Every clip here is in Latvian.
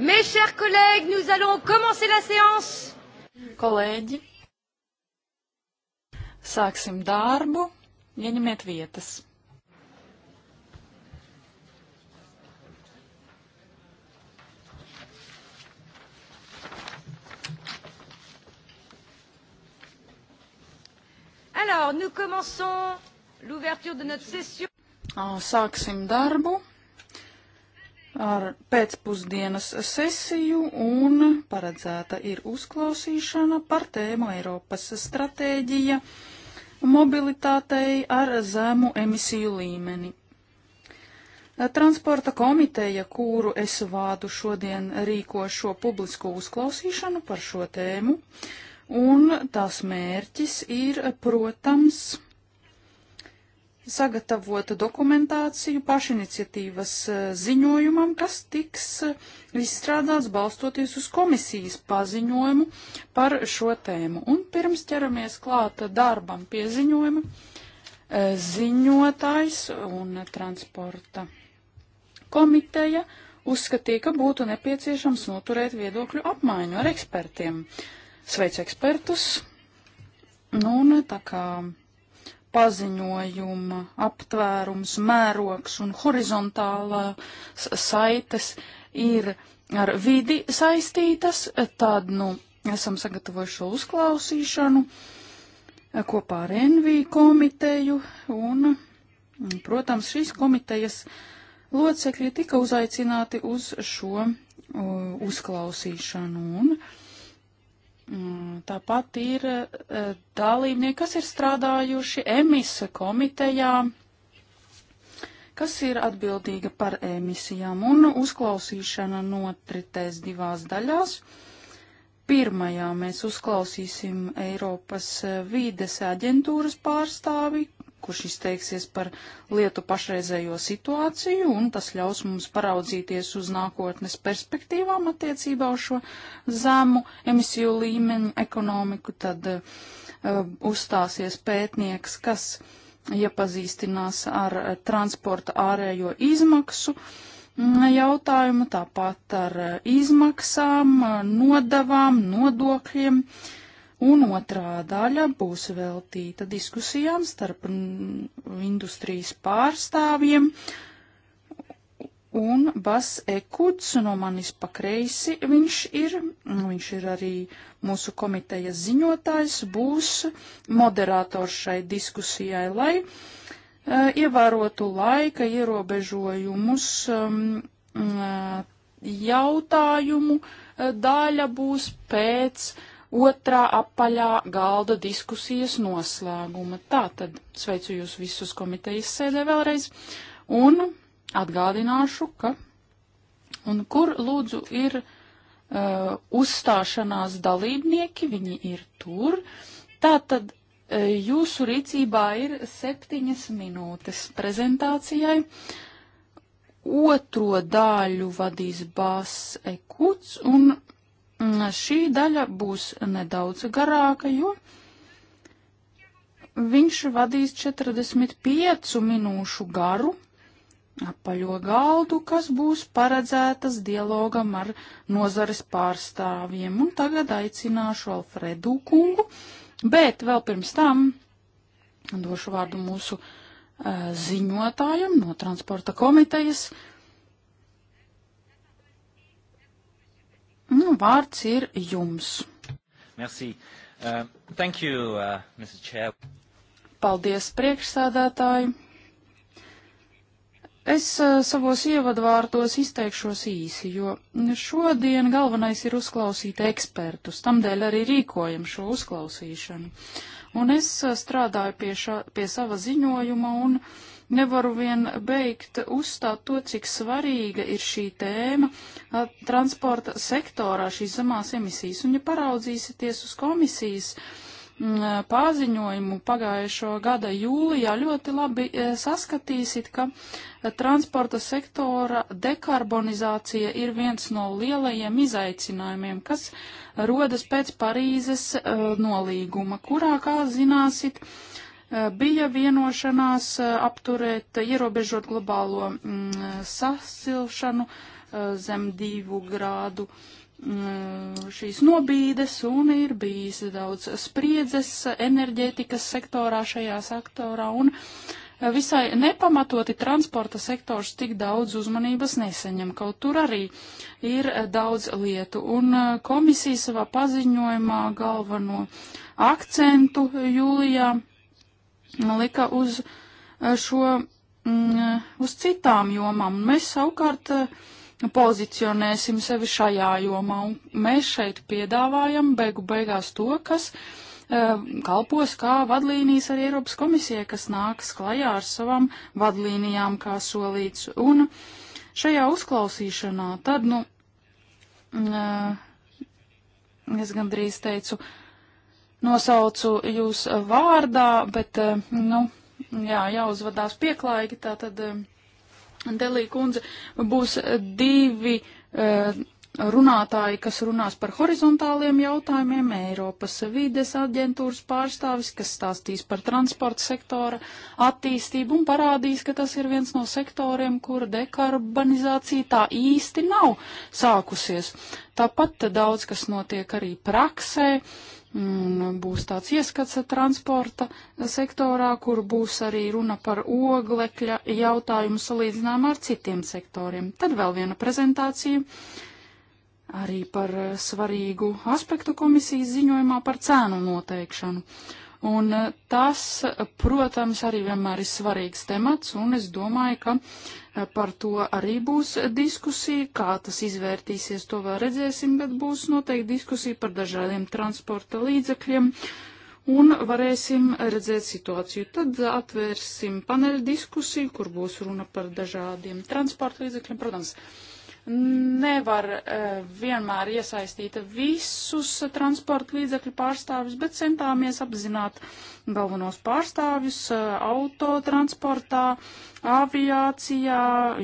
Mes chers collègues, nous allons commencer la séance. Kolēģi, sāksim darbu. Ieņemiet vietas. Alors, nous commençons l'ouverture de notre session. Ah, sāksim darbu ar pēcpusdienas sesiju un paredzēta ir uzklausīšana par tēmu Eiropas stratēģija mobilitātei ar zemu emisiju līmeni. Transporta komiteja, kuru es vādu šodien, rīko šo publisko uzklausīšanu par šo tēmu, un tās mērķis ir, protams, sagatavot dokumentāciju pašiniciatīvas e, ziņojumam, kas tiks e, izstrādāts balstoties uz komisijas paziņojumu par šo tēmu. Un pirms ķeramies klāt darbam pie ziņojuma, e, ziņotājs un transporta komiteja uzskatīja, ka būtu nepieciešams noturēt viedokļu apmaiņu ar ekspertiem. Sveic ekspertus! Nu, un tā kā paziņojuma aptvērums, mērogs un horizontālās saites ir ar vidi saistītas, tad, nu, esam sagatavojuši šo uzklausīšanu kopā ar NV komiteju un, protams, šīs komitejas locekļi tika uzaicināti uz šo uzklausīšanu un Mm, tāpat ir eh, dalībnieki, kas ir strādājuši emisa komitejā, kas ir atbildīga par emisijām, un uzklausīšana notritēs divās daļās. Pirmajā mēs uzklausīsim Eiropas eh, vīdes aģentūras pārstāvi, kurš izteiksies par lietu pašreizējo situāciju, un tas ļaus mums paraudzīties uz nākotnes perspektīvām attiecībā uz šo zemu emisiju līmeņu ekonomiku. Tad uh, uzstāsies pētnieks, kas iepazīstinās ar eh, transporta ārējo izmaksu mm, jautājumu, tāpat ar eh, izmaksām, nodavām, nodokļiem. Uh, un otrā daļa būs veltīta diskusijām starp industrijas pārstāvjiem, un Bas Ekuts no manis pa kreisi viņš ir, viņš ir arī mūsu komitejas ziņotājs, būs moderators šai diskusijai, lai uh, ievērotu laika ierobežojumus. Um, uh, jautājumu e, daļa būs pēc uh, otrā apaļā galda diskusijas noslēguma. Tātad sveicu jūs visus komitejas sēdē vēlreiz un atgādināšu, ka un kur lūdzu ir uh, uzstāšanās dalībnieki, viņi ir tur. Tātad uh, jūsu rīcībā ir septiņas minūtes prezentācijai. Otro daļu vadīs Bās Ekuts un Šī daļa būs nedaudz garāka, jo viņš vadīs 45 minūšu garu apaļo galdu, kas būs paredzētas dialogam ar nozares pārstāvjiem. Un tagad aicināšu Alfredu kungu, bet vēl pirms tam došu vārdu mūsu uh, ziņotājam no transporta komitejas. Uh, Nu, vārds ir jums. Merci. Uh, thank you, uh, Mr. Chair. Paldies, priekšsādātāji. Es uh, savos ievadvārdos izteikšos īsi, jo šodien galvenais ir uzklausīt ekspertus, tamdēļ arī rīkojam šo uzklausīšanu. Un es uh, strādāju pie, ša, pie sava ziņojuma un uh, nevaru vien beigt uzstāt to, cik svarīga ir šī tēma a, transporta sektorā, šīs zemās emisijas. Un, ja paraudzīsieties uz komisijas m, paziņojumu pagājušo gada jūlijā, ļoti labi e, saskatīsit, ka a, e, transporta sektora dekarbonizācija ir viens no lielajiem izaicinājumiem, kas rodas pēc Parīzes e, nolīguma, kurā, kā zināsit, uh, Eh, bija vienošanās eh, apturēt, eh, ierobežot globālo mm, sasilšanu zem divu grādu mm, šīs nobīdes un ir bijis daudz spriedzes enerģētikas sektorā šajā sektorā un visai nepamatoti transporta sektors tik daudz uzmanības neseņem, kaut tur arī ir daudz lietu. Un komisija savā paziņojumā galveno akcentu jūlijā lika uz eh, šo, mm, eh, uz citām jomām. Mēs savukārt eh, pozicionēsim sevi šajā jomā, un mēs šeit piedāvājam beigu beigās to, kas kalpos kā vadlīnijas arī Eiropas komisijai, kas nāks klajā ar savām vadlīnijām, kā solīts. Un šajā uzklausīšanā tad, nu, mm, es gandrīz teicu, uh, nosaucu jūs eh, vārdā, bet, eh, nu, jā, jāuzvadās pieklājīgi, tā tad eh, Delī kundze būs divi runātāji, kas runās par horizontāliem jautājumiem, Eiropas vides aģentūras pārstāvis, kas stāstīs par transporta sektora attīstību un parādīs, ka tas ir viens no sektoriem, kur dekarbonizācija tā īsti nav sākusies. Tāpat daudz kas notiek arī praksē. Uh, būs tāds ieskats transporta sektorā, kur būs arī runa par oglekļa jautājumu salīdzinām ar citiem sektoriem. Tad vēl viena prezentācija arī par svarīgu aspektu komisijas ziņojumā par cēnu noteikšanu. Un tas, protams, arī vienmēr ir svarīgs temats, un es domāju, ka Eh, par to arī būs diskusija, kā tas izvērtīsies, to vēl redzēsim, bet būs noteikti diskusija par dažādiem transporta līdzekļiem. Un varēsim redzēt situāciju. Tad atvērsim paneļa diskusiju, kur būs runa par dažādiem transporta līdzekļiem. Protams, uh, nevar eh, vienmēr iesaistīt visus transporta līdzekļu pārstāvjus, bet centāmies apzināt galvenos pārstāvjus eh, autotransportā, aviācijā,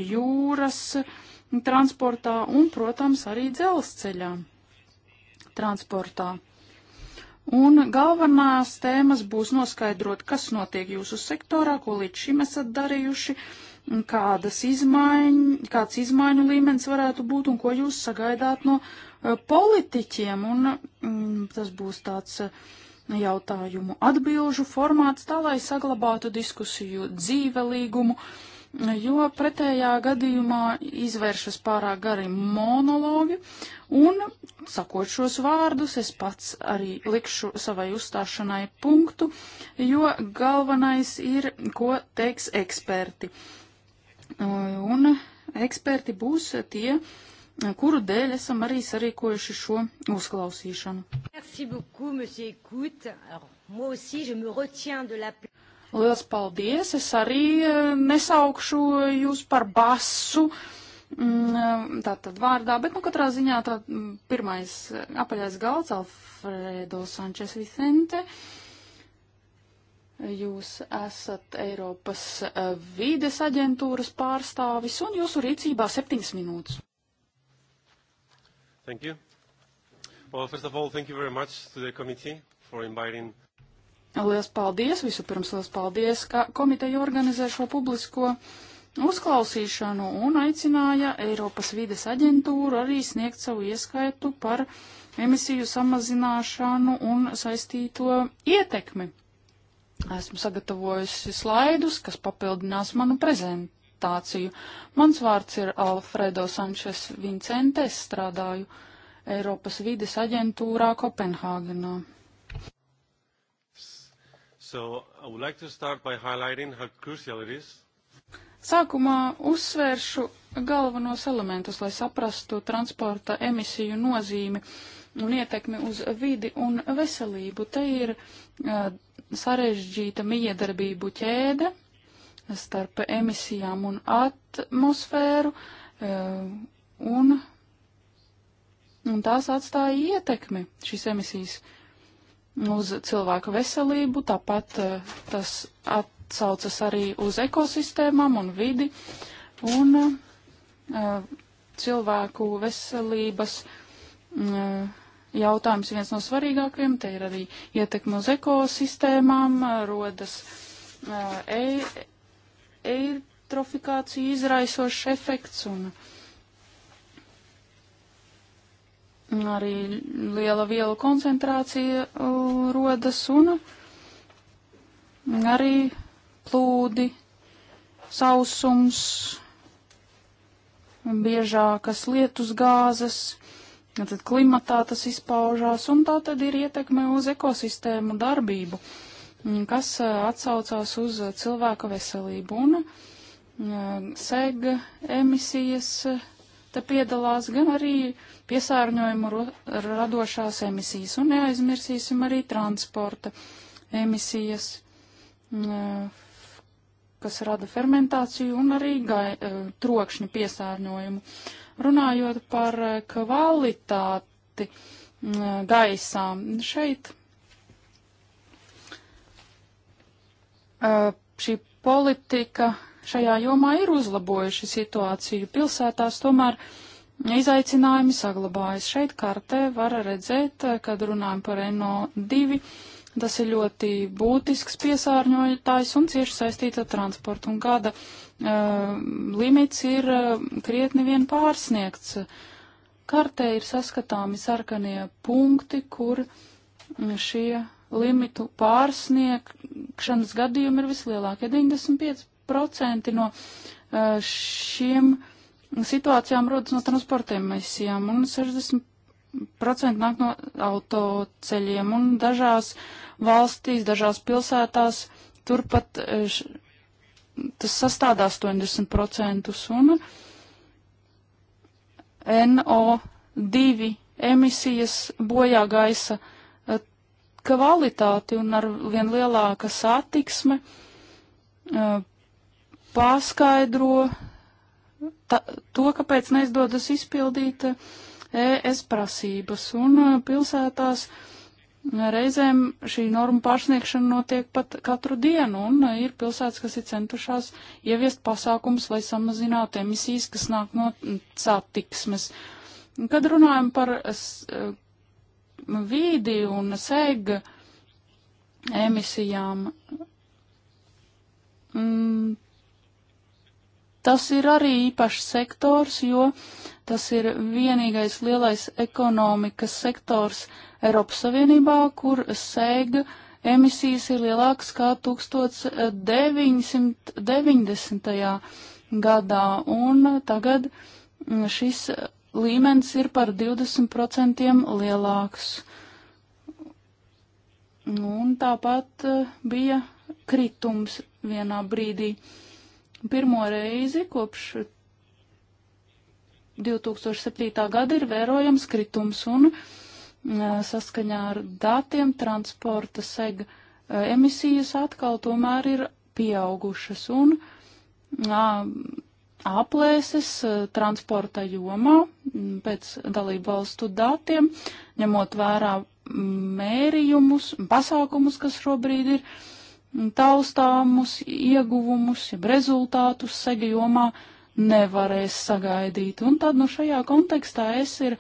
jūras transportā un, protams, arī dzelzceļā transportā. Un galvenās tēmas būs noskaidrot, kas notiek jūsu sektorā, ko līdz šim esat darījuši, uh, kādas izmaiņ, kāds izmaiņu līmenis varētu būt un ko jūs sagaidāt no eh, politiķiem. Un mm, tas būs tāds eh, jautājumu atbilžu formāts, tā lai saglabātu diskusiju dzīvelīgumu, jo pretējā gadījumā izvēršas pārāk gari monologi. Un, sakot šos vārdus, es pats arī likšu savai uzstāšanai punktu, jo galvenais ir, ko teiks eksperti. Eh, un eksperti būs tie, kuru dēļ esam arī sarīkojuši šo uzklausīšanu. Lielas paldies! Es arī eh, nesaukšu jūs par basu. Mm, eh, tātad vārdā, bet nu katrā ziņā tā mm, pirmais apaļais galds Alfredo Sančes Vicente. Uh, Jūs esat Eiropas eh, vīdes aģentūras pārstāvis un jūsu rīcībā septiņas minūtes. Thank you. Well, first of all, thank you very much to the committee for inviting. Lielas paldies, vispirms liels paldies, ka komiteja organizē šo publisko uzklausīšanu un aicināja Eiropas vides aģentūru arī sniegt savu ieskaitu par emisiju samazināšanu un saistīto ietekmi Esmu sagatavojusi slaidus, kas papildinās manu prezentāciju. Mans vārds ir Alfredo Sančes Vincente, es strādāju Eiropas vides aģentūrā Kopenhāgenā. So, I would like to start by highlighting how crucial it is Sākumā uzsvēršu galvenos elementus, lai saprastu transporta emisiju nozīmi un ietekmi uz vidi un veselību. Te ir uh, sarežģīta miedarbību ķēde starp emisijām un atmosfēru, uh, un, un tās atstāja ietekmi šīs emisijas uz cilvēku veselību, tāpat uh, tas atsaucas arī uz ekosistēmām un vidi, un cilvēku veselības uh, jautājums viens no svarīgākajiem. Te ir arī ietekme uz ekosistēmām, rodas eirotrofikācija e izraisošs efekts un arī liela vielu koncentrācija rodas un arī plūdi, sausums, biežākas lietus gāzes Tad klimatā tas izpaužās, un tā tad ir ietekme uz ekosistēmu darbību, mm, kas eh, atsaucās uz eh, cilvēka veselību. Un eh, seg emisijas te piedalās gan arī piesārņojumu radošās emisijas, un neaizmirsīsim arī transporta emisijas, mm, kas rada fermentāciju un arī gai, trokšņu piesārņojumu. Runājot par eh, kvalitāti mm, eh, gaisā, šeit eh, šī politika šajā jomā ir uzlabojuši situāciju. Pilsētās tomēr izaicinājumi saglabājas. Šeit kartē var redzēt, kad runājam par NO2, tas ir ļoti būtisks piesārņojotājs un cieši saistīts ar transportu. Un gada Uh, limits ir uh, krietni vien pārsniegts. Kartē ir saskatāmi sarkanie punkti, kur mm, šie limitu pārsniegšanas gadījumi ir vislielākie. 95% no uh, šiem situācijām rodas no transporta emisijām un 60% nāk no autoceļiem un dažās valstīs, dažās pilsētās turpat tas sastāv 80% un NO2 emisijas bojā gaisa eh, kvalitāti un ar vien lielāka satiksme eh, paskaidro ta, to, kāpēc neizdodas izpildīt ES eh, e prasības un pilsētās uh, Reizēm šī norma pārsniegšana notiek pat katru dienu, un uh, ir pilsētas, kas ir centušās ieviest pasākums, lai samazinātu emisijas, kas nāk no satiksmes. Kad runājam par uh, vīdi un sēga emisijām, mm, tas ir arī īpašs sektors, jo tas ir vienīgais lielais ekonomikas sektors, Eiropas Savienībā, kur sēga emisijas ir lielākas kā 1990. gadā, un tagad mm, šis līmenis ir par 20% lielāks. Un tāpat eh, bija kritums vienā brīdī. Pirmo reizi kopš 2007. gada ir vērojams kritums, un Mm, saskaņā ar datiem transporta seg emisijas atkal tomēr ir pieaugušas un aplēses transporta jomā mm, pēc dalību valstu datiem, ņemot vērā mērījumus, pasākumus, kas šobrīd ir mm, taustāmus ieguvumus, jeb rezultātus sega jomā nevarēs sagaidīt. Un tad, nu, šajā kontekstā es ir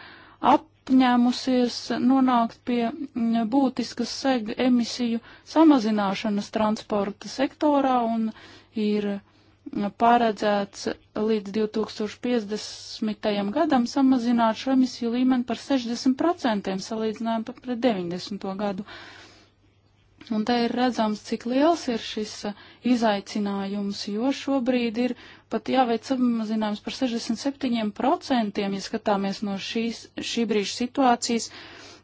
ap apņēmusies nonākt pie mm, būtiskas seg emisiju samazināšanas transporta sektorā un ir mm, paredzēts līdz 2050. gadam samazināt šo emisiju līmeni par 60% salīdzinājumu pret 90. gadu. Un te ir redzams, cik liels ir šis mm, izaicinājums, jo šobrīd ir pat jāveic samazinājums par 67%, ja skatāmies no šīs, šī brīža situācijas,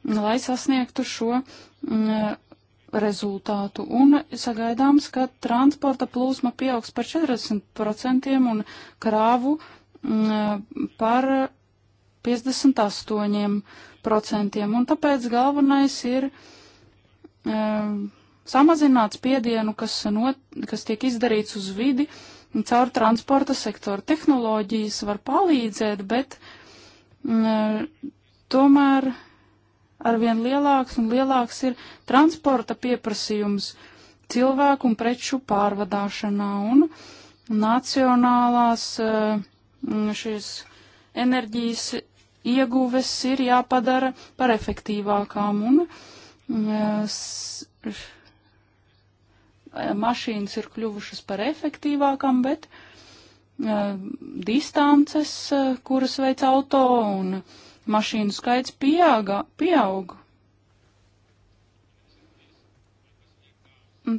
lai sasniegtu šo m, mm, rezultātu. Un sagaidāms, ka transporta plūsma pieaugs par 40% un krāvu m, mm, par 58%. Un tāpēc galvenais ir m, mm, samazināt spiedienu, kas, not, kas tiek izdarīts uz vidi, uh, caur transporta sektoru. Tehnoloģijas var palīdzēt, bet m, mm, eh, tomēr arvien lielāks un lielāks ir transporta pieprasījums cilvēku un preču pārvadāšanā un nacionālās eh, mm, šīs enerģijas ieguves ir jāpadara par efektīvākām un mm, eh, Eh, mašīnas ir kļuvušas par efektīvākām, bet uh, distances, uh, kuras veic auto un mašīnu skaits pieauga. pieauga.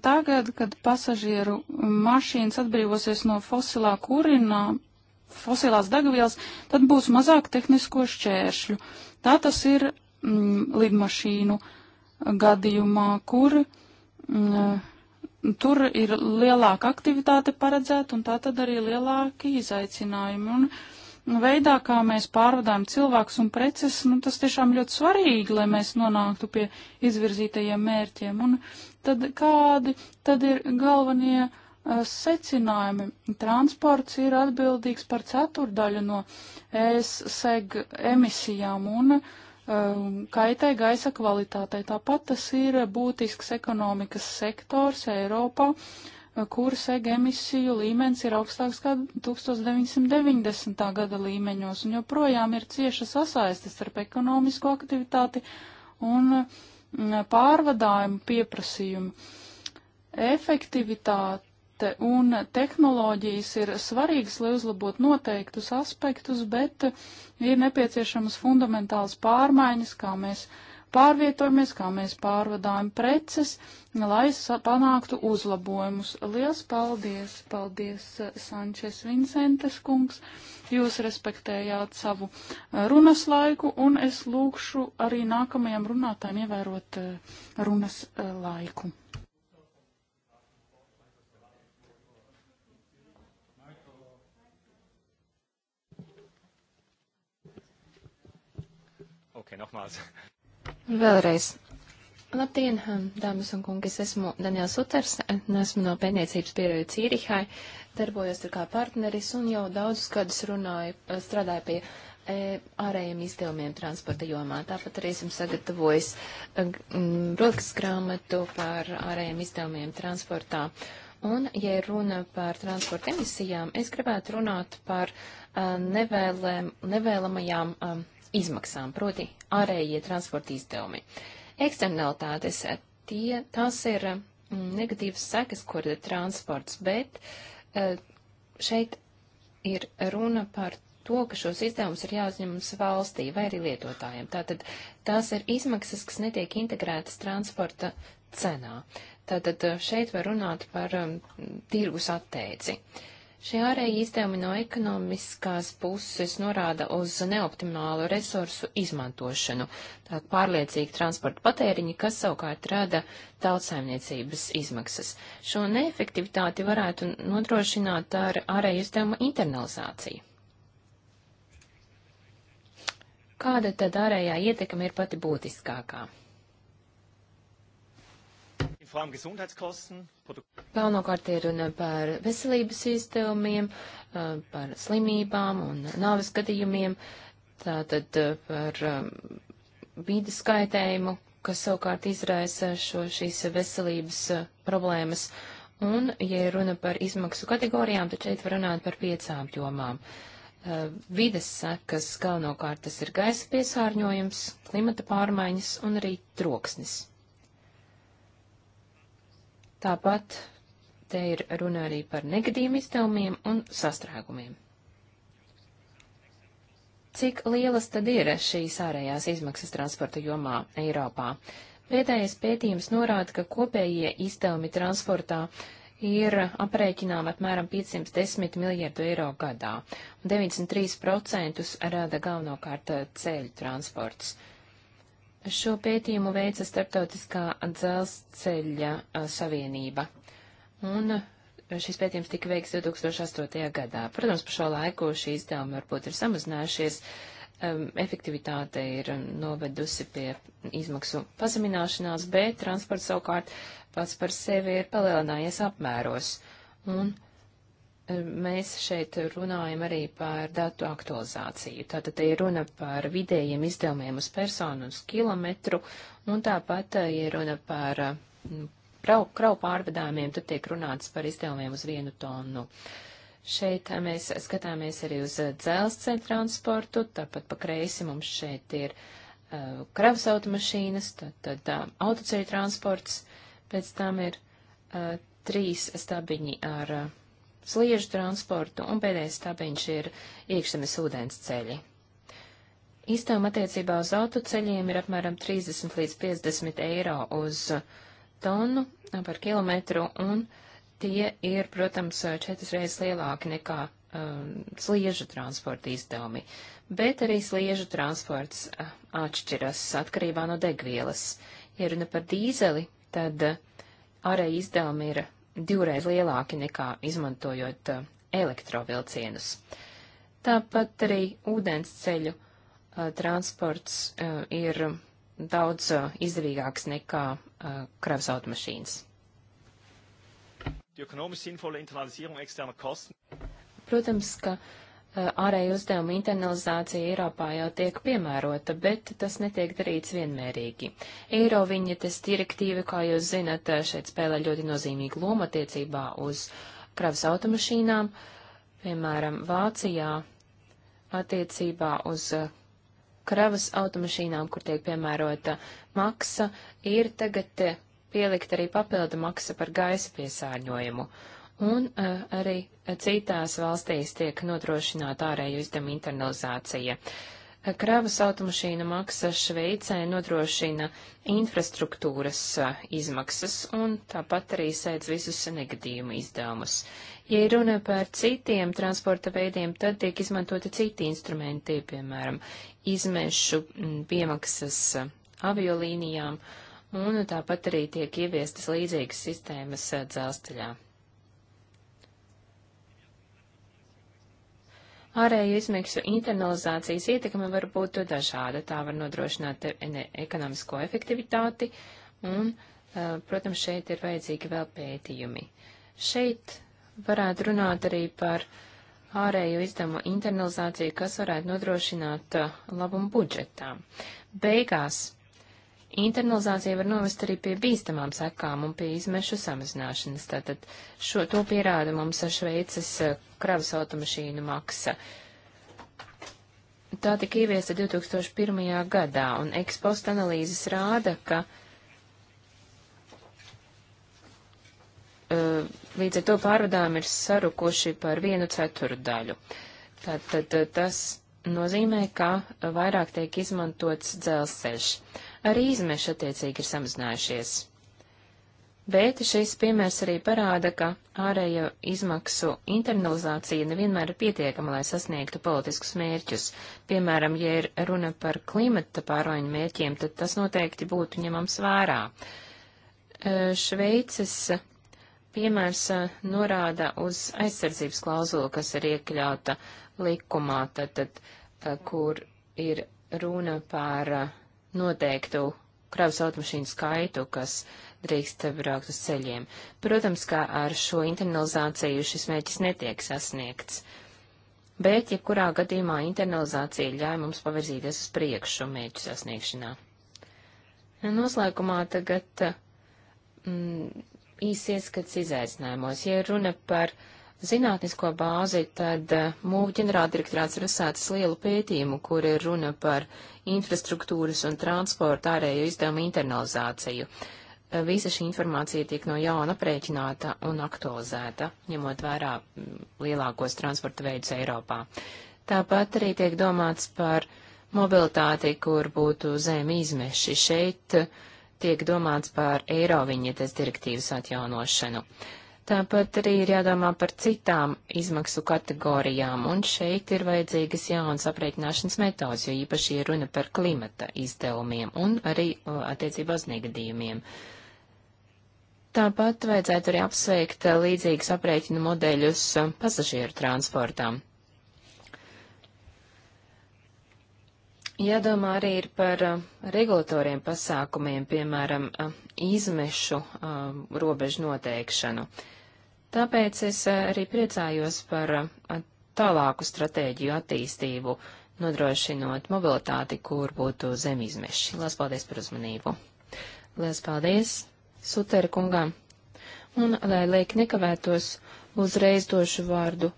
Tagad, kad pasažieru mašīnas atbrīvosies no fosilā kurinā, fosilās degvielas, tad būs mazāk tehnisko šķēršļu. Tā tas ir mm, lidmašīnu gadījumā, kur mm, tur ir lielāka aktivitāte paredzēta un tā tad arī lielāki izaicinājumi. Un veidā, kā mēs pārvadām cilvēkus un preces, nu, tas tiešām ļoti svarīgi, lai mēs nonāktu pie izvirzītajiem mērķiem. Un tad kādi tad ir galvenie uh, secinājumi? Transports ir atbildīgs par ceturdaļu no ESEG emisijām un uh, Um, kaitē gaisa kvalitātei. Tāpat tas ir būtisks ekonomikas sektors Eiropā, kuras emisiju līmenis ir augstāks kā 1990. gada līmeņos, un joprojām ir cieša sasaistes starp ekonomisko aktivitāti un mm, pārvadājumu pieprasījumu. Efektivitāte data un tehnoloģijas ir svarīgas, lai uzlabotu noteiktus aspektus, bet ir nepieciešamas fundamentāls pārmaiņas, kā mēs pārvietojamies, kā mēs pārvadājam preces, lai panāktu uzlabojumus. Lielas paldies! Paldies, Sančes Vincentes kungs! Jūs respektējāt savu eh, runas laiku, un es lūkšu arī nākamajam runātājiem ievērot eh, runas eh, laiku. okay, nochmals. Vēlreiz. Labdien, um, dāmas un kungi, es esmu Daniels Uters, esmu no pētniecības pieroju Cīrihai, darbojos tur kā partneris un jau daudzus gadus runāju, uh, strādāju pie e, ārējiem izdevumiem transporta jomā. Tāpat arī esmu sagatavojis brokastu uh, mm, grāmatu par ārējiem izdevumiem transportā. Un, ja runa par transporta emisijām, es gribētu runāt par uh, nevēlēm, nevēlamajām um, izmaksām, proti ārējie transporta izdevumi. Eksternalitātes, eh, tie, tās ir mm, negatīvas sekas, kur ir transports, bet eh, šeit ir runa par to, ka šos izdevumus ir jāuzņemas valstī vai arī lietotājiem. Tātad tās ir izmaksas, kas netiek integrētas transporta cenā. Tātad eh, šeit var runāt par um, tirgus atteici. Uh, Šie ārēji izdevumi no ekonomiskās puses norāda uz neoptimālu resursu izmantošanu, tā pārliecīgi transporta patēriņi, kas savukārt rada tautsaimniecības izmaksas. Šo neefektivitāti varētu nodrošināt ar ārēju izdevumu internalizāciju. Kāda tad ārējā ietekme ir pati būtiskākā? vor allem Gesundheitskosten. Galvenokārt ir runa par veselības izdevumiem, par slimībām un nāves gadījumiem, tātad par vīdes skaitējumu, kas savukārt izraisa šo šīs veselības problēmas. Un, ja runa par izmaksu kategorijām, tad šeit var runāt par piecām jomām. Uh, vides sekas galvenokārt tas ir gaisa piesārņojums, klimata pārmaiņas un arī troksnis. Tāpat te ir runa arī par negadījumu izdevumiem un sastrēgumiem. Cik lielas tad ir šīs ārējās izmaksas transporta jomā Eiropā? Pēdējais pētījums norāda, ka kopējie izdevumi transportā ir aprēķināmi apmēram 510 miljardu eiro gadā, un 93% rada galvenokārt ceļu transports. Šo pētījumu veica Startautiskā dzelzceļa savienība. Un šis pētījums tika veikts 2008. gadā. Protams, pa šo laiku šī izdevuma varbūt ir samazinājušies. Um, efektivitāte ir novedusi pie izmaksu pazemināšanās, bet transports savukārt pats par sevi ir palielinājies apmēros. Un uh, mēs šeit runājam arī par datu aktualizāciju. Tātad ir runa par vidējiem izdevumiem uz personu uz kilometru, un tāpat eh, ir runa par eh, kravu pārvadājumiem, tad tiek runāts par izdevumiem uz vienu tonu. Šeit eh, mēs skatāmies arī uz dzelzceļa transportu, tāpat pa kreisi mums šeit ir uh, kravas automašīnas, tad, tad uh, autoceļa transports, pēc tam ir uh, trīs stabiņi ar uh, sliežu transportu, un pēdējais stabiņš ir iekšzemes ūdens ceļi. Izdevuma attiecībā uz autoceļiem ir apmēram 30 līdz 50 eiro uz tonu par kilometru, un tie ir, protams, četras reizes lielāki nekā um, sliežu transporta izdevumi. Bet arī sliežu transports uh, atšķiras atkarībā no degvielas. Ja runa par dīzeli, tad uh, arī izdevumi ir divreiz lielāki nekā izmantojot uh, elektrovilcienus. Tāpat arī ūdensceļu uh, transports uh, ir daudz izdevīgāks nekā kravas automašīnas. Protams, ka Eh, ārēju uzdevumu internalizācija Eiropā jau tiek piemērota, bet tas netiek darīts vienmērīgi. Eiro viņetes direktīva, kā jūs zinat, eh, šeit spēlē ļoti nozīmīgu lomu attiecībā uz kravas automašīnām, piemēram, Vācijā attiecībā uz eh, kravas automašīnām, kur tiek piemērota maksa, ir tagad pielikta arī papildu maksa par gaisa piesārņojumu. Uh, un uh, arī citās valstīs tiek nodrošināta ārēju izdevumu internalizācija. Eh, Kravas automašīnu maksa Šveicē nodrošina infrastruktūras uh, izmaksas un tāpat arī sēdz visus negadījumu izdevumus. Ja runa par citiem transporta veidiem, tad tiek izmantoti citi instrumenti, piemēm, izmešu mm, piemaksas uh, aviolīnijām, un tāpat arī tiek ieviestas līdzīgas sistēmas uh, dzelzceļā. Ārēju izmaksu internalizācijas ietekme var būt dažāda. Tā var nodrošināt ekonomisko efektivitāti un, protams, šeit ir vajadzīgi vēl pētījumi. Šeit varētu runāt arī par ārēju izdevumu internalizāciju, kas varētu nodrošināt labumu budžetām. Beigās Internalizācija var novest arī pie bīstamām sekām un pie izmešu samazināšanas. Tātad šo to pierāda mums Šveices eh, kravas automašīnu maksa. Tā tika ieviesta 2001. gadā, un ekspost analīzes rāda, ka uh, līdz ar to pārvadājumi ir sarukuši par vienu ceturu daļu. Tātad eh, tas nozīmē, ka vairāk tiek izmantots dzelzceļš arī izmeši attiecīgi ir samazinājušies. Bet šis piemērs arī parāda, ka ārējo izmaksu internalizācija nevienmēr ir pietiekama, lai sasniegtu politiskus mērķus. Piemēram, ja ir runa par klimata pārmaiņu mērķiem, tad tas noteikti būtu ņemams vērā. Šveices piemērs norāda uz aizsardzības klauzulu, kas ir iekļauta likumā, tad, tad, kur ir runa par noteiktu kravas automašīnu skaitu, kas drīkst braukt uz ceļiem. Protams, kā ar šo internalizāciju šis mērķis netiek sasniegts. Bet, jebkurā gadījumā, internalizācija ļauj mums pavirzīties uz priekšu mērķu sasniegšanā. Noslēgumā tagad mm, īsi ieskats izaicinājumos. Ja runa par uh, zinātnisko bāzi, tad eh, MUV ģenerāldirektorāts ir uzsācis lielu pētījumu, kur ir runa par infrastruktūras un transporta ārējo izdevumu internalizāciju. Eh, visa šī informācija tiek no jauna aprēķināta un aktualizēta, ņemot vērā mm, lielākos transporta veidus Eiropā. Tāpat arī tiek domāts par mobilitāti, kur būtu zem izmeši. Šeit eh, tiek domāts par Eiroviņietes direktīvas atjaunošanu. Uh, Tāpat arī ir jādomā par citām izmaksu kategorijām, un šeit ir vajadzīgas jaunas aprēķināšanas metodas, jo īpaši ir runa par klimata izdevumiem un arī attiecībā uz negadījumiem. Tāpat vajadzētu arī apsveikt e, līdzīgas aprēķinu modeļus e, pasažieru transportām. Jādomā arī ir par e, regulatoriem pasākumiem, piemēram, izmešu um, robežu noteikšanu. Tāpēc es eh, arī priecājos par eh, tālāku stratēģiju attīstību, nodrošinot mobilitāti, kur būtu zem izmeši. Lielas paldies par uzmanību. Lielas paldies Sutera kungam. Un, lai liek nekavētos, uzreiz došu vārdu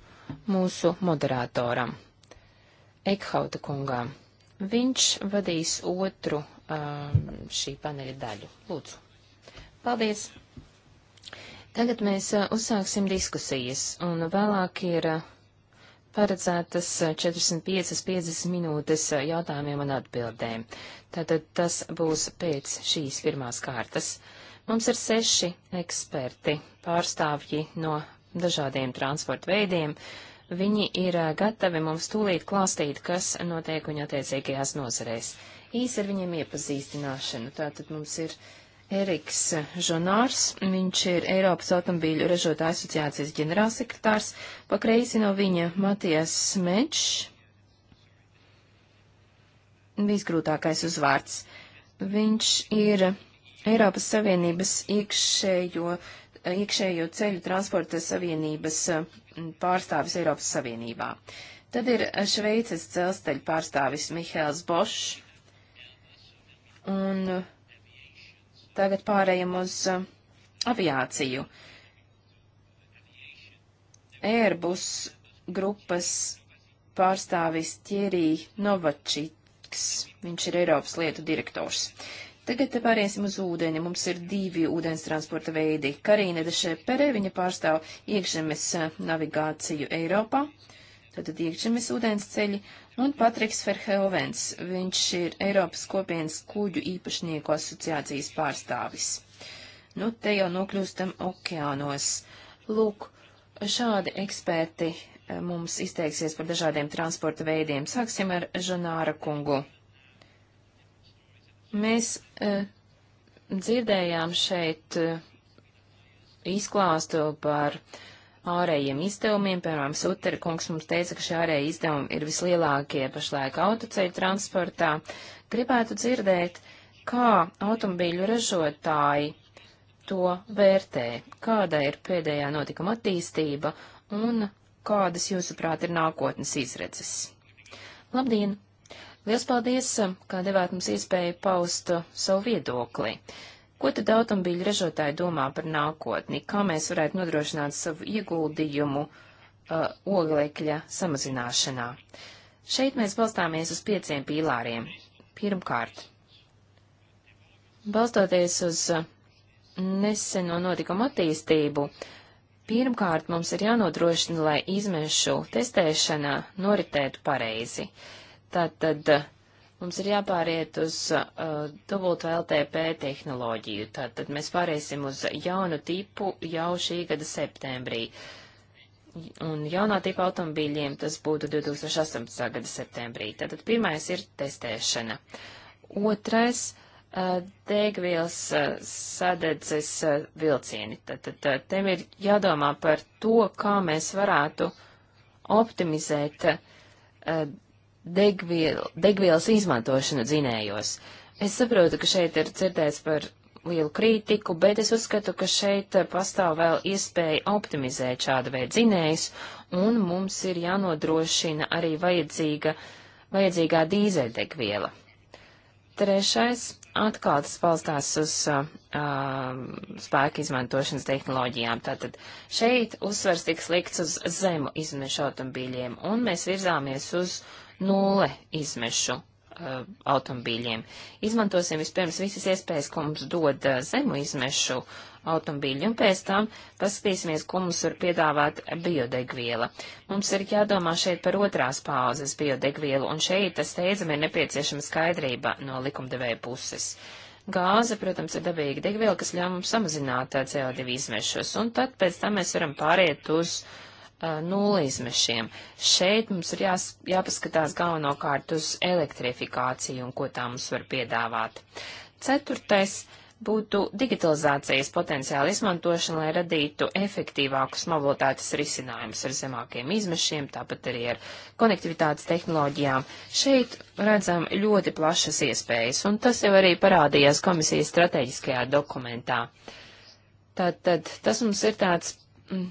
mūsu moderatoram, Ekhauta kungām. Viņš vadīs otru eh, šī paneļa daļu. Lūdzu. Paldies! Tagad mēs uzsāksim diskusijas, un vēlāk ir paredzētas 45-50 minūtes jautājumiem un atbildēm. Tātad tas būs pēc šīs pirmās kārtas. Mums ir seši eksperti, pārstāvji no dažādiem transporta veidiem. Viņi ir gatavi mums tūlīt klāstīt, kas notiek viņu attiecīgajās nozarēs. Īsi ar viņiem iepazīstināšanu. Tātad mums ir uh, Eriks Žonārs, viņš ir Eiropas automobīļu ražotāja asociācijas ģenerālsekretārs, pa kreisi no viņa Matijas Smečs, visgrūtākais uzvārds. Viņš ir Eiropas Savienības iekšējo, iekšējo ceļu transporta savienības pārstāvis Eiropas Savienībā. Tad ir Šveices dzelzceļa pārstāvis Mihēls Bošs un uh, Tagad pārējiem uz uh, aviāciju. Airbus grupas pārstāvis Tjerī Novačiks, viņš ir Eiropas lietu direktors. Tagad pāriesim uz ūdeni. Mums ir divi ūdens transporta veidi. Karīne Dešepere, viņa pārstāv iekšzemes uh, navigāciju Eiropā. Uh, Tātad iekšzemes ūdensceļi un Patriks Ferheovens. Viņš ir Eiropas kopienas kuģu īpašnieku asociācijas pārstāvis. Nu, te jau nokļūstam okeānos. Lūk, šādi eksperti eh, mums izteiksies par dažādiem transporta veidiem. Sāksim ar Žanāra kungu. Mēs uh, dzirdējām šeit uh, izklāstu par uh, ārējiem izdevumiem. Piemēram, Sutera kungs mums teica, ka šie ārējie izdevumi ir vislielākie pašlaik autoceļu transportā. Gribētu dzirdēt, kā automobīļu ražotāji to vērtē, kāda ir pēdējā notikuma attīstība un kādas, jūsuprāt, ir nākotnes izredzes. Labdien! Liels paldies, kā devāt mums iespēju paust savu viedokli. Uh, Ko tad automobīļu ražotāji domā par nākotni? Kā mēs varētu nodrošināt savu ieguldījumu uh, oglekļa samazināšanā? Šeit mēs balstāmies uz pieciem pīlāriem. Pirmkārt, balstoties uz uh, neseno notikumu attīstību, pirmkārt mums ir jānodrošina, lai izmešu testēšana noritētu pareizi. Tātad uh, Mums ir jāpāriet uz uh, dubultu LTP tehnoloģiju, tātad mēs pāriesim uz jaunu tipu jau šī gada septembrī. Un jaunā tipa automobīļiem tas būtu 2018. gada septembrī. Tātad pirmais ir testēšana. Otrais uh, - degvielas uh, sadedzes uh, vilcieni. Tātad uh, tem ir jādomā par to, kā mēs varētu optimizēt uh, degviel, degvielas izmantošanu dzinējos. Es saprotu, ka šeit ir dzirdēts par lielu kritiku, bet es uzskatu, ka šeit pastāv vēl iespēja optimizēt šādu veidu dzinējus, un mums ir jānodrošina arī vajadzīga, vajadzīgā dīzeļdegviela. Trešais atkal tas balstās uz uh, um, spēku izmantošanas tehnoloģijām. Tātad šeit uzsvers tiks likts uz zemu izmešu automobīļiem, un mēs virzāmies uz nulle izmešu uh, automobīļiem. Izmantosim vispirms visas iespējas, ko mums dod uh, zemu izmešu automobīļi, un pēc tam paskatīsimies, ko mums var piedāvāt biodegviela. Mums ir jādomā šeit par otrās pauzes biodegvielu, un šeit tas steidzami ir nepieciešama skaidrība no likumdevēja puses. Gāze, protams, ir dabīga degviela, kas ļauj mums samazināt uh, CO2 izmešus, un tad pēc tam mēs varam pāriet uz uh, nulizmešiem. Šeit mums ir jās, jāpaskatās galvenokārt uz elektrifikāciju un ko tā mums var piedāvāt. Ceturtais būtu digitalizācijas potenciāla izmantošana, lai radītu efektīvākus mobilitātes risinājumus ar zemākiem izmešiem, tāpat arī ar konektivitātes tehnoloģijām. Šeit redzam ļoti plašas iespējas, un tas jau arī parādījās komisijas strateģiskajā dokumentā. Tātad tas mums ir tāds. Mm,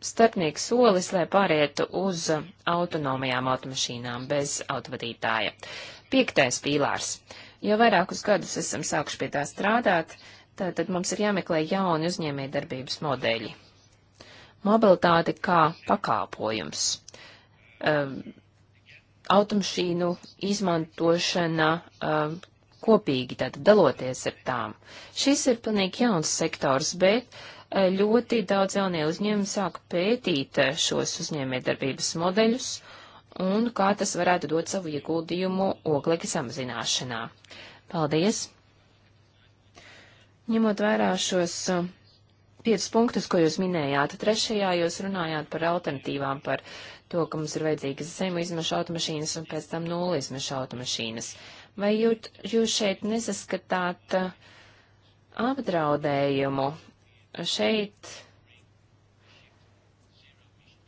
starpnieks solis, lai pārietu uz autonomajām automašīnām bez autovadītāja. Piektais pīlārs. Jau vairākus gadus esam sākuši pie tā strādāt, tātad mums ir jāmeklē jauni uzņēmējdarbības modeļi. Mobilitāte kā pakāpojums. Um, automašīnu izmantošana um, kopīgi, tātad daloties ar tām. Šis ir pilnīgi jauns sektors, bet ļoti daudz jaunie uzņēmumi sāk pētīt šos uzņēmējdarbības modeļus un kā tas varētu dot savu ieguldījumu oglekļa samazināšanā. Paldies! Ņemot vērā šos uh, piecus punktus, ko jūs minējāt, trešajā jūs runājāt par alternatīvām, par to, ka mums ir vajadzīgas zemu izmešu automašīnas un pēc tam nulli izmešu automašīnas. Vai jūt, jūs šeit nesaskatāt uh, apdraudējumu šeit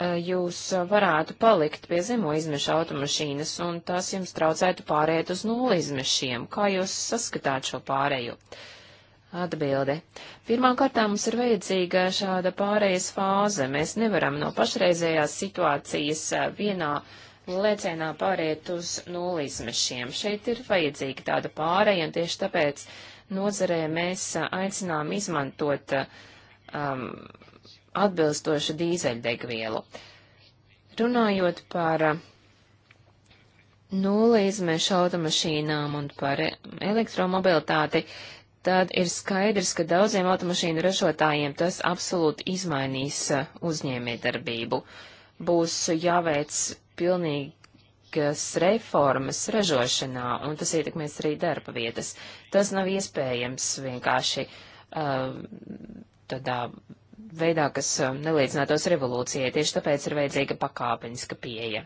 e, jūs varētu palikt pie zemo izmešu automašīnas, un tas jums traucētu pāriet uz nulli izmešiem. Kā jūs saskatāt šo pārēju? Atbilde. Pirmkārt, mums ir vajadzīga šāda pārējas fāze. Mēs nevaram no pašreizējās situācijas e, vienā lēcienā pāriet uz nulli izmešiem. Šeit ir vajadzīga tāda pārēja, un tieši tāpēc nozarē mēs e, aicinām izmantot uh, um, atbilstošu dīzeļdegvielu. Runājot par uh, nulli izmešu automašīnām un par elektromobilitāti, tad ir skaidrs, ka daudziem automašīnu ražotājiem tas absolūti izmainīs uh, uzņēmējdarbību. Būs jāveic pilnīgas reformas ražošanā, un tas ietekmēs arī darba vietas. Tas nav iespējams vienkārši uh, tādā veidā, kas um, nelīdzinātos revolūcijai. Tieši tāpēc ir vajadzīga pakāpeniska pieeja.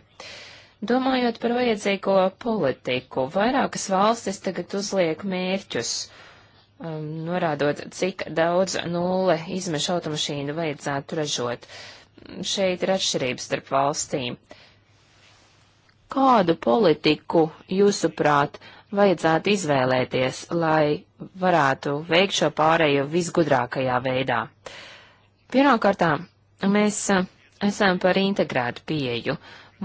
Domājot par vajadzīgo politiku, vairākas valstis tagad uzliek mērķus, um, norādot, cik daudz nulle izmešu automašīnu vajadzētu ražot. Šeit ir atšķirības starp valstīm. Kādu politiku, jūsuprāt, vajadzētu izvēlēties, lai varētu veikt šo pārēju visgudrākajā veidā. Pirmkārtām, mēs uh, esam par integrētu pieju.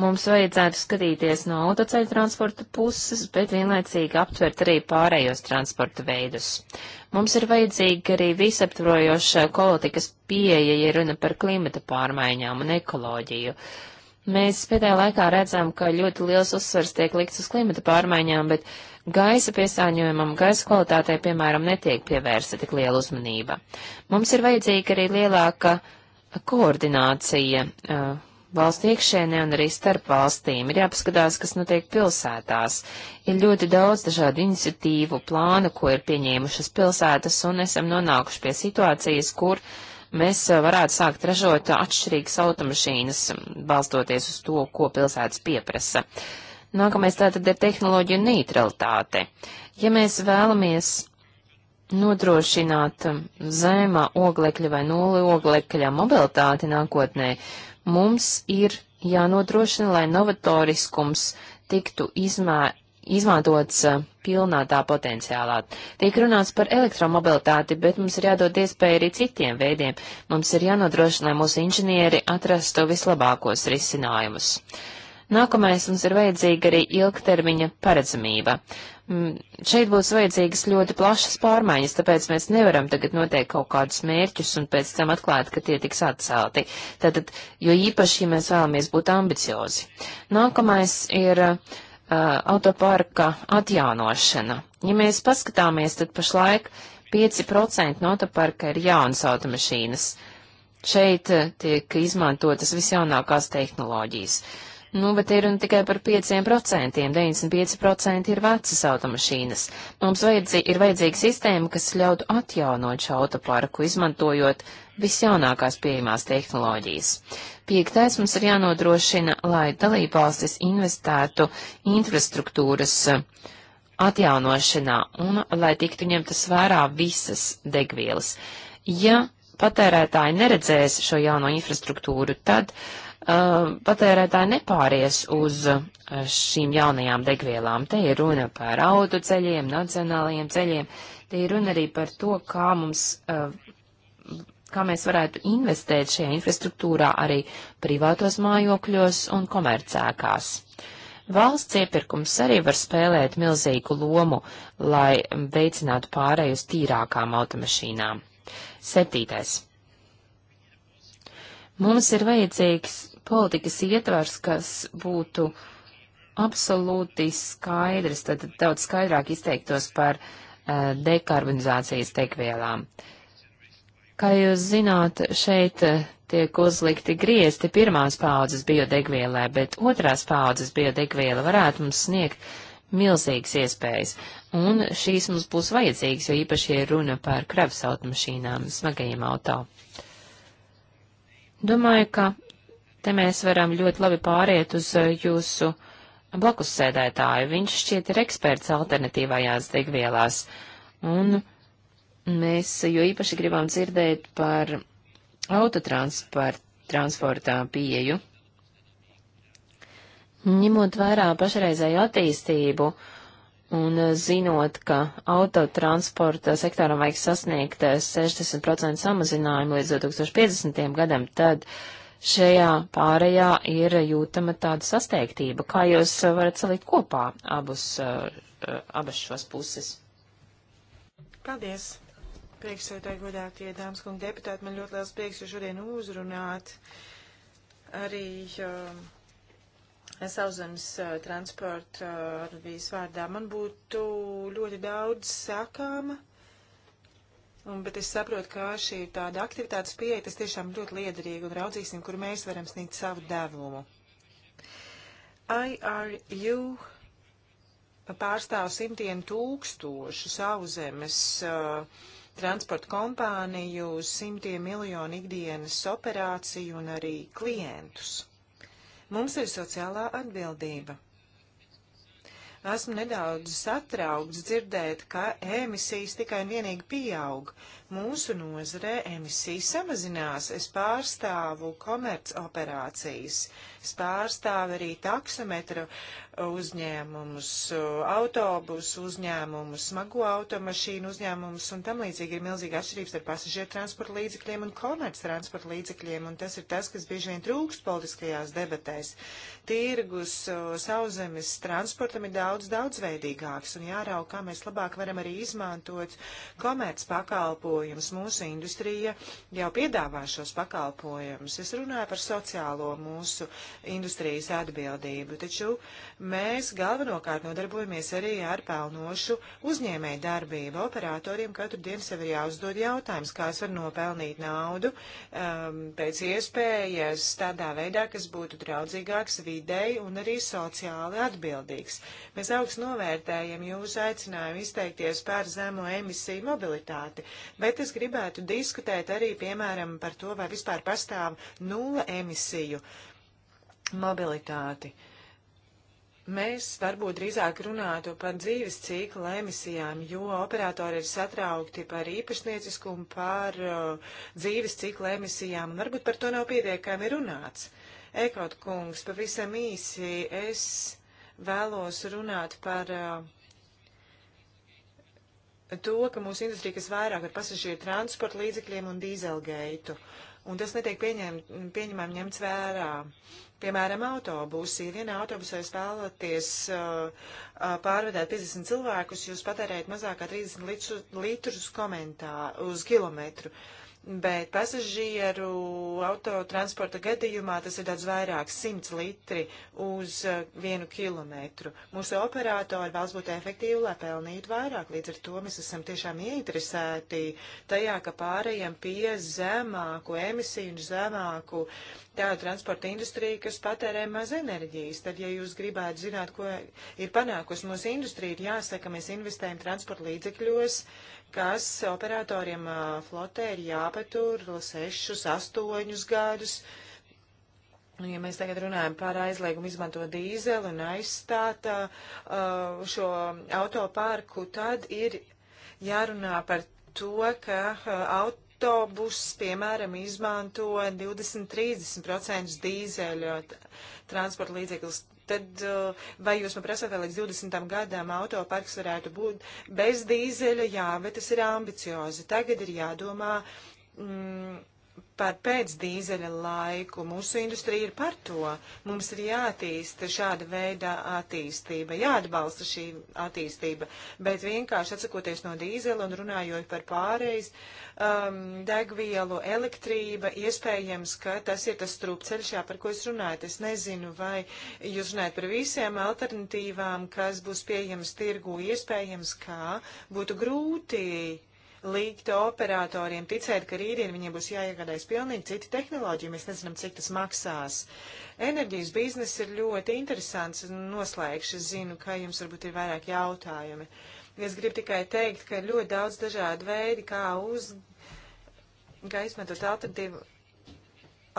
Mums vajadzētu skatīties no autoceļu transporta puses, bet vienlaicīgi aptvert arī pārējos transporta veidus. Mums ir vajadzīga arī visaptvarojoša politikas pieeja, ja runa par klimata pārmaiņām un ekoloģiju. Uh, Mēs pēdējā laikā redzam, ka ļoti liels uzsvers tiek likts uz klimata pārmaiņām, bet gaisa piesāņojumam, gaisa kvalitātei, piemēram, netiek pievērsta tik liela uzmanība. Mums ir vajadzīga arī lielāka koordinācija uh, valstu iekšēnē un arī starp valstīm. Ir jāpaskatās, kas notiek pilsētās. Ir ļoti daudz dažādu iniciatīvu, plānu, ko ir pieņēmušas pilsētas, un esam nonākuši pie situācijas, kur uh, mēs eh, varētu sākt ražot atšķirīgas automašīnas, mm, balstoties uz to, ko pilsētas pieprasa. Nākamais tātad ir tehnoloģija neutralitāte. Ja mēs vēlamies nodrošināt mm, zemā oglekļa vai nulli oglekļa mobilitāti nākotnē, mums ir jānodrošina, lai novatoriskums tiktu izmē, izmantots mm, pilnā tā potenciālā. Tiek runāts par elektromobilitāti, bet mums ir jādod iespēja arī citiem veidiem. Mums ir jānodrošina, lai mūsu inženieri atrastu vislabākos risinājumus. Nākamais mums ir vajadzīga arī ilgtermiņa paredzamība. Mm, šeit būs vajadzīgas ļoti plašas pārmaiņas, tāpēc mēs nevaram tagad noteikt kaut kādus mērķus un pēc tam atklāt, ka tie tiks atcelti. Tātad, jo īpaši, ja mēs vēlamies būt ambiciozi. Nākamais ir uh, Uh, autoparka atjaunošana. Ja mēs paskatāmies, tad pašlaik 5% no autoparka ir jaunas automašīnas. Šeit uh, tiek izmantotas visjaunākās tehnoloģijas. Nu, bet ir un tikai par 5%, 95% ir vecas automašīnas. Mums vajadzī, ir vajadzīga sistēma, kas ļautu atjaunot šo autoparku, izmantojot visjaunākās pieejamās tehnoloģijas. Piektais mums ir jānodrošina, lai dalībvalstis investētu infrastruktūras uh, atjaunošanā un lai tiktu ņemtas vērā visas degvielas. Ja patērētāji neredzēs šo jauno infrastruktūru, tad uh, patērētāji nepāries uz uh, šīm jaunajām degvielām. Te ir runa par autoceļiem, nacionālajiem ceļiem, te ir runa arī par to, kā mums uh, kā mēs varētu investēt šajā infrastruktūrā arī privātos mājokļos un komercēkās. Valsts iepirkums arī var spēlēt milzīgu lomu, lai veicinātu pārēju uz tīrākām automašīnām. Septītais. Mums ir vajadzīgs politikas ietvars, kas būtu absolūti skaidrs, tad daudz skaidrāk izteiktos par uh, dekarbonizācijas tekvielām. Uh, Kā jūs zināt, šeit eh, tiek uzlikti griezti pirmās paudzes biodegvielai, bet otrās paudzes biodegviela varētu mums sniegt milzīgas iespējas, un šīs mums būs vajadzīgas, jo īpaši ir runa par kravas automašīnām, smagajiem auto. Domāju, ka te mēs varam ļoti labi pāriet uz eh, jūsu blakus sēdētāju. Viņš šķiet ir eksperts alternatīvajās degvielās, un Mēs jo īpaši gribam dzirdēt par autotransportā pieju. Ņemot vērā pašreizēju attīstību un zinot, ka autotransporta sektoram vajag sasniegt 60% samazinājumu līdz 2050. gadam, tad šajā pārējā ir jūtama tāda sasteigtība. Kā jūs varat salikt kopā abus, eh, abas šos puses? Paldies! Priekšsēdētāji, godātie dāmas kungi deputāti, man ļoti liels prieks jūs šodien uzrunāt arī um, sauszemes uh, transporta uh, arvijas vārdā. Man būtu ļoti daudz sakāma, un, bet es saprotu, ka šī ir tāda aktivitātes pieeja, tas tiešām ļoti liederīga, un raudzīsim, kur mēs varam sniegt savu devumu. IRU pārstāv simtiem tūkstošu sauzemes uh, transporta kompāniju, simtiem miljonu ikdienas operāciju un arī klientus. Mums ir sociālā atbildība. Esmu nedaudz satraukts dzirdēt, ka emisijas tikai un vienīgi pieaug. Mūsu nozarē emisijas samazinās. Es pārstāvu komerc operācijas. Es pārstāvu arī taksometru uzņēmumus, autobusu uzņēmumus, smago automašīnu uzņēmumus un tam līdzīgi ir milzīga atšķirības ar pasažieru transporta līdzekļiem un komerc transporta līdzekļiem. Un tas ir tas, kas bieži vien trūkst politiskajās debatēs. Tirgus sauzemes transportam ir daudz daudzveidīgāks un jārauk, kā mēs labāk varam arī izmantot komerc pakalpojumus. Mūsu industrija jau piedāvā šos pakalpojumus. Es runāju par sociālo mūsu industrijas atbildību. Taču mēs galvenokārt nodarbojamies arī ar pelnošu uzņēmēju darbību. Operatoriem katru dienu sev ir jāuzdod jautājums, kā es varu nopelnīt naudu um, pēc iespējas tādā veidā, kas būtu draudzīgāks videi un arī sociāli atbildīgs. Mēs augstu novērtējam jūsu aicinājumu izteikties par zemo emisiju mobilitāti, bet es gribētu diskutēt arī, piemēram, par to, vai vispār pastāv nula emisiju mobilitāti. Mēs varbūt drīzāk runātu par dzīves cikla emisijām, jo operatori ir satraukti par īpašnieciskumu, par uh, dzīves cikla emisijām, un varbūt par to nav pietiekami runāts. Ekot kungs, pavisam īsi es vēlos runāt par uh, to, ka mūsu industrija, kas vairāk ar pasažieru transporta līdzekļiem un dīzelgeitu, un tas netiek pieņem, pieņemam ņemts vērā. Uh, Piemēram, autobusī. Vienā autobusā jūs vēlaties uh, uh pārvadāt 50 cilvēkus, jūs patērējat mazāk kā 30 litrus komentā uz kilometru. Uh, bet pasažieru autotransporta gadījumā tas ir daudz vairāk - 100 litri uz eh, vienu kilometru. Mūsu operatori vēlas būt efektīvi, lai pelnītu vairāk, līdz ar to mēs esam tiešām ieinteresēti tajā, ka pārējiem pie zemāku emisiju un zemāku tādu transporta industriju, kas patērē maz enerģijas. Tad, ja jūs gribētu zināt, ko ir panākusi mūsu industrija, ir jāsaka, mēs investējam transporta līdzekļos, kas operatoriem flotē ir jāpatur 6, 8 gadus. Un, nu, ja mēs tagad runājam par aizliegumu izmantot dīzeli un aizstāt uh, šo autopārku, tad ir jārunā par to, ka uh, autobus, piemēram, izmanto 20-30% dīzeļu transporta līdzeklis tad uh, vai jūs man prasat, vai līdz 20. gadam autoparks varētu būt bez dīzeļa? Jā, bet tas ir ambiciozi. Tagad ir jādomā. Mm, par pēcdīzeļa laiku. Mūsu industrija ir par to. Mums ir jātīsta šāda veida attīstība, jāatbalsta šī attīstība, bet vienkārši atsakoties no dīzeļa un runājot par pārējais um, degvielu, elektrība, iespējams, ka tas ir tas strupceļš, jā, par ko es runāju. Es nezinu, vai jūs runājat par visiem alternatīvām, kas būs pieejamas tirgu, iespējams, kā būtu grūti līgt operatoriem ticēt, ka rītdien viņiem būs jāiegādājas pilnīgi citi tehnoloģija. Mēs nezinām, cik tas maksās. Enerģijas biznes ir ļoti interesants noslēgšs. Es zinu, ka jums varbūt ir vairāk jautājumi. Es gribu tikai teikt, ka ir ļoti daudz dažādu veidu, kā uz, kā izmantot alternatīvu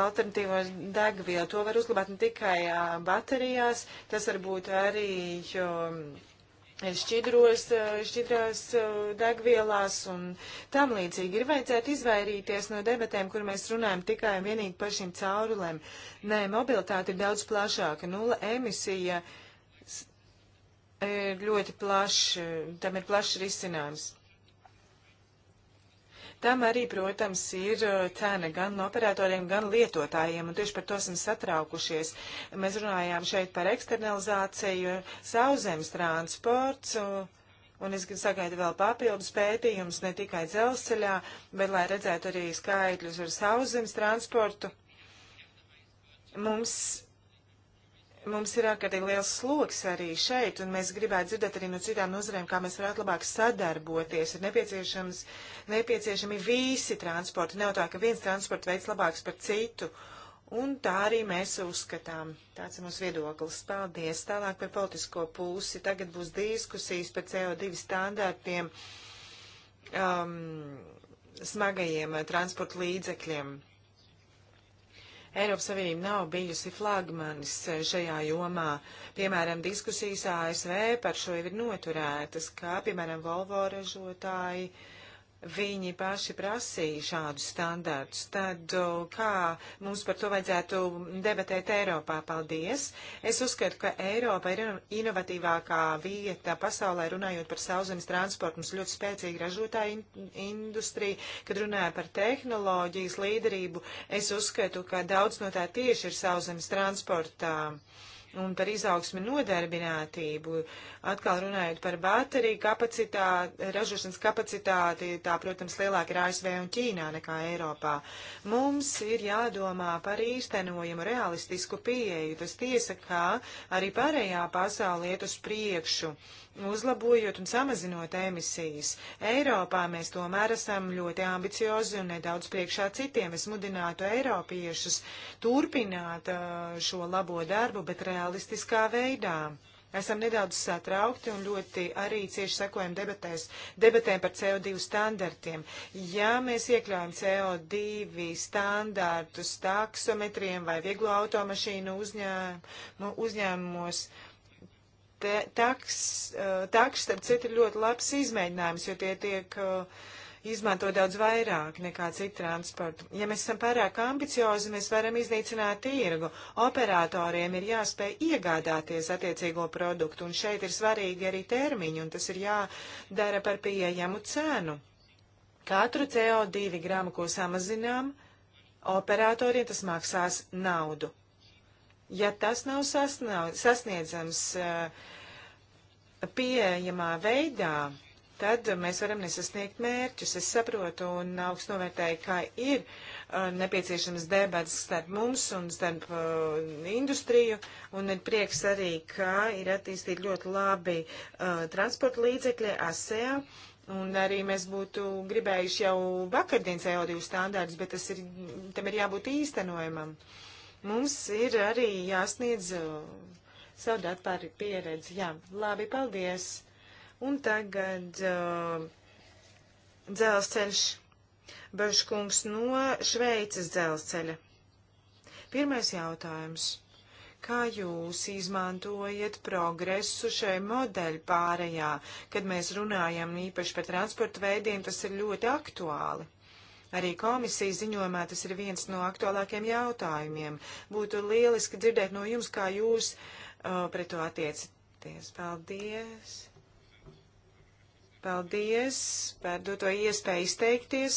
alternatīvo degvielu. To var uzglabāt ne tikai baterijās, tas var būt arī jo, šķidros, šķidrās eh, degvielās un tam līdzīgi. Ir vajadzētu izvairīties no debatēm, kur mēs runājam tikai un vienīgi par šīm caurulēm. Nē, mobilitāte ir daudz plašāka. Nula emisija ir eh, ļoti plaša, eh, tam ir plašs risinājums. Tam arī, protams, ir uh, cena gan operatoriem, gan lietotājiem, un tieši par to esam satraukušies. Mēs runājām šeit par eksternalizāciju, sauzemes transports, uh, un es sagaidu vēl papildus pētījumus ne tikai dzelzceļā, bet lai redzētu arī skaitļus ar sauzemes transportu. Mums mums ir ārkārtīgi liels sloks arī šeit, un mēs gribētu dzirdēt arī no citām nozarēm, kā mēs varētu labāk sadarboties. Ir nepieciešams, nepieciešami visi transporti, nav tā, ka viens transporta veids labāks par citu. Un tā arī mēs uzskatām. Tāds ir mūsu viedoklis. Paldies. Tālāk par politisko pusi. Tagad būs diskusijas par CO2 standārtiem um, smagajiem uh, transporta līdzekļiem. Eiropas Savienība nav bijusi flagmanis eh, šajā jomā. Piemēram, diskusijas ASV par šo jau ir noturētas, kā, piemēram, Volvo ražotāji uh, viņi paši prasīja šādus standārtus, tad kā mums par to vajadzētu debatēt Eiropā? Paldies! Es uzskatu, ka Eiropa ir inovatīvākā vieta pasaulē runājot par sauszemes transportu. Mums ļoti spēcīga ražotāja in industrija, kad runāja par tehnoloģijas līderību. Es uzskatu, ka daudz no tā tieši ir sauszemes transportā. Uh, un par izaugsmi nodarbinātību. Atkal runājot par bateriju kapacitāti, ražošanas kapacitāti, tā, protams, lielāka ir ASV un Ķīnā nekā Eiropā. Mums ir jādomā par īstenojumu realistisku pieeju. Tas tiesa, kā arī pārējā pasaule iet uz priekšu uzlabojot un samazinot emisijas. Eiropā mēs tomēr esam ļoti ambiciozi un nedaudz priekšā citiem. Es mudinātu eiropiešus turpināt šo labo darbu, bet realistiskā veidā. Esam nedaudz satraukti un ļoti arī cieši sekojam debatēs, debatēm par CO2 standartiem. Ja mēs iekļaujam CO2 standartus taksometriem vai vieglo automašīnu uzņēm, uzņēmumos, uzņēmumos taks, taks, starp citu, ir ļoti labs izmēģinājums, jo tie tiek izmanto daudz vairāk nekā citu transportu. Ja mēs esam pārāk ambiciozi, mēs varam iznīcināt tirgu. Operatoriem ir jāspēj iegādāties attiecīgo produktu, un šeit ir svarīgi arī termiņi, un tas ir jādara par pieejamu cenu. Katru CO2 gramu, ko samazinām, operatoriem tas maksās naudu ja tas nav sasniedzams eh, pieejamā veidā, tad mēs varam nesasniegt mērķus. Es saprotu un augstu novērtēju, ka ir uh, nepieciešams debats starp mums un starp uh, industriju, un ir prieks arī, ka ir attīstīti ļoti labi uh, transporta līdzekļi ASEA. Un arī mēs būtu gribējuši jau vakardienas CO2 standārdus, bet tas ir, tam ir jābūt īstenojumam. Uh, Mums ir arī jāsniedz uh, savu datu par pieredzi. Jā, labi, paldies. Un tagad uh, dzelzceļš. Bažkungs no Šveices dzelzceļa. Pirmais jautājums. Kā jūs izmantojat progresu šai modeļu pārējā, kad mēs runājam īpaši par transporta veidiem, tas ir ļoti aktuāli? Arī komisijas ziņojumā tas ir viens no aktuālākiem jautājumiem. Būtu lieliski dzirdēt no jums, kā jūs uh, pret to attiecaties. Paldies! Paldies par doto iespēju izteikties.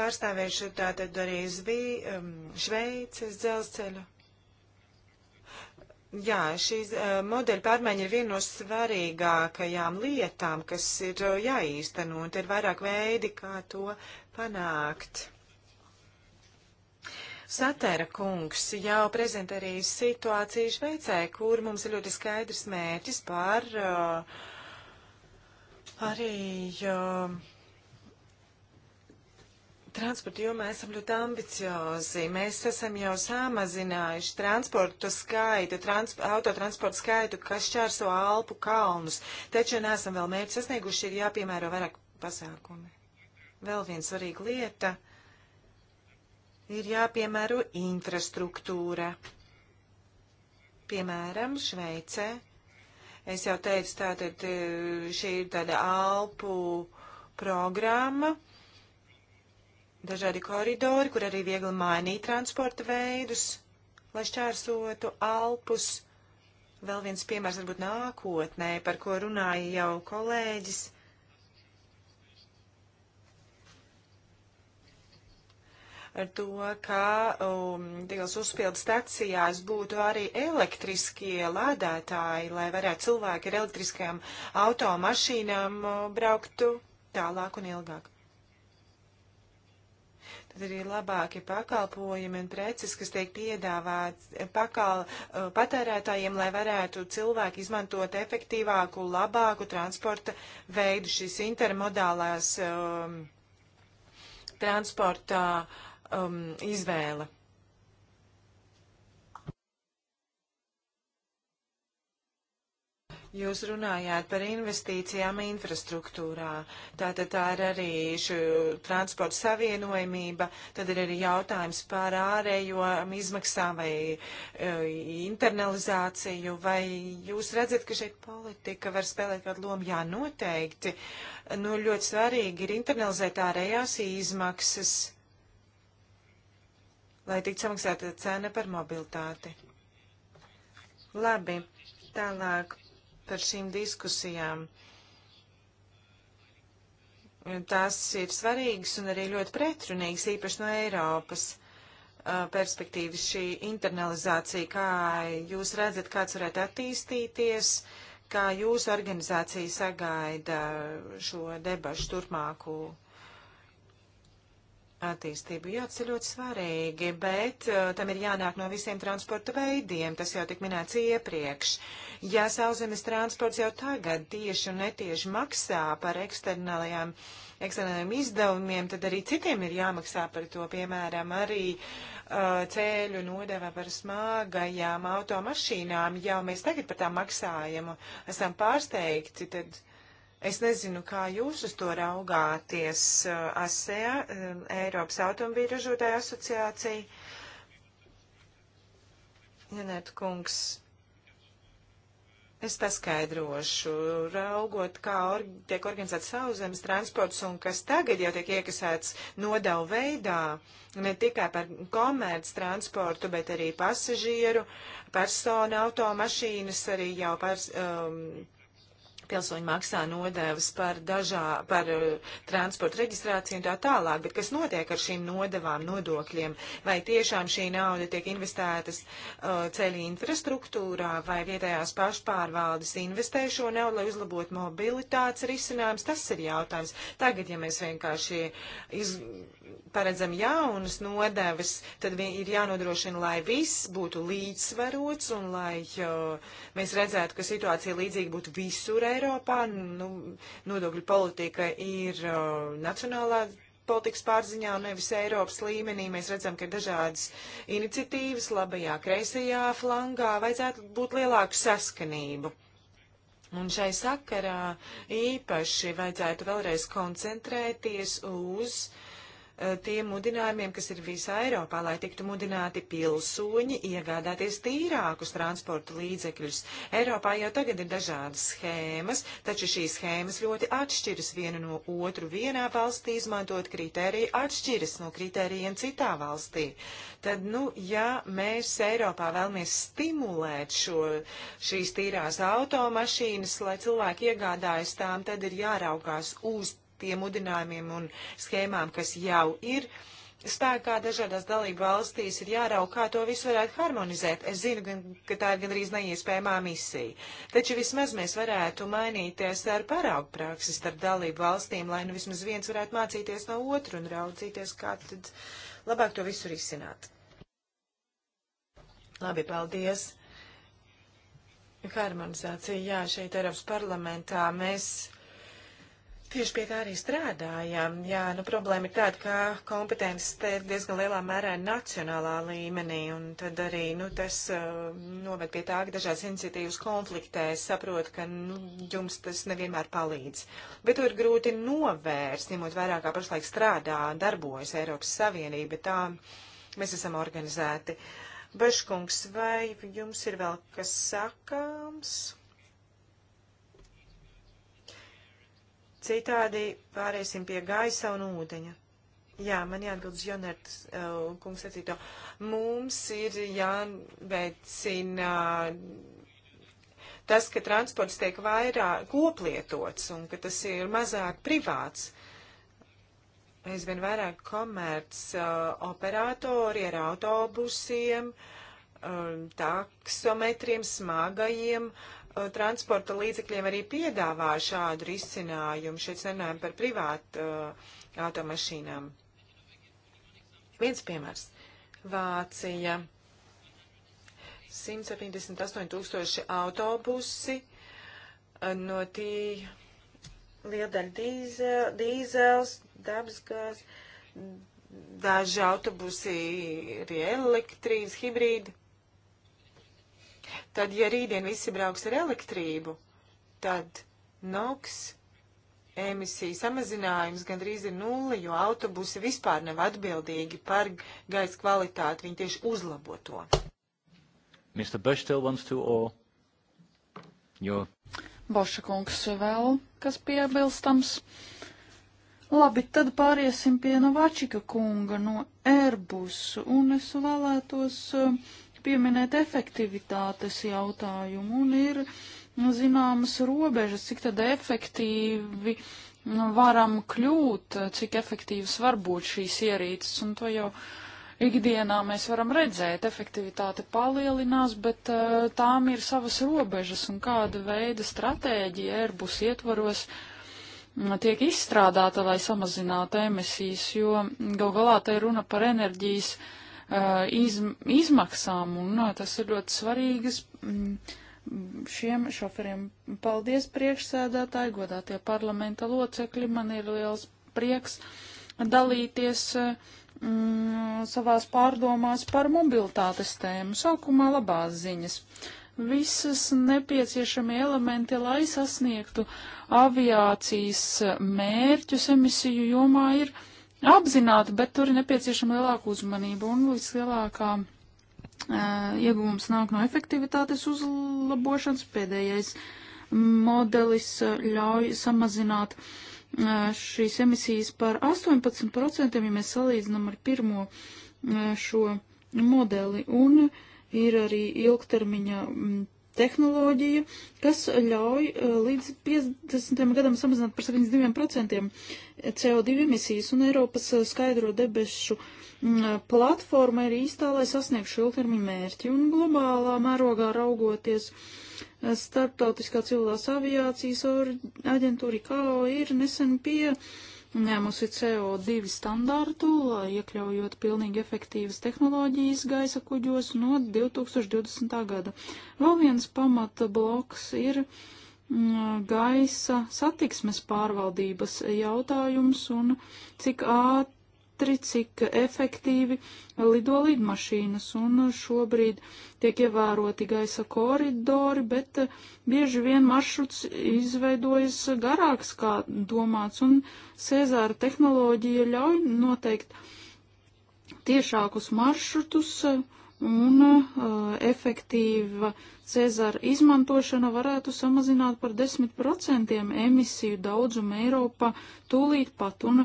Pārstāvēšu tātad arī Zvī, um, Šveices dzelzceļu Jā, šīs eh, modeļa pārmaiņa ir viena no svarīgākajām lietām, kas ir eh, jāīsteno, un te ir vairāk veidi, kā to panākt. Satēra kungs jau prezentē arī situāciju Šveicē, kur mums ir ļoti skaidrs mērķis par uh, arī uh, Transporta jomā esam ļoti ambiciozi. Mēs esam jau samazinājuši transportu skaitu, transp autotransportu skaitu, kas šķērso Alpu kalnus. Taču nesam vēl mērķi sasnieguši, ir jāpiemēro vairāk pasākumi. Vēl viena svarīga lieta ir jāpiemēro infrastruktūra. Piemēram, Šveicē. Es jau teicu, tātad eh, šī ir tāda Alpu programma dažādi koridori, kur arī viegli mainīt transporta veidus, lai šķērsotu Alpus. Vēl viens piemērs varbūt nākotnē, par ko runāja jau kolēģis. Ar to, ka um, tīkls uzpildu stacijās būtu arī elektriskie lādētāji, lai varētu cilvēki ar elektriskajām automašīnām uh, brauktu tālāk un ilgāk. Tad arī labākie pakalpojumi un preces, kas tiek piedāvāts eh, pakal, eh, patērētājiem, lai varētu cilvēki izmantot efektīvāku, labāku transporta veidu šīs intermodālās um, transportā um, izvēle. Jūs runājāt par investīcijām infrastruktūrā, tātad tā ir arī transporta savienojumība, tad ir arī jautājums par ārējo izmaksām vai e, internalizāciju, vai jūs redzat, ka šeit politika var spēlēt kādu lomu? Jā, noteikti. Nu, ļoti svarīgi ir internalizēt ārējās izmaksas, lai tiktu samaksāta cena par mobilitāti. Labi, tālāk par šīm diskusijām. Tās ir svarīgas un arī ļoti pretrunīgas, īpaši no Eiropas uh, perspektīvas šī internalizācija, kā jūs redzat, kāds varētu attīstīties, kā jūsu organizācija sagaida šo debašu turpmāku attīstību. Jā, tas ir ļoti svarīgi, bet uh, tam ir jānāk no visiem transporta veidiem, tas jau tik minēts iepriekš. Ja sauzemes transports jau tagad tieši un netieši maksā par eksternālajām, eksternālajiem izdevumiem, tad arī citiem ir jāmaksā par to, piemēram, arī uh, ceļu nodeva par smagajām automašīnām. Jau mēs tagad par tām maksājumu esam pārsteigti, tad. Uh, Es nezinu, kā jūs uz to raugāties. Eh, ASEA, eh, Eiropas automobīļu ražotāja asociācija. Janēt kungs, es paskaidrošu, raugot, kā or, tiek organizēts sauzemes transports un kas tagad jau tiek iekasēts nodevu veidā, ne tikai par komerc transportu, bet arī pasažieru, personu, automašīnas, arī jau pers, um, pilsoņi maksā nodevas par, dažā, par uh, transporta reģistrāciju un tā tālāk, bet kas notiek ar šīm nodevām, nodokļiem? Vai tiešām šī nauda tiek investētas uh, eh, ceļu infrastruktūrā vai vietējās pašpārvaldes investē šo naudu, lai uzlabotu mobilitātes risinājums? Tas ir jautājums. Tagad, ja mēs vienkārši iz, paredzam jaunas nodevas, tad ir jānodrošina, lai viss būtu līdzsvarots un lai uh, mēs redzētu, ka situācija līdzīga būtu visur. Eiropā. Nu, nodokļu politika ir uh, nacionālā politikas pārziņā un nevis Eiropas līmenī. Mēs redzam, ka ir dažādas iniciatīvas labajā, kreisajā flangā. Vajadzētu būt lielāku saskanību. Un šai sakarā īpaši vajadzētu vēlreiz koncentrēties uz uh, Eh, tiem mudinājumiem, kas ir visā Eiropā, lai tiktu mudināti pilsoņi iegādāties tīrākus transporta līdzekļus. Eiropā jau tagad ir dažādas schēmas, taču šīs schēmas ļoti atšķiras viena no otru. Vienā valstī izmantot kritēriju atšķiras no kritērijiem citā valstī. Tad, nu, ja mēs Eiropā vēlamies stimulēt šo, šīs tīrās automašīnas, lai cilvēki iegādājas tām, tad ir jāraugās uz tiem mudinājumiem un schēmām, kas jau ir spēkā dažādās dalību valstīs ir jārauk, kā to visu varētu harmonizēt. Es zinu, gan, ka tā ir gandrīz neiespējamā misija. Taču vismaz mēs varētu mainīties ar paraugu praksi starp dalību valstīm, lai nu vismaz viens varētu mācīties no otru un raudzīties, kā tad labāk to visu risināt. Labi, paldies. Harmonizācija, jā, šeit Eiropas parlamentā mēs Tieši pie tā arī strādājām. Jā, nu problēma ir tāda, ka kompetences te ir diezgan lielā mērā nacionālā līmenī, un tad arī, nu, tas uh, noved pie tā, ka dažādas iniciatīvas konfliktē saprot, ka, nu, jums tas nevienmēr palīdz. Bet to ir grūti novērst, ņemot vērā, kā pašlaik strādā, darbojas Eiropas Savienība, tā mēs esam organizēti. Beškungs, vai jums ir vēl kas sakāms? Citādi pāriesim pie gaisa un ūdeņa. Jā, man jāatbild uz Jonertas uh, kungs sacīto. Mums ir jāveicina eh, tas, ka transports tiek vairāk koplietots un ka tas ir mazāk privāts. Aizvien vairāk komerc uh, operatori ar autobusiem, um, taksometriem, smagajiem uh, Eh, transporta līdzekļiem arī piedāvā šādu risinājumu. Šeit runājam par privātu uh, automašīnām. Viens piemērs. Vācija. 178 tūkstoši autobusi, eh, no tī liela daļa dīzel, dīzels, dabasgās, daži autobusi ir elektrības, hibrīdi. Tad, ja rītdien visi brauks ar elektrību, tad NOX emisiju samazinājums gandrīz ir nulle, jo autobusi vispār nav atbildīgi par gaisa kvalitāti. Viņi tieši uzlabo to. Mr. Bush still wants to or your... Boša kungs vēl kas piebilstams. Labi, tad pāriesim pie Novačika kunga no Airbus, un es vēlētos uh, pieminēt efektivitātes jautājumu un ir nu, zināmas robežas, cik tad efektīvi nu, varam kļūt, cik efektīvas var būt šīs ierīces, un to jau ikdienā mēs varam redzēt, efektivitāte palielinās, bet uh, tām ir savas robežas, un kāda veida stratēģija Airbus ietvaros mm, tiek izstrādāta, lai samazinātu emisijas, jo gal galā te runa par enerģijas uh, Uh, iz, izmaksām, un uh, tas ir ļoti svarīgas mm, šiem šoferiem. Paldies priekšsēdētāji, godātie parlamenta locekļi, man ir liels prieks dalīties uh, mm, savās pārdomās par mobilitātes tēmu. Sākumā labās ziņas. Visas nepieciešamie elementi, lai sasniegtu aviācijas mērķus emisiju jomā, ir apzināti, bet tur ir nepieciešama lielāka uzmanība un vislielākā e, iegūms nāk no efektivitātes uzlabošanas. Pēdējais modelis ļauj samazināt e, šīs emisijas par 18%, ja mēs salīdzinām ar pirmo e, šo modeli. Un ir arī ilgtermiņa tehnoloģija, kas ļauj eh, līdz 50. gadam samazināt par 72% CO2 emisijas, un Eiropas eh, skaidro debešu mm, eh, platforma ir īstā, lai sasniegtu šo ilgtermiņu mērķi, un globālā mērogā raugoties. Startautiskā civilās aviācijas aģentūra ICAO ir nesen pie uh, ņēmusi CO2 standārtu, lai iekļaujot pilnīgi efektīvas tehnoloģijas gaisa kuģos no 2020. gada. Vēl viens pamata bloks ir mm, gaisa satiksmes pārvaldības jautājums un cik ātri ātri, cik efektīvi lido lidmašīnas, un šobrīd tiek ievēroti gaisa koridori, bet eh, bieži vien maršruts izveidojas garāks, kā domāts, un Cēzāra tehnoloģija ļauj noteikt tiešākus maršrutus, un uh, efektīva Cezara izmantošana varētu samazināt par 10% emisiju daudzumu Eiropā tūlīt pat. Un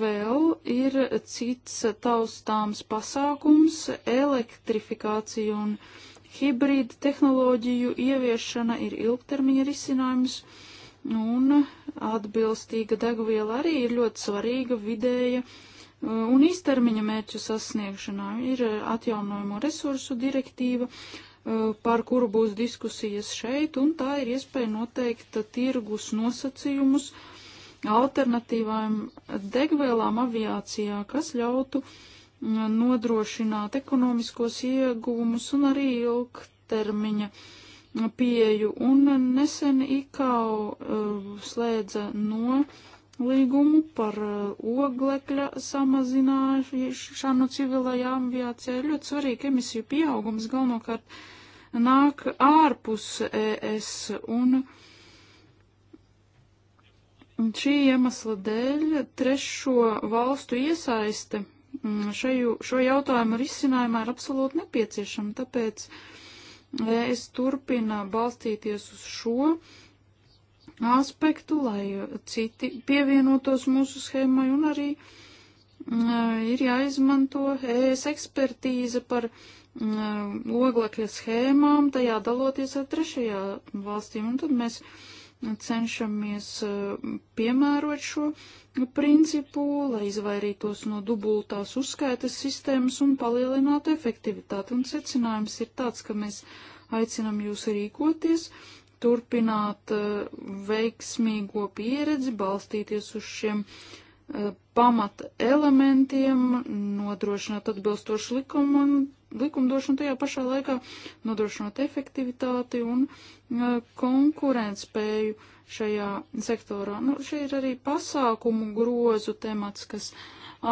Vēl ir cits taustāms pasākums - elektrifikācija un hibrīda tehnoloģiju ieviešana ir ilgtermiņa risinājums, un atbilstīga degviela arī ir ļoti svarīga vidēja uh, un īstermiņa mērķu sasniegšanā. Ir atjaunojamo resursu direktīva, uh, par kuru būs diskusijas šeit, un tā ir iespēja noteikt tirgus nosacījumus, uh, alternatīvām degvielām aviācijā, kas ļautu mm, nodrošināt ekonomiskos iegūmus un arī ilgtermiņa pieju. Un nesen IKAU eh, slēdza no līgumu par eh, oglekļa samazināšanu civilajā aviācijā. Ļoti svarīgi emisiju pieaugums galvenokārt nāk ārpus ES un. Uh, Un šī iemesla dēļ trešo valstu iesaiste mm, šaju, šo jautājumu risinājumā ir absolūti nepieciešama, tāpēc eh, es turpina balstīties uz šo aspektu, lai citi pievienotos mūsu schēmai un arī mm, ir jāizmanto ES ekspertīze par mm, oglekļa schēmām, tajā daloties ar trešajā valstīm. Un tad mēs uh, cenšamies eh, piemērot šo principu, lai izvairītos no dubultās uzskaitas sistēmas un palielinātu efektivitāti. Un secinājums ir tāds, ka mēs aicinam jūs rīkoties, turpināt eh, veiksmīgo pieredzi, balstīties uz šiem eh, pamata elementiem, nodrošināt atbilstošu likumu un likumdošanu, tajā pašā laikā nodrošinot efektivitāti un uh, konkurētspēju šajā sektorā. Nu, šeit ir arī pasākumu grozu temats, kas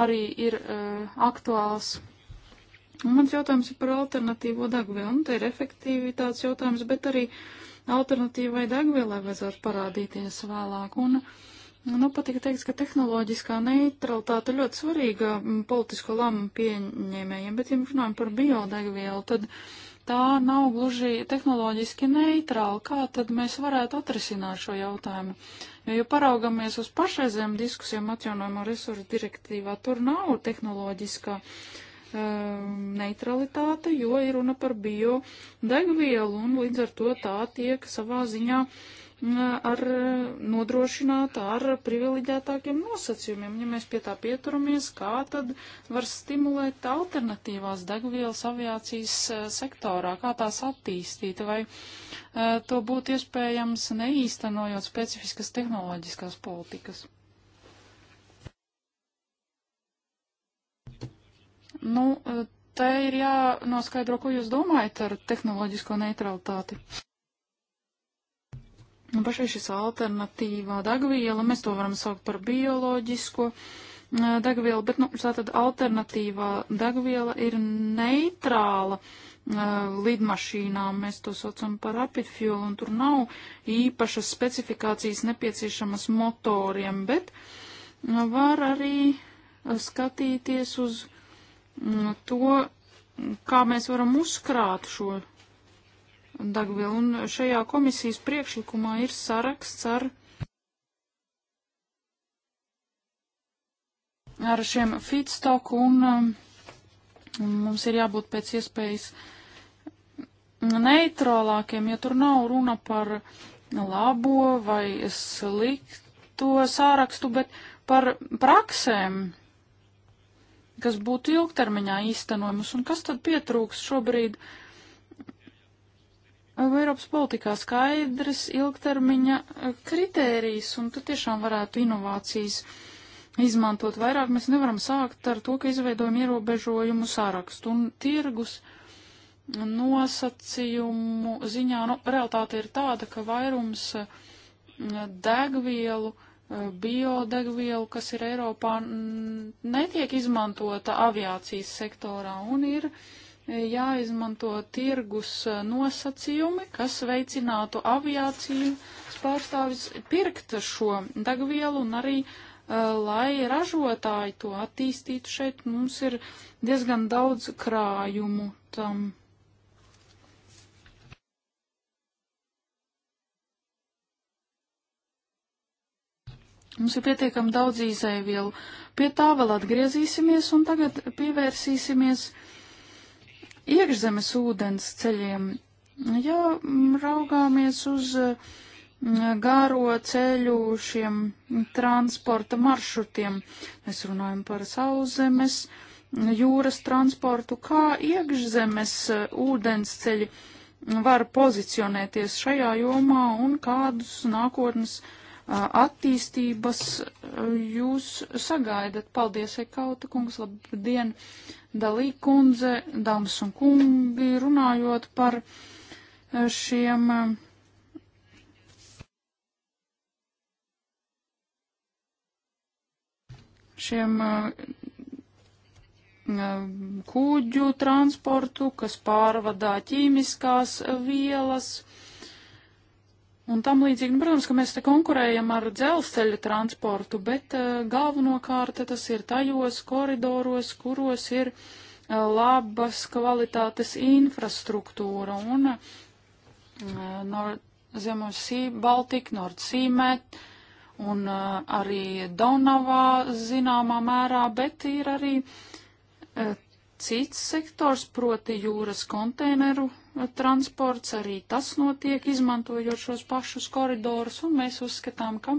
arī ir uh, aktuāls. Un mans jautājums ir par alternatīvo degvielu. Nu, te ir efektivitātes jautājums, bet arī alternatīvai degvielai vajadzētu parādīties vēlāk. Un, uh, Nu, patika teikt, ka tehnoloģiskā neutralitāte ļoti svarīga mm, politisko lēmumu pieņēmējiem, bet, ja runājam par biodegvielu, tad tā nav gluži tehnoloģiski neitrāla. Kā tad mēs varētu atrisināt šo jautājumu? Jo, ja paraugamies uz pašreizējām diskusijām atjaunojamo resursu direktīvā, tur nav tehnoloģiskā uh, Um, neutralitāte, jo ir runa par biodegvielu un līdz ar to tā tiek savā ziņā mm, ar nodrošināta ar privileģētākiem nosacījumiem. Ja mēs pie tā pieturamies, kā tad var stimulēt alternatīvās degvielas aviācijas uh, sektorā, kā tās attīstīt, vai uh, to būtu iespējams neīstenojot specifiskas tehnoloģiskās politikas. Nu, te ir jānoskaidro, ko jūs domājat ar tehnoloģisko neutralitāti. Nu, pašai šis alternatīvā degviela, mēs to varam saukt par bioloģisko eh, degvielu, bet, nu, tātad alternatīvā degviela ir neitrāla eh, lidmašīnām. Mēs to saucam par rapid fuel, un tur nav īpašas specifikācijas nepieciešamas motoriem, bet eh, var arī skatīties uz to, kā mēs varam uzkrāt šo degvielu. Un šajā komisijas priekšlikumā ir saraksts ar, ar šiem feedstock un um, mums ir jābūt pēc iespējas neitrālākiem, ja tur nav runa par labo vai slikto sārakstu, bet par praksēm, kas būtu ilgtermiņā īstenojumus, un kas tad pietrūks šobrīd Eiropas politikā skaidrs ilgtermiņa e, kritērijs, un tad tiešām varētu inovācijas izmantot vairāk. Mēs nevaram sākt ar to, ka izveidojam ierobežojumu sārakstu un tirgus nosacījumu ziņā. Nu, realtāte ir tāda, ka vairums e, degvielu uh, Eh, biodegvielu, kas ir Eiropā, netiek izmantota aviācijas sektorā un ir eh, jāizmanto tirgus eh, nosacījumi, kas veicinātu aviāciju pārstāvis pirkt šo degvielu un arī lai ražotāji to attīstītu šeit, mums ir diezgan daudz krājumu tam. Mums ir pietiekami daudz izēvielu. Pie tā vēl atgriezīsimies un tagad pievērsīsimies iekšzemes ūdens ceļiem. Ja raugāmies uz mm, garo ceļu šiem transporta maršrutiem, mēs runājam par sauszemes, jūras transportu, kā iekšzemes eh, ūdens ceļi var pozicionēties šajā jomā un kādus nākotnes uh, attīstības jūs sagaidat. Paldies, Ekauta kungs, labdien, Dalī kundze, dāmas un kungi, runājot par šiem. Šiem kuģu transportu, kas pārvadā ķīmiskās vielas un tam līdzīgi. Nu, protams, ka mēs te konkurējam ar dzelzceļa transportu, bet uh, galvenokārt tas ir tajos koridoros, kuros ir uh, labas kvalitātes infrastruktūra un uh, eh, Zemosī, Baltika, Nordsīmēt un uh, arī Donavā zināmā mērā, bet ir arī uh, cits sektors, proti jūras konteineru transports, arī tas notiek, izmantojot šos pašus koridorus, un mēs uzskatām, ka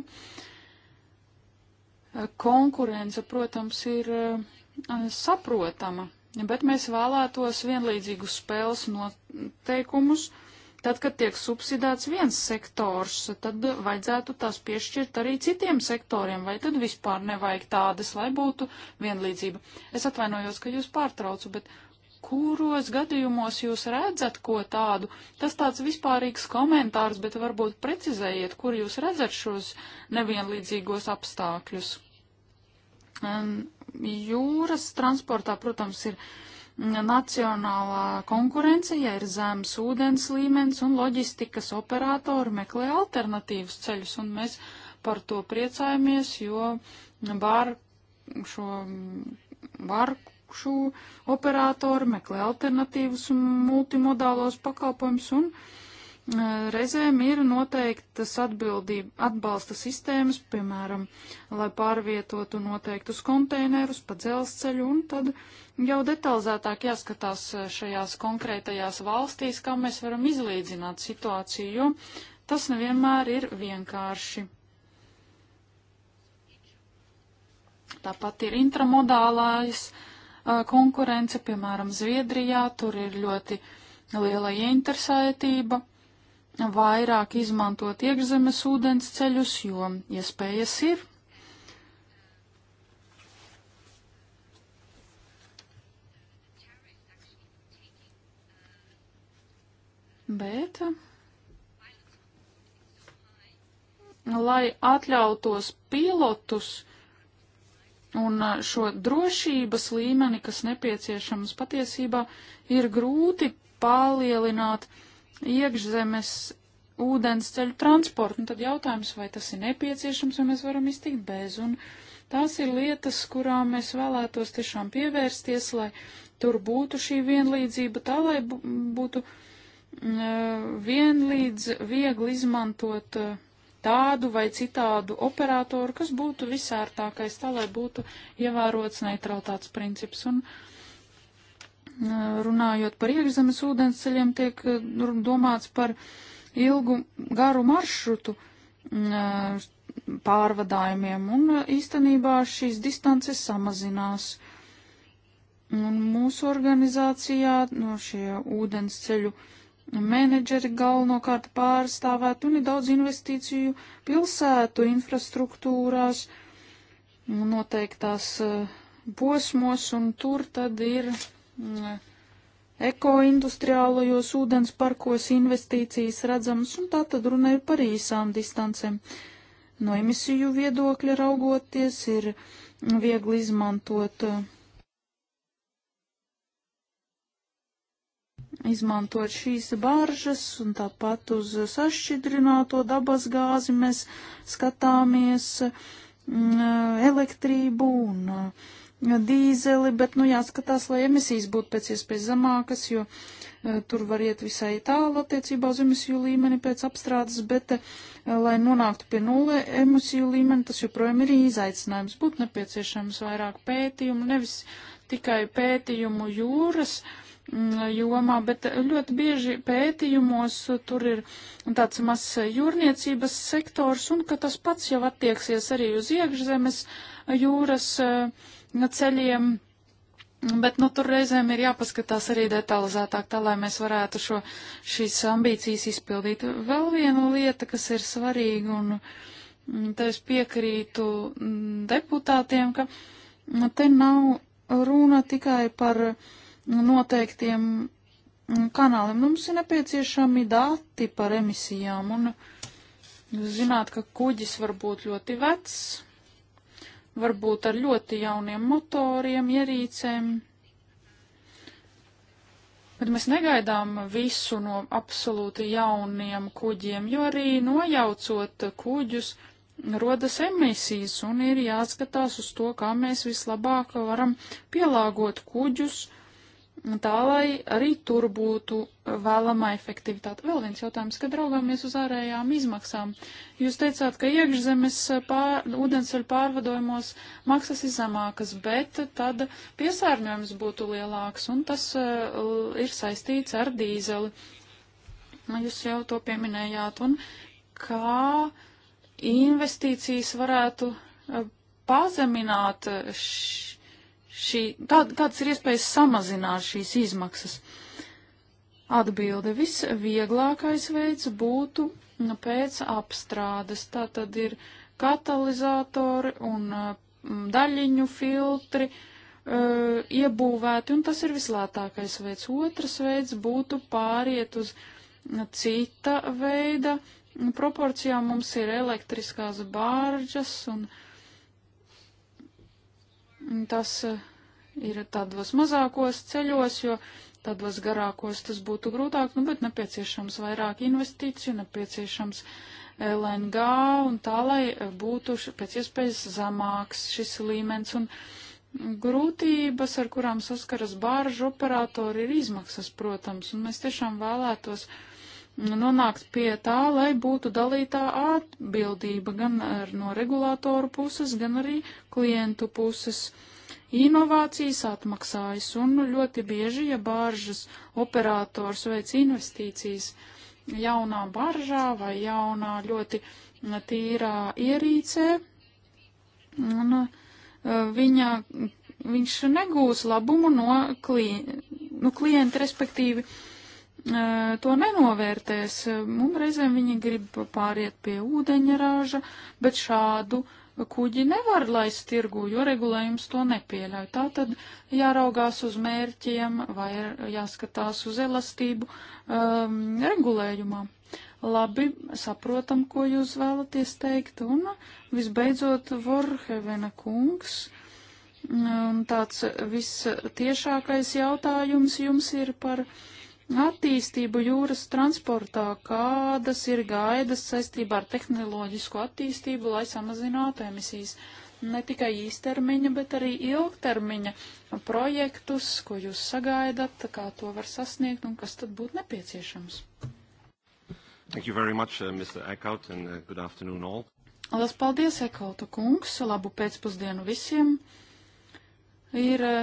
eh, konkurence, protams, ir eh, saprotama, bet mēs vēlētos vienlīdzīgus spēles noteikumus. Tad, kad tiek subsidēts viens sektors, tad vajadzētu tās piešķirt arī citiem sektoriem, vai tad vispār nevajag tādas, lai būtu vienlīdzība. Es atvainojos, ka jūs pārtraucu, bet. Uh, kuros gadījumos jūs redzat ko tādu? Tas tāds vispārīgs komentārs, bet varbūt precizējiet, kur jūs redzat šos nevienlīdzīgos apstākļus. Jūras transportā, protams, ir nacionālā konkurence, ja ir zems ūdens līmenis un loģistikas operatori meklē alternatīvas ceļus, un mēs par to priecājamies, jo var šo var augšu, operatori meklē alternatīvus multimodālos pakalpojumus un e, reizēm ir noteiktas atbalsta sistēmas, piemēram, lai pārvietotu noteiktus konteinerus pa dzelzceļu, un tad jau detalizētāk jāskatās e, šajās konkrētajās valstīs, kā mēs varam izlīdzināt situāciju, jo tas nevienmēr ir vienkārši. Tāpat ir intramodālais konkurence, piemēram, Zviedrijā, tur ir ļoti liela ieinteresētība vairāk izmantot iekšzemes ūdens ceļus, jo iespējas ja ir. Bet, lai atļautos pilotus, Un šo drošības līmeni, kas nepieciešams patiesībā, ir grūti palielināt iekšzemes ūdens ceļu transportu. Un tad jautājums, vai tas ir nepieciešams, vai mēs varam iztikt bez. Un tās ir lietas, kurām mēs vēlētos tiešām pievērsties, lai tur būtu šī vienlīdzība, tā lai būtu vienlīdz viegli izmantot uh, tādu vai citādu operatoru, kas būtu visērtākais, tā lai būtu ievērots neutralitātes princips. Un, uh, runājot par iekšzemes ūdensceļiem, tiek uh, domāts par ilgu garu maršrutu uh, pārvadājumiem, un īstenībā šīs distances samazinās. Un mūsu organizācijā no šie ūdensceļu ceļu menedžeri galvenokārt pārstāvēt un ir daudz investīciju pilsētu infrastruktūrās noteiktās eh, posmos un tur tad ir mm, ekoindustriālajos ūdens parkos investīcijas redzamas un tā tad runa ir par īsām distancēm. No emisiju viedokļa raugoties ir viegli izmantot uh, izmantot šīs baržas un tāpat uz sašķidrināto dabas gāzi mēs skatāmies mm, elektrību un mm, dīzeli, bet, nu, jāskatās, lai emisijas būtu pēc iespējas zemākas, jo mm, tur var iet visai tālu attiecībā uz emisiju līmeni pēc apstrādes, bet, lai nonāktu pie nulle emisiju līmeni, tas joprojām ir izaicinājums. Būtu nepieciešams vairāk pētījumu, nevis tikai pētījumu jūras uh, Mm, jomā, bet ļoti bieži pētījumos tur ir tāds mazs jūrniecības sektors un ka tas pats jau attieksies arī uz iekšzemes jūras mm, ceļiem. Bet nu, tur reizēm ir jāpaskatās arī detalizētāk, tā lai mēs varētu šo, šīs ambīcijas izpildīt. Vēl viena lieta, kas ir svarīga, un mm, te es piekrītu deputātiem, ka te nav runa tikai par uh, noteiktiem mm, kanāliem. Nu, mums ir nepieciešami dati par emisijām, un zināt, ka kuģis var būt ļoti vecs, varbūt ar ļoti jauniem motoriem, ierīcēm. Bet mēs negaidām visu no absolūti jauniem kuģiem, jo arī nojaucot kuģus rodas emisijas un ir jāskatās uz to, kā mēs vislabāk varam pielāgot kuģus uh, tā, lai arī tur būtu vēlama efektivitāte. Vēl viens jautājums, kad raugāmies uz ārējām izmaksām. Jūs teicāt, ka iekšzemes pār, ūdensveļu pārvadojumos maksas ir zemākas, bet tad piesārņojums būtu lielāks, un tas uh, ir saistīts ar dīzeli. Nu, jūs jau to pieminējāt, un kā investīcijas varētu eh, pazemināt š šī, tā, kādas ir iespējas samazināt šīs izmaksas? Atbilde visvieglākais veids būtu pēc apstrādes. Tā tad ir katalizatori un mm, daļiņu filtri uh, iebūvēti, un tas ir vislētākais veids. Otrs veids būtu pāriet uz cita veida proporcijām. Mums ir elektriskās bāržas un uh, Tas eh, ir tādos mazākos ceļos, jo tādos garākos tas būtu grūtāk, nu, bet nepieciešams vairāk investīciju, nepieciešams eh, LNG un tā, lai eh, būtu pēc iespējas zamāks šis līmenis. Un, grūtības, ar kurām saskaras bāržu operatori, ir izmaksas, protams, un mēs tiešām vēlētos uh, nonākt pie tā, lai būtu dalītā atbildība gan ar, no regulātoru puses, gan arī klientu puses. Inovācijas atmaksājas un ļoti bieži, ja bāržas operators veic investīcijas jaunā baržā vai jaunā ļoti tīrā ierīcē, un uh, viņa, viņš negūs labumu no klienta, nu, klienta respektīvi uh, to nenovērtēs. Mums reizēm viņi grib pāriet pie ūdeņrāža, bet šādu kuģi nevar laist tirgu, jo regulējums to nepieļauj. Tā tad jāraugās uz mērķiem vai jāskatās uz elastību um, regulējumā. Labi, saprotam, ko jūs vēlaties teikt. Un visbeidzot, Vorhevena kungs. Un tāds vistiešākais jautājums jums ir par uh, attīstību jūras transportā, kādas ir gaidas saistībā ar tehnoloģisko attīstību, lai samazinātu emisijas. Ne tikai īstermiņa, bet arī ilgtermiņa projektus, ko jūs sagaidat, kā to var sasniegt un kas tad būtu nepieciešams. Thank you very much, uh, Mr. Eckhout, and uh, good afternoon all. Lielas paldies, Ekauta kungs, labu pēcpusdienu visiem. Ir eh,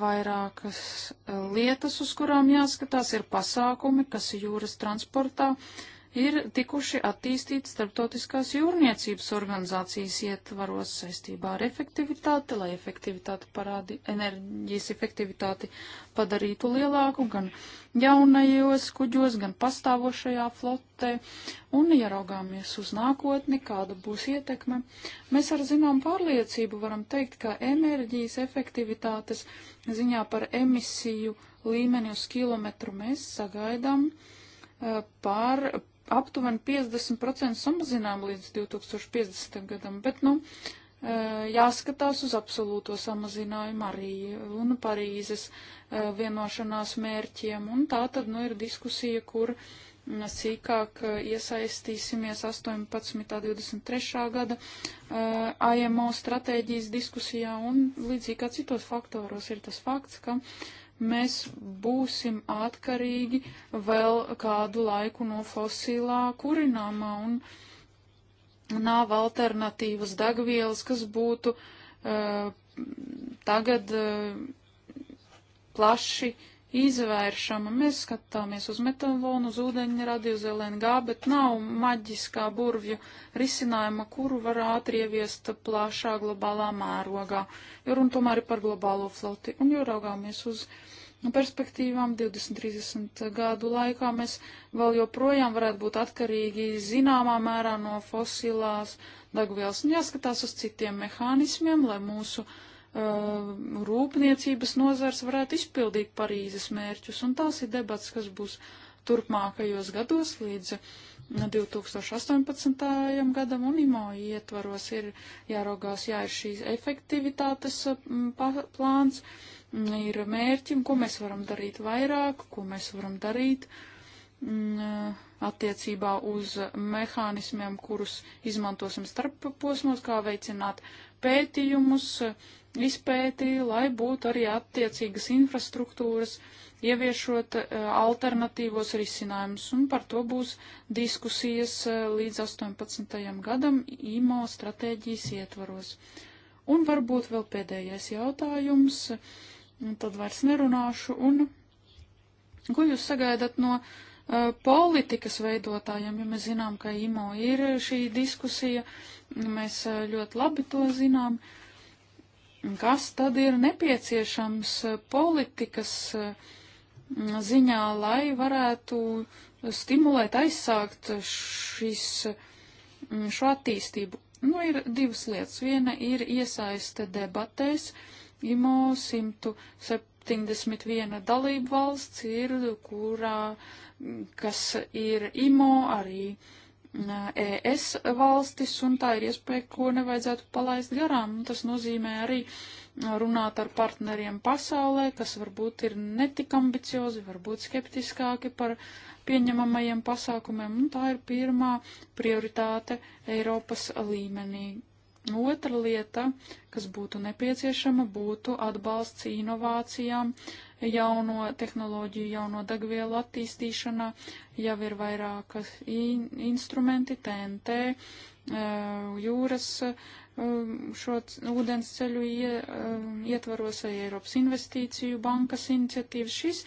vairākas eh, lietas, uz kurām jāskatās, ir pasākumi, kas jūras transportā uh, ir tikuši attīstīti starptautiskās jūrniecības organizācijas ietvaros saistībā ar efektivitāti, lai efektivitāti parādi, enerģijas efektivitāti padarītu lielāku gan jaunajos kuģos, gan pastāvošajā flotē. Un, ja raugāmies uz nākotni, kāda būs ietekme, mēs ar zinām pārliecību varam teikt, ka enerģijas efektivitātes ziņā par emisiju līmeni uz kilometru mēs sagaidām eh, pār aptuveni 50% samazinām līdz 2050. gadam, bet, nu, e, jāskatās uz absolūto samazinājumu arī un Parīzes e, vienošanās mērķiem, un tā tad, nu, ir diskusija, kur sīkāk e, iesaistīsimies 18. 23. gada IMO stratēģijas diskusijā un līdzīgi kā citos faktoros ir tas fakts, ka uh, mēs būsim atkarīgi vēl kādu laiku no fosilā kurināmā un nav alternatīvas degvielas, kas būtu uh, tagad uh, plaši uh, izvēršama. Mēs skatāmies uz metanolu, uz ūdeņradi, uz LNG, bet nav maģiskā burvju risinājuma, kuru var ātri ieviest plašā globālā mērogā, jo runa tomēr ir par globālo floti. Un jo raugāmies uz perspektīvām 20-30 gadu laikā, mēs vēl joprojām varētu būt atkarīgi zināmā mērā no fosilās degvielas. Un jāskatās uz citiem mehānismiem, lai mūsu uh, Uh, rūpniecības nozars varētu izpildīt Parīzes mērķus, un tās ir debats, kas būs turpmākajos gados līdz 2018. Uh, gadam un IMO ietvaros ir jāraugās, jā, ir šīs efektivitātes uh, plāns, ir mērķi, ko mēs varam darīt vairāk, ko mēs varam darīt attiecībā uz mehānismiem, kurus izmantosim starp posmos, kā veicināt pētījumus, izpēti, lai būtu arī attiecīgas infrastruktūras, ieviešot eh, alternatīvos risinājumus, un par to būs diskusijas eh, līdz 18. gadam IMO stratēģijas ietvaros. Un varbūt vēl pēdējais jautājums, un tad vairs nerunāšu, un ko jūs sagaidat no uh, Uh, politikas veidotājiem, jo mēs zinām, ka IMO ir šī diskusija, mēs uh, ļoti labi to zinām, kas tad ir nepieciešams uh, politikas ziņā, lai varētu stimulēt, aizsākt šis, mm, šo attīstību. Nu, ir divas lietas. Viena ir iesaiste debatēs, uh, IMO 171 dalību valsts ir, kurā, kas ir IMO arī ES valstis, un tā ir iespēja, ko nevajadzētu palaist garām. Tas nozīmē arī runāt ar partneriem pasaulē, kas varbūt ir netik ambiciozi, varbūt skeptiskāki par pieņemamajiem pasākumiem, un tā ir pirmā prioritāte Eiropas līmenī, Otra lieta, kas būtu nepieciešama, būtu atbalsts inovācijām, jauno tehnoloģiju, jauno degvielu attīstīšanā. Jau ir vairākas in instrumenti, TNT, eh, jūras eh, šo ūdens ceļu eh, ietvaros vai Eiropas investīciju bankas iniciatīvas. Šis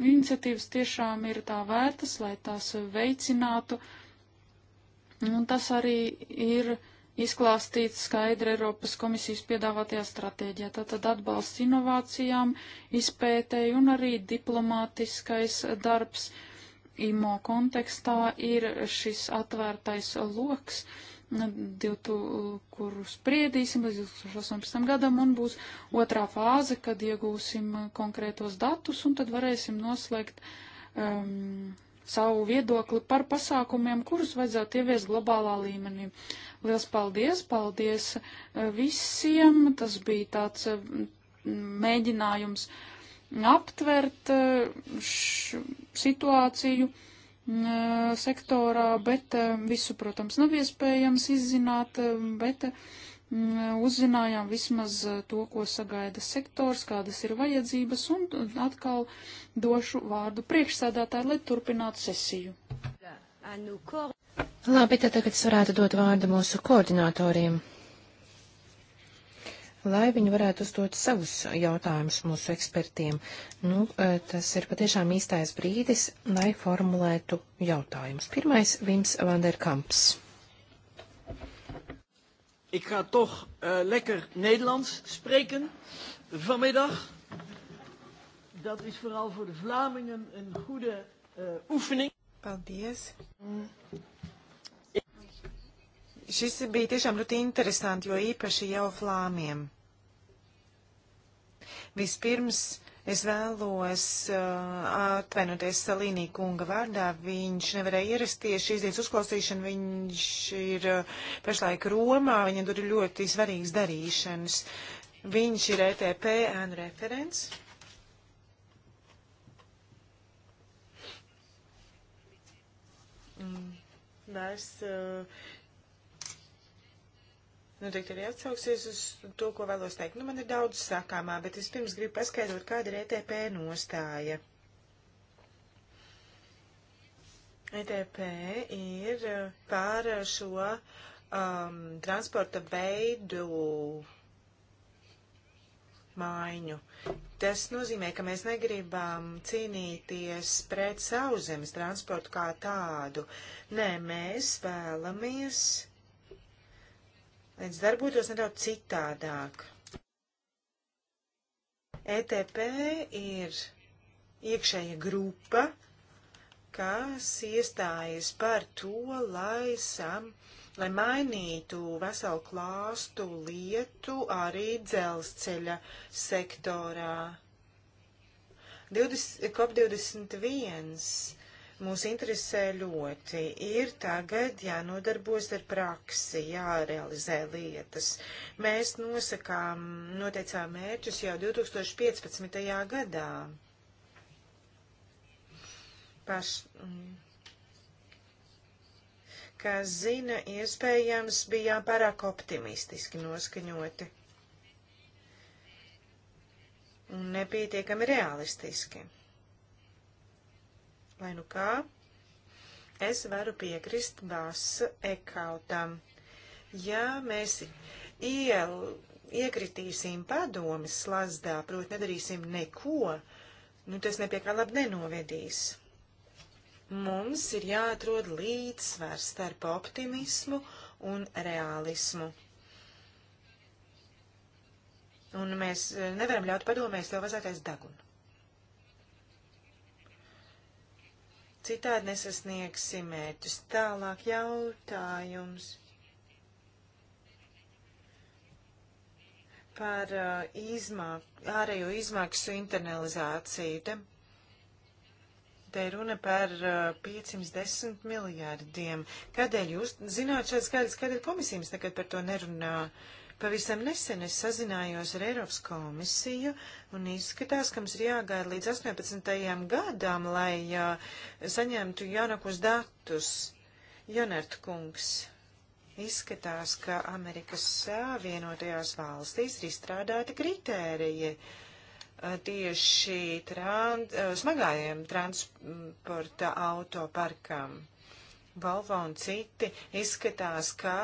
iniciatīvas tiešām ir tā vērtas, lai tās veicinātu. Un tas arī ir izklāstīts skaidri Eiropas komisijas piedāvātajā stratēģijā. Tātad atbalsts inovācijām, izpētēji un arī diplomātiskais darbs IMO kontekstā ir šis atvērtais loks, divtu, kuru spriedīsim līdz 2018. gadam, un būs otrā fāze, kad iegūsim konkrētos datus, un tad varēsim noslēgt um, savu viedokli par pasākumiem, kurus vajadzētu ieviest globālā līmenī. Liels paldies, paldies eh, visiem. Tas bija tāds eh, mēģinājums aptvert eh, š, situāciju sektorā, bet visu, protams, nav iespējams izzināt, bet Mm, uzzinājām vismaz eh, to, ko sagaida sektors, kādas ir vajadzības, un atkal došu vārdu priekšsēdētāju, lai turpinātu sesiju. Labi, tad tagad es varētu dot vārdu mūsu koordinatoriem, lai viņi varētu uzdot savus jautājumus mūsu ekspertiem. Nu, eh, tas ir patiešām īstais brīdis, lai formulētu jautājumus. Pirmais, Vims Vanderkamps. Ik ga toch uh, lekker Nederlands spreken vanmiddag. Dat is vooral voor de Vlamingen een goede uh, oefening. Paldies. Mm. Šis bija tiešām ļoti interesanti, jo īpaši jau flāmiem. Vispirms Es vēlos uh, atvainoties Salīnī kunga vārdā. Viņš nevarēja ierasties šīs dienas uzklausīšanu. Viņš ir uh, pašlaik Romā. Viņam tur ir ļoti svarīgs darīšanas. Viņš ir ETP ēnu referents. Mm. Mēs uh, noteikti nu, arī atsauksies uz to, ko vēlos teikt. Nu, man ir daudz sakāmā, bet vispirms gribu paskaidrot, kāda ir ETP nostāja. ETP ir pār šo um, transporta veidu maiņu. Tas nozīmē, ka mēs negribam cīnīties pret sauszemes transportu kā tādu. Nē, mēs vēlamies viens darbotos nedaudz citādāk. ETP ir iekšēja grupa, kas iestājas par to, lai, sam, lai mainītu veselu klāstu lietu arī dzelzceļa sektorā. 20, COP21 mūs interesē ļoti. Ir tagad jānodarbojas ar praksi, jārealizē lietas. Mēs nosakām, noteicām mērķus jau 2015. gadā. Paš, mm, kā zina, iespējams bijām pārāk optimistiski noskaņoti un nepietiekami realistiski. Lai nu kā, es varu piekrist basa ekautam. Ja mēs iel, iekritīsim padomis slazdā, proti nedarīsim neko, nu tas nepiekā labi nenovedīs. Mums ir jāatrod līdzsvars starp optimismu un realismu. Un mēs eh, nevaram ļaut padomēs tev vazātais degunu. Citādi nesasniegsim mērķus. Tālāk jautājums par uh, izmāk, ārējo izmaksu internalizāciju. Te Te ir runa par uh, 510 miljārdiem. Kādēļ jūs zināt šāds skaidrs, kādēļ komisijas tagad par to nerunā? Uh, Pavisam nesen es sazinājos ar Eiropas komisiju un izskatās, ka mums ir jāgaida līdz 18. gadām, lai uh, saņemtu jaunākos datus. Jonert kungs, izskatās, ka Amerikas Savienotajās valstīs ir izstrādāti kritēriji tieši tran, smagājiem transporta autoparkam. Volvo un citi izskatās, ka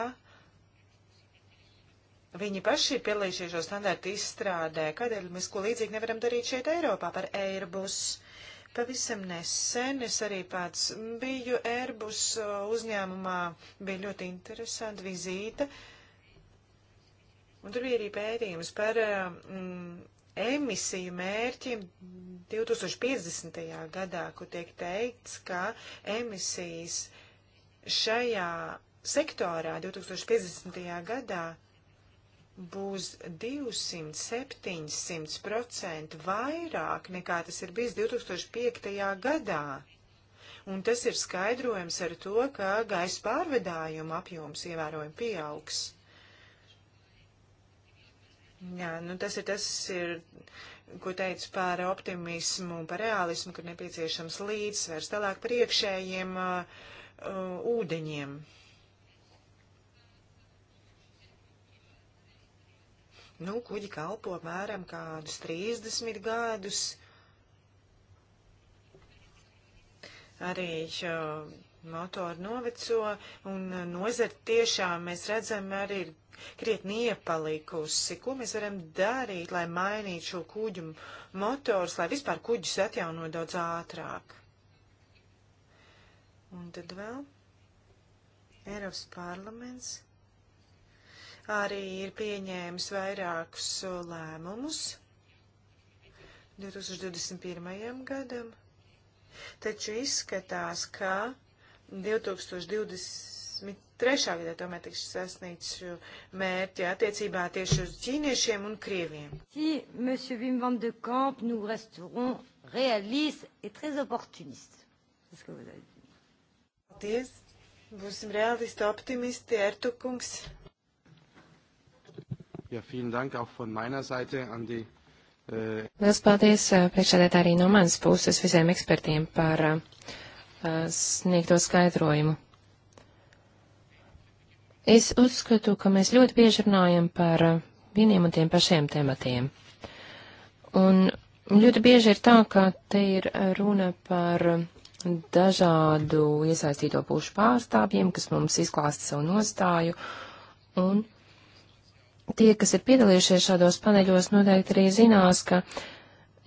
Viņi paši ir piedalījušies šo standartu izstrādē. Kādēļ mēs ko līdzīgi nevaram darīt šeit Eiropā par Airbus? Pavisam nesen es arī pats biju Airbus uzņēmumā, bija ļoti interesanta vizīte. Un tur bija arī pētījums par mm, emisiju mērķiem 2050. gadā, kur tiek teikts, ka emisijas šajā sektorā 2050. gadā būs 200-700% vairāk nekā tas ir bijis 2005. gadā. Un tas ir skaidrojams ar to, ka gaisa pārvedājuma apjoms ievērojami pieaugs. Jā, nu tas ir tas, ir, ko teicu par optimismu un par realismu, kur nepieciešams līdzsvers tālāk par iekšējiem uh, uh, ūdeņiem. Uh, Nu, kuģi kalpo mēram kādus 30 gadus. Arī uh, motori noveco un nozara tiešām mēs redzam arī ir krietni iepalikusi. Ko mēs varam darīt, lai mainītu šo kuģu motors, lai vispār kuģus atjauno daudz ātrāk? Un tad vēl Eiropas parlaments arī ir pieņēmis vairākus lēmumus 2021. gadam, taču izskatās, ka 2023. gadā tomēr tiks sasniegts mērķi attiecībā tieši uz ķīniešiem un krieviem. Si, monsieur Wim van de Kamp, nous resterons réalistes et très opportunistes. C'est ce que vous avez dit. Paldies. Būsim realisti, optimisti, Ertukungs. Ja, vielen Dank auch von meiner Seite an die. Uh... Äh, Lielas paldies äh, priekšsēdētā arī no manas puses visiem ekspertiem par uh, sniegto skaidrojumu. Es uzskatu, ka mēs ļoti bieži runājam par uh, vieniem un tiem pašiem tematiem. Un ļoti bieži ir tā, ka te ir runa par dažādu iesaistīto pušu pārstāvjiem, kas mums izklāsta savu nostāju, un tie, kas ir piedalījušies šādos paneļos, noteikti arī zinās, ka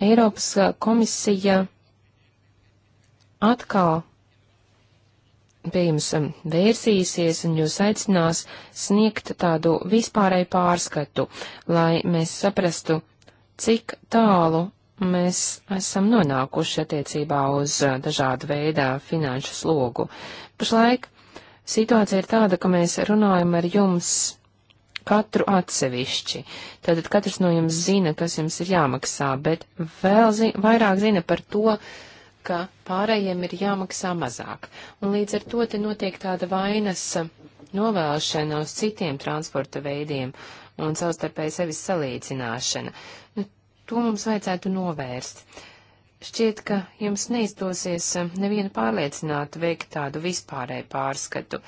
Eiropas uh, komisija atkal pie jums um, vērsīsies un jūs aicinās sniegt tādu vispārēju pārskatu, lai mēs saprastu, cik tālu mēs esam nonākuši attiecībā uz uh, dažādu veidā finanšu slogu. Pašlaik situācija ir tāda, ka mēs runājam ar jums katru atsevišķi. Tātad katrs no jums zina, kas jums ir jāmaksā, bet vēl zi vairāk zina par to, ka pārējiem ir jāmaksā mazāk. Un līdz ar to te notiek tāda vainas novēlšana uz citiem transporta veidiem un savstarpēji sevis salīdzināšana. Nu, to mums vajadzētu novērst. Uh, Šķiet, ka jums neizdosies eh, nevienu pārliecināt veikt tādu vispārēju pārskatu.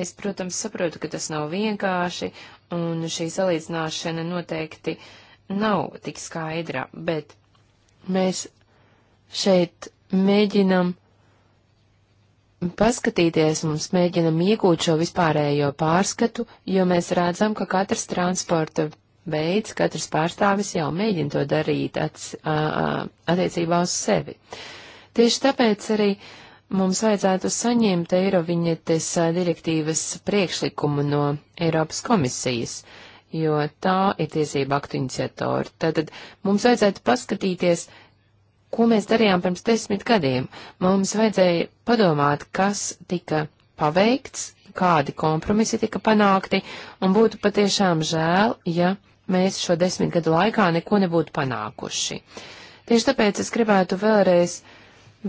Es, protams, saprotu, ka tas nav vienkārši, un šī salīdzināšana noteikti nav tik skaidra, bet mēs šeit mēģinam paskatīties, mums mēģinam iegūt šo vispārējo pārskatu, jo mēs redzam, ka katrs transporta veids, katrs pārstāvis jau mēģina to darīt ats, a, a, attiecībā uz sevi. Tieši tāpēc arī mums vajadzētu saņemt Eiroviņetes direktīvas priekšlikumu no Eiropas komisijas, jo tā ir tiesība aktu iniciatora. Tātad mums vajadzētu paskatīties, ko mēs darījām pirms desmit gadiem. Mums vajadzēja padomāt, kas tika paveikts, kādi kompromisi tika panākti, un būtu patiešām žēl, ja mēs šo desmit gadu laikā neko nebūtu panākuši. Tieši tāpēc es gribētu vēlreiz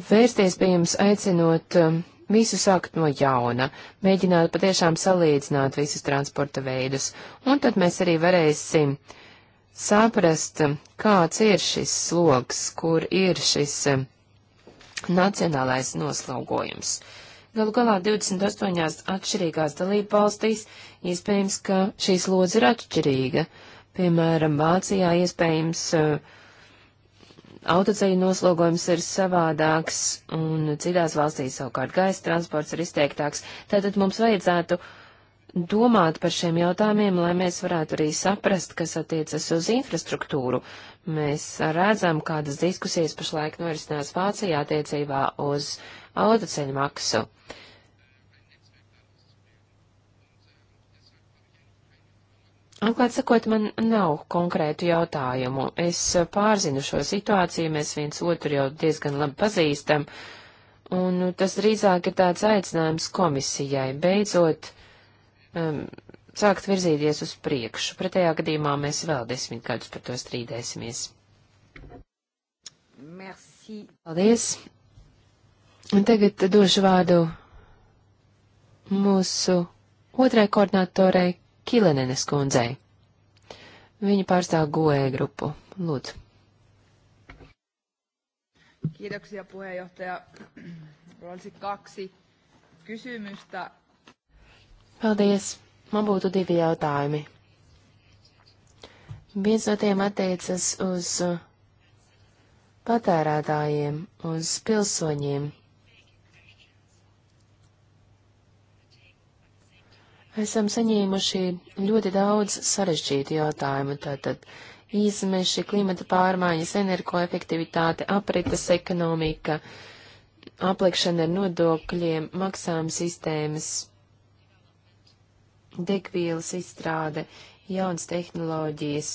vērsties pie jums aicinot um, visu sākt no jauna, mēģināt patiešām salīdzināt visus transporta veidus, un tad mēs arī varēsim saprast, um, kāds ir šis sloks, kur ir šis um, nacionālais noslogojums. Galu galā 28 atšķirīgās dalību valstīs iespējams, ka šī slodze ir atšķirīga. Uh, Piemēram, Vācijā iespējams uh, autoceļu noslogojums ir savādāks, un citās valstīs savukārt gaisa transports ir izteiktāks. Tātad mums vajadzētu domāt par šiem jautājumiem, lai mēs varētu arī saprast, kas attiecas uz infrastruktūru. Mēs redzam, kādas diskusijas pašlaik norisinās Vācijā attiecībā uz autoceļu maksu. Uh, Atklāt sakot, man nav konkrētu jautājumu. Es pārzinu šo situāciju, mēs viens otru jau diezgan labi pazīstam, un nu, tas drīzāk ir tāds aicinājums komisijai beidzot um, sākt virzīties uz priekšu. Pretējā gadījumā mēs vēl desmit gadus par to strīdēsimies. Merci. Paldies. Un tagad došu vārdu mūsu otrai koordinatorei Kilenenes kundzei. Viņa pārstāv GOE grupu. Lūdzu. Kiitoksia puheenjohtaja. Olisi kaksi kysymystä. Paldies. Man būtu divi jautājumi. Viens no tiem attiecas uz patērētājiem, uz pilsoņiem. Esam saņēmuši ļoti daudz sarežģītu jautājumu, tātad izmeši, klimata pārmaiņas, energoefektivitāte, aprites ekonomika, aplikšana ar nodokļiem, maksājuma sistēmas, degvielas izstrāde, jaunas tehnoloģijas,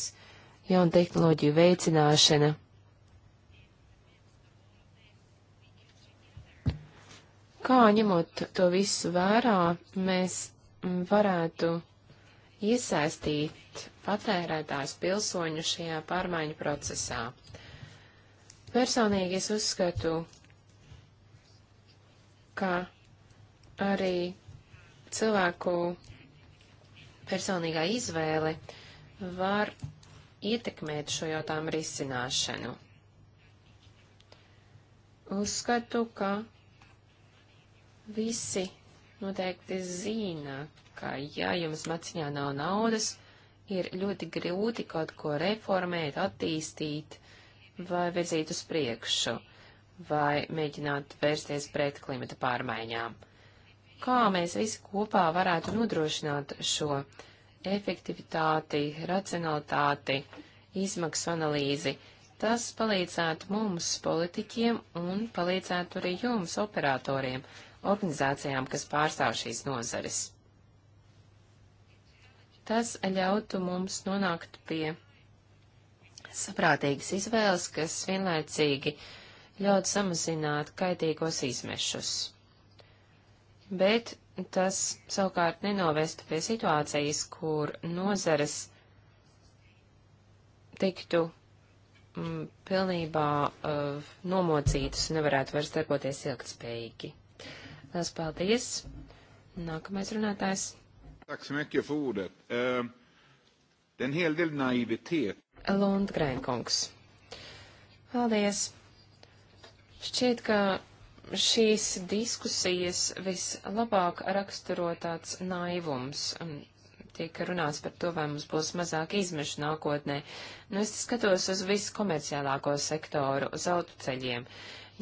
jaunu tehnoloģiju veicināšana. Kā ņemot to visu vērā, mēs varētu iesaistīt patērētājs pilsoņu šajā pārmaiņu procesā. Personīgi es uzskatu, ka arī cilvēku personīgā izvēle var ietekmēt šo jautājumu risināšanu. Uzskatu, ka visi noteikti zina, ka ja jums maciņā nav naudas, ir ļoti grūti kaut ko reformēt, attīstīt vai virzīt uz priekšu, vai mēģināt vērsties pret klimata pārmaiņām. Kā mēs visi kopā varētu nodrošināt šo efektivitāti, racionalitāti, izmaksu analīzi, tas palīdzētu mums, politiķiem, un palīdzētu arī jums, operatoriem, organizācijām, kas pārstāv šīs nozares. Tas ļautu mums nonākt pie saprātīgas izvēles, kas vienlaicīgi ļaut samazināt kaitīgos izmešus. Bet tas savukārt nenovestu pie situācijas, kur nozares tiktu m, mm, pilnībā uh, nomocītas un nevarētu vairs darboties ilgtspējīgi. Lielas paldies! Nākamais runātājs. Tack så mycket för ordet. Uh, det är en hel del naivitet. Lundgrenkungs. Paldies. Šķiet, ka šīs diskusijas vislabāk raksturo tāds naivums, tika runāts par to, vai mums būs mazāk izmešu nākotnē. Nu, es skatos uz visu komerciālāko sektoru, uz autoceļiem.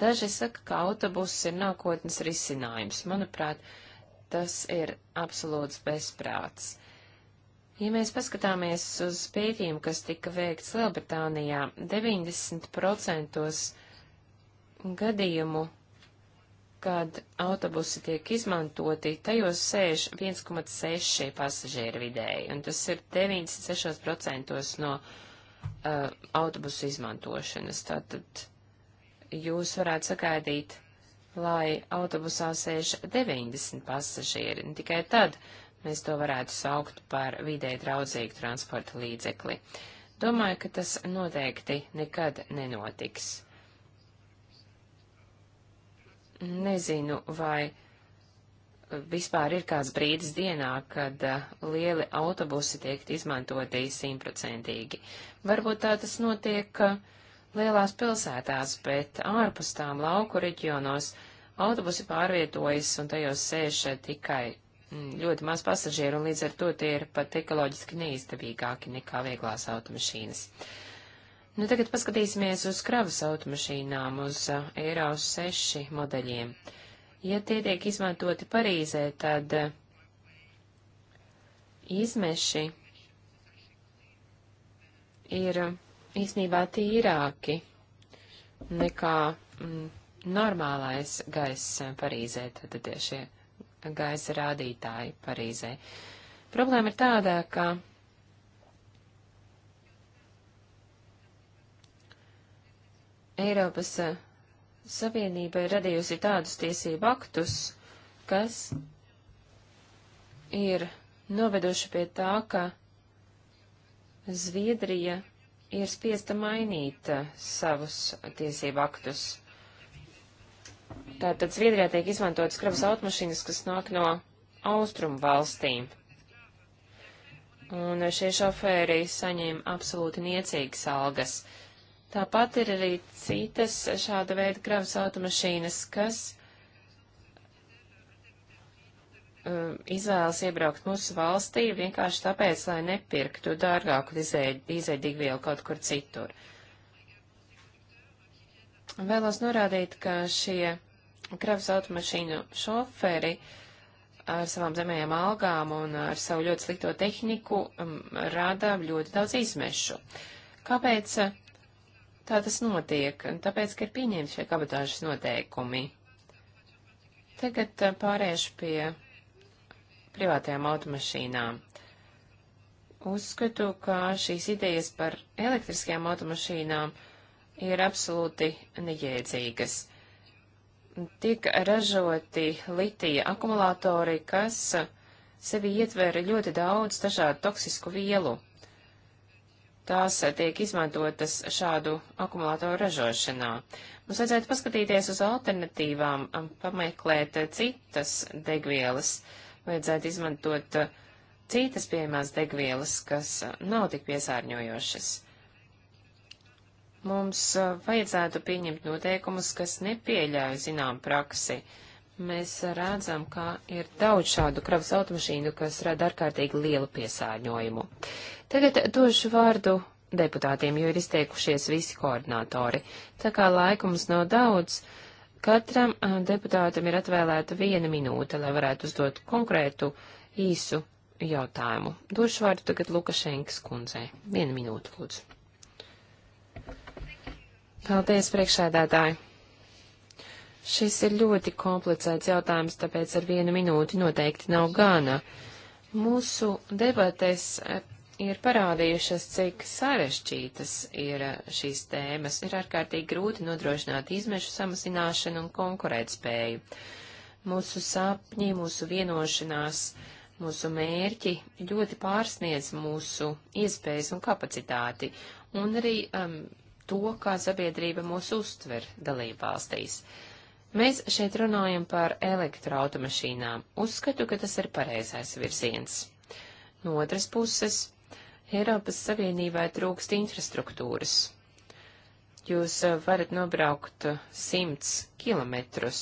Daži saka, ka autobuss ir nākotnes risinājums. Manuprāt, tas ir absolūts bezprāts. Ja mēs paskatāmies uz pētījumu, kas tika veikts Lielbritānijā, 90% gadījumu kad autobusi tiek izmantoti, tajos sēž 1,6 pasažieru vidēji, un tas ir 96% no uh, autobusu izmantošanas. Tātad jūs varētu sagaidīt, lai autobusā sēž 90 pasažieri, un tikai tad mēs to varētu saukt par vidē draudzīgu transporta līdzekli. Domāju, ka tas noteikti nekad nenotiks. Nezinu, vai vispār ir kāds brīdis dienā, kad uh, lieli autobusi tiek izmantoti simtprocentīgi. Varbūt tā tas notiek uh, lielās pilsētās, bet ārpus tām lauku reģionos autobusi pārvietojas un tajos sēž tikai mm, ļoti maz pasažieru un līdz ar to tie ir pat ekoloģiski neizdevīgāki nekā vieglās automašīnas. Uh, Nu, tagad paskatīsimies uz kravas automašīnām, uz uh, Eiro 6 modeļiem. Ja tie tiek izmantoti Parīzē, tad uh, izmeši ir uh, īsnībā tīrāki nekā mm, normālais gaiss Parīzē, tad tiešie gaisa rādītāji Parīzē. Problēma ir tāda, ka Eiropas eh, Savienība ir radījusi tādus tiesību aktus, kas ir noveduši pie tā, ka Zviedrija ir spiesta mainīt eh, savus tiesību aktus. Tātad Zviedrijā tiek izmantotas kravas automašīnas, kas nāk no austrumu valstīm. Un šie šofēri saņēma absolūti niecīgas algas. Uh, Tāpat ir arī citas šāda veida kravas automašīnas, kas um, izvēlas iebraukt mūsu valstī vienkārši tāpēc, lai nepirktu dārgāku dīzeļdegvielu kaut kur citur. Vēlos norādīt, ka šie kravas automašīnu šoferi ar savām zemējām algām un ar savu ļoti slikto tehniku um, rada ļoti daudz izmešu. Kāpēc uh, tā tas notiek, tāpēc, ka ir pieņemti šie kabatāžas noteikumi. Tagad eh, pāriešu pie privātajām automašīnām. Uzskatu, ka šīs idejas par elektriskajām automašīnām ir absolūti nejēdzīgas. Tiek ražoti litija akumulātori, kas sevi ietver ļoti daudz dažādu toksisku vielu tās tiek izmantotas šādu akumulātoru ražošanā. Mums vajadzētu paskatīties uz alternatīvām, um, pameklēt uh, citas degvielas, vajadzētu izmantot uh, citas pieejamās degvielas, kas uh, nav tik piesārņojošas. Mums vajadzētu pieņemt noteikumus, kas nepieļauj zinām praksi. Uh, mēs redzam, ka ir daudz šādu kravas automašīnu, kas rada ārkārtīgi lielu piesārņojumu. Tagad došu vārdu deputātiem, jo ir izteikušies visi koordinātori. Tā kā laika mums nav daudz, katram deputātam ir atvēlēta viena minūte, lai varētu uzdot konkrētu īsu jautājumu. Došu vārdu tagad Lukašenkas kundzei. Viena minūte, lūdzu. Paldies, priekšēdētāji! Šis ir ļoti komplicēts jautājums, tāpēc ar vienu minūti noteikti nav gana. Mūsu debates eh, ir parādījušas, cik sarešķītas ir eh, šīs tēmas. Ir ārkārtīgi grūti nodrošināt izmešu samazināšanu un konkurētspēju. Mūsu sapņi, mūsu vienošanās, mūsu mērķi ļoti pārsniedz mūsu iespējas un kapacitāti, un arī um, to, kā sabiedrība mūs uztver dalībvalstīs. valstīs. Mēs šeit runājam par elektroautomašīnām. Uzskatu, ka tas ir pareizais virziens. No otras puses, Eiropas Savienībai trūkst infrastruktūras. Jūs eh, varat nobraukt eh, simts kilometrus,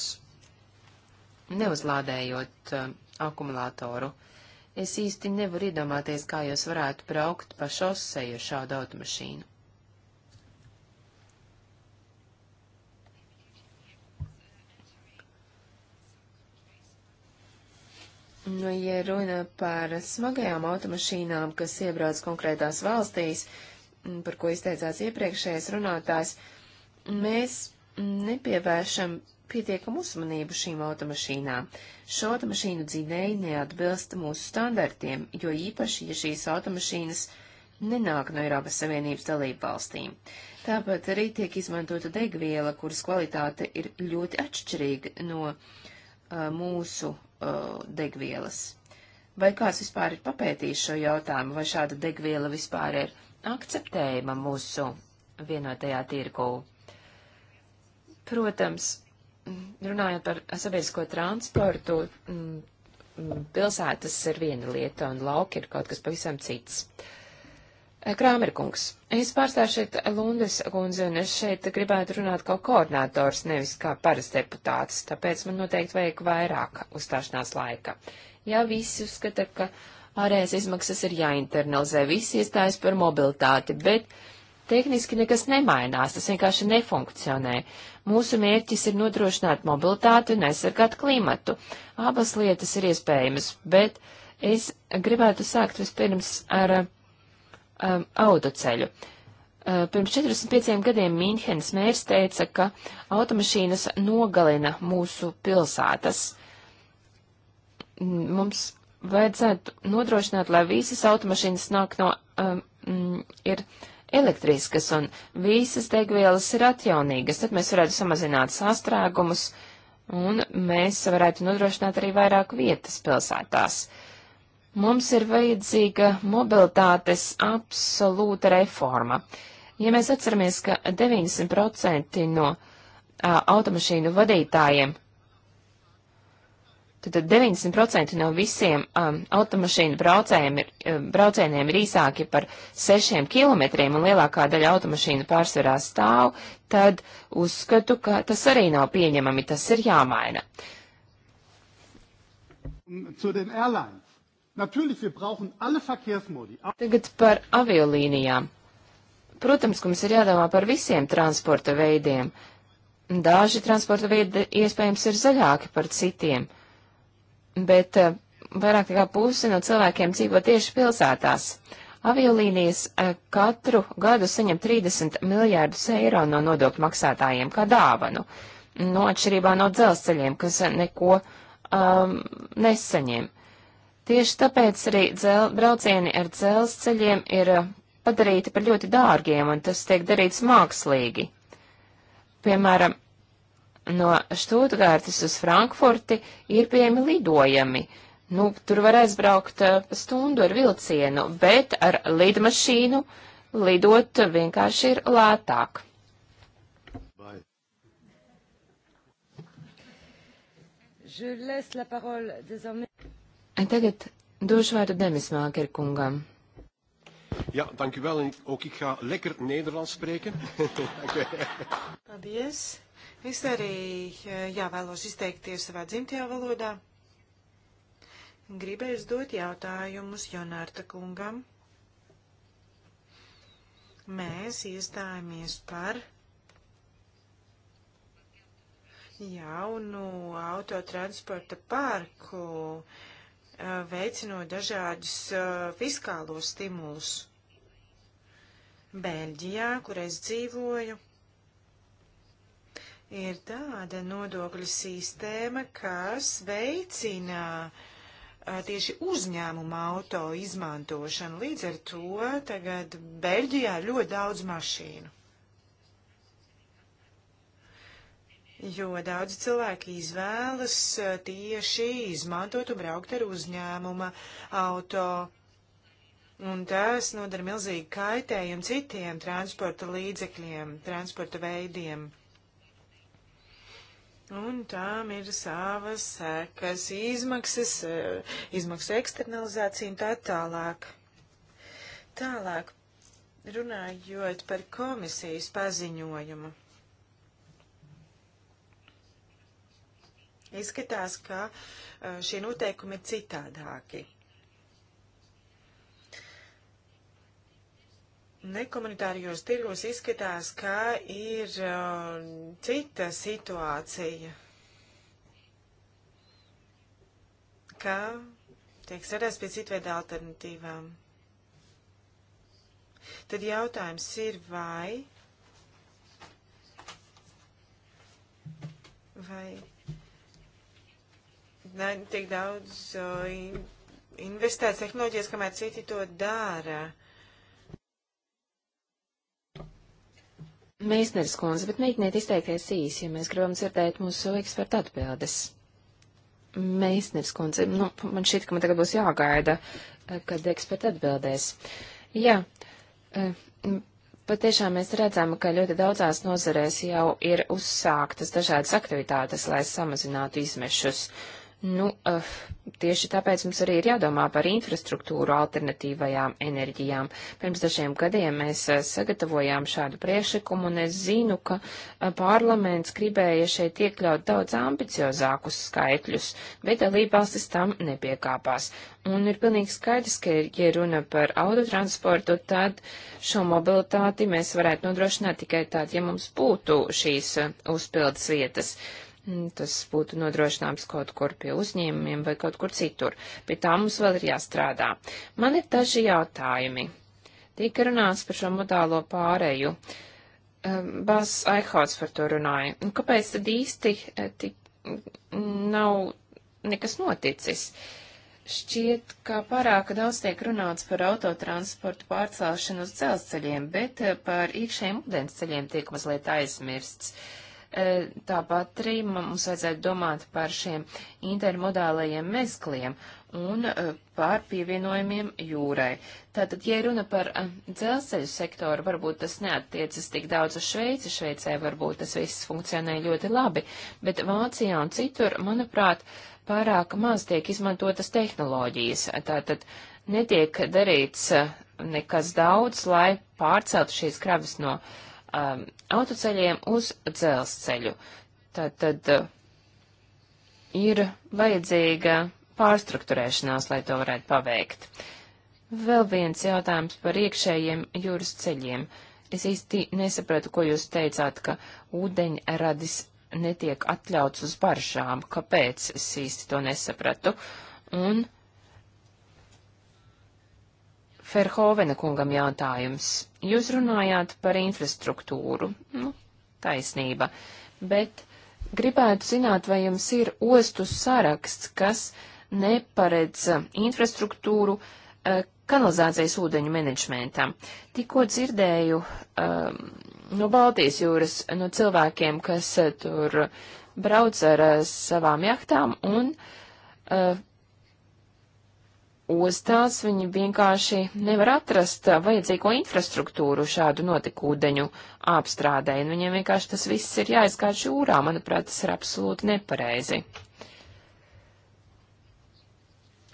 neuzlādējot eh, akumulātoru. Es īsti nevaru iedomāties, kā jūs varētu braukt pa šoseju šādu automašīnu. Nu, ja runa par smagajām automašīnām, kas iebrauc konkrētās valstīs, mm, par ko izteicās iepriekšējais runātājs, mēs nepievēršam pietiekamu uzmanību šīm automašīnām. Šo automašīnu dzinēji neatbilst mūsu standartiem, jo īpaši, ja šīs automašīnas nenāk no Eiropas Savienības dalību valstīm. Tāpat arī tiek izmantota degviela, kuras kvalitāte ir ļoti atšķirīga no uh, mūsu uh, degvielas. Vai kāds vispār ir papētījis šo jautājumu, vai šāda degviela vispār ir akceptējama mūsu vienotajā tirgū? Protams, runājot par sabiedrisko transportu, mm, mm, pilsētas ir viena lieta un lauki ir kaut kas pavisam cits. Uh, Eh, Krāmerkungs, es pārstāvu šeit Lundes kundzi, un es šeit gribētu runāt kā koordinators, nevis kā parasts deputāts, tāpēc man noteikti vajag vairāk uzstāšanās laika. Ja visi uzskata, ka ārējās izmaksas ir jāinternalizē, visi iestājas par mobilitāti, bet tehniski nekas nemainās, tas vienkārši nefunkcionē. Mūsu mērķis ir nodrošināt mobilitāti un aizsargāt klimatu. Abas lietas ir iespējamas, bet es gribētu sākt vispirms ar. Uh, um, auduceļu. Uh, pirms 45 gadiem Mīnhenes mērs teica, ka automašīnas nogalina mūsu pilsētas. Mm, mums vajadzētu nodrošināt, lai visas automašīnas nāk no, um, mm, ir elektriskas un visas degvielas ir atjaunīgas, tad mēs varētu samazināt sastrēgumus un mēs varētu nodrošināt arī vairāk vietas pilsētās. Uh, Mums ir vajadzīga mobilitātes absolūta reforma. Ja mēs atceramies, ka 90% no a, automašīnu vadītājiem, tad 90% no visiem a, automašīnu braucējiem ir, a, braucējiem ir īsāki par 6 km un lielākā daļa automašīnu pārsvarā stāv, tad uzskatu, ka tas arī nav pieņemami, tas ir jāmaina. Zu den Airlines. Tagad par aviolīnijām. Protams, ka mums ir jādomā par visiem transporta veidiem. Daži transporta veidi iespējams ir zaļāki par citiem, bet eh, vairāk nekā pusi no cilvēkiem dzīvo tieši pilsētās. Aviolīnijas eh, katru gadu saņem 30 miljārdus eiro no nodokļu maksātājiem kā dāvanu, no atšķirībā no dzelzceļiem, kas neko um, nesaņem. Tieši tāpēc arī dzel, braucieni ar dzelzceļiem ir eh, padarīti par ļoti dārgiem, un tas tiek darīts mākslīgi. Piemēram, no Štūtgārtas uz Frankfurti ir pieejami lidojumi. Nu, tur var aizbraukt eh, pa stundu ar vilcienu, bet ar lidmašīnu lidot vienkārši ir lētāk. Tagad došu vārdu Demis Māker kungam. Ja, dank u wel. En ook ik ga lekker Nederlands spreken. Paldies. Es arī eh, jā, vēlos izteikties savā dzimtajā valodā. Gribēju uzdot jautājumus Jonārta kungam. Mēs iestājāmies par jaunu autotransporta parku. Uh, Eh, veicinot dažādus eh, fiskālos stimulus. Bēļģijā, kur es dzīvoju, ir tāda nodokļu sistēma, kas veicina eh, tieši uzņēmuma auto izmantošanu. Līdz ar to tagad Beļģijā ir ļoti daudz mašīnu. jo daudz cilvēki izvēlas tieši izmantot un braukt ar uzņēmuma auto. Un tas nodara milzīgi kaitējumu citiem transporta līdzekļiem, transporta veidiem. Un tām ir savas sekas, izmaksas, izmaksu eksternalizācija un tā tālāk. Tālāk, runājot par komisijas paziņojumu. Izskatās, ka eh, šie noteikumi ir citādāki. Nekomunitārijos tirgos izskatās, ka ir eh, cita situācija, ka tiek sarās pie citveida alternatīvām. Tad jautājums ir, vai, vai tiek daudz investēts tehnoloģijas, kamēr citi to dara. Meisners kundze, bet mēģiniet izteikties īsi, ja mēs gribam dzirdēt mūsu eksperta atbildes. Meisners kundze, nu, man šķiet, ka man tagad būs jāgaida, e, kad eksperta atbildēs. Jā, e, patiešām mēs redzam, ka ļoti daudzās nozarēs jau ir uzsāktas dažādas aktivitātes, lai samazinātu izmešus. Uh, Nu, uh, tieši tāpēc mums arī ir jādomā par infrastruktūru alternatīvajām enerģijām. Pirms dažiem gadiem mēs uh, sagatavojām šādu priešlikumu, un es zinu, ka uh, parlaments gribēja šeit iekļaut daudz ambiciozākus skaitļus, bet dalībvalstis tam nepiekāpās. Un ir pilnīgi skaidrs, ka, ja runa par autotransportu, tad šo mobilitāti mēs varētu nodrošināt tikai tad, ja mums būtu šīs uzpildes vietas. Uh, Mm, tas būtu nodrošināms kaut kur pie uzņēmumiem vai kaut kur citur. Pie tā mums vēl ir jāstrādā. Man ir daži jautājumi. Tika runāts par šo modālo pāreju. Ehm, Bas Aihots par to runāja. Kāpēc tad īsti eh, tik, nav nekas noticis? Šķiet, ka pārāk daudz tiek runāts par autotransportu pārcelšanu uz dzelzceļiem, bet eh, par iekšējiem ūdensceļiem tiek mazliet aizmirsts. Uh, E, tāpat arī mums vajadzētu domāt par šiem intermodālajiem mezgliem un e, par pievienojumiem jūrai. Tātad, ja runa par e, dzelzceļu sektoru, varbūt tas neattiecas tik daudz uz Šveici. Šveicē varbūt tas viss funkcionē ļoti labi, bet Vācijā un citur, manuprāt, pārāk maz tiek izmantotas tehnoloģijas. Tātad netiek darīts nekas daudz, lai pārceltu šīs kravas no uh, um, autoceļiem uz dzelzceļu. Tātad uh, ir vajadzīga pārstruktūrēšanās, lai to varētu paveikt. Vēl viens jautājums par iekšējiem jūras ceļiem. Es īsti nesapratu, ko jūs teicāt, ka ūdeņradis netiek atļauts uz baržām. Kāpēc? Es īsti to nesapratu. Un uh, Ferhovena kungam jautājums. Jūs runājāt par infrastruktūru. Nu, taisnība. Bet gribētu zināt, vai jums ir ostu saraksts, kas neparedz eh, infrastruktūru eh, kanalizācijas ūdeņu menedžmentam. Tikko dzirdēju um, no Baltijas jūras no cilvēkiem, kas eh, tur brauc ar savām jahtām un uh, ostās viņi vienkārši nevar atrast vajadzīgo infrastruktūru šādu notikūdeņu apstrādē, un viņiem vienkārši tas viss ir jāizkārš jūrā, manuprāt, tas ir absolūti nepareizi.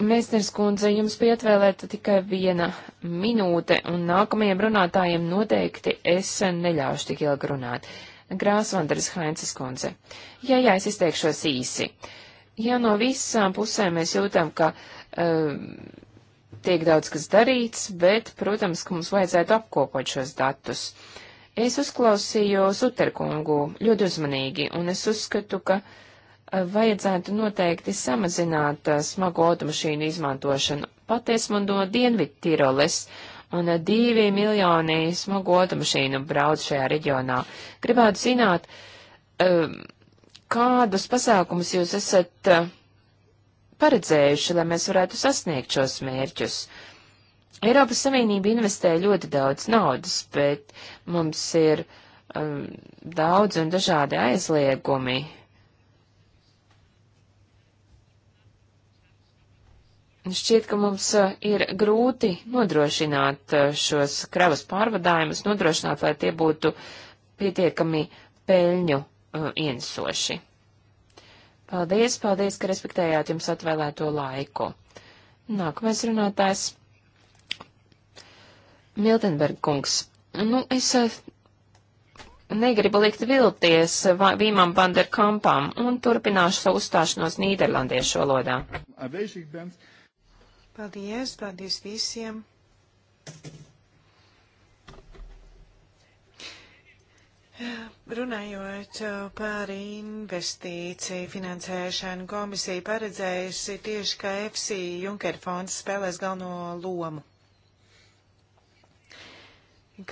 Mēsners kundze, jums bija atvēlēta tikai viena minūte, un nākamajiem runātājiem noteikti es neļaušu tik ilgi runāt. Grāsvandaras Hainces kundze. Jā, jā, es izteikšos īsi. Jā, no visām pusēm mēs jūtam, ka uh, Ehm, tiek daudz kas darīts, bet, protams, ka mums vajadzētu apkopot šos datus. Es uzklausīju Suterkungu ļoti uzmanīgi, un es uzskatu, ka eh, vajadzētu noteikti samazināt eh, smago automašīnu izmantošanu. Pat esmu no Dienvidu Tiroles, un eh, divi miljoni smago automašīnu brauc šajā reģionā. Gribētu zināt, ehm, kādus pasākumus jūs esat paredzējuši, lai mēs varētu sasniegt šos mērķus. Eiropas Savienība investē ļoti daudz naudas, bet mums ir um, daudz un dažādi aizliegumi. Šķiet, ka mums uh, ir grūti nodrošināt uh, šos kravas pārvadājumus, nodrošināt, lai tie būtu pietiekami peļņu uh, insoši. Paldies, paldies, ka respektējāt jums atvēlēto laiku. Nākamais runātājs. Miltenberg kungs. Nu, es eh, negribu likt vilties Vīmam Vanderkampam un turpināšu savu uzstāšanos Nīderlandiešu valodā. Paldies, paldies visiem. Runājot uh, par investīciju finansēšanu, komisija paredzējusi tieši, ka FC Junker fonds spēlēs galveno lomu.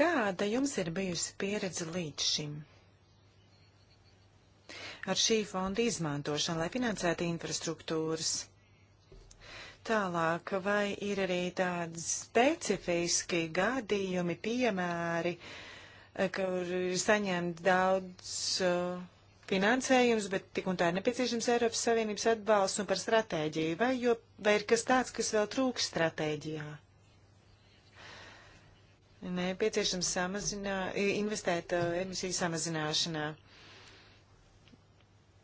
Kāda jums ir bijusi pieredze līdz šim? Ar šī fonda izmantošanu, lai finansētu infrastruktūras. Tālāk, vai ir arī tādi specifiski gadījumi, piemēri, uh, Eh, kur ir saņemts daudz uh, finansējums, bet tik un tā ir nepieciešams Eiropas Savienības atbalsts un par stratēģiju. Vai, jo, vai ir kas tāds, kas vēl trūks stratēģijā? Nepieciešams samazinā, investēt uh, emisiju samazināšanā.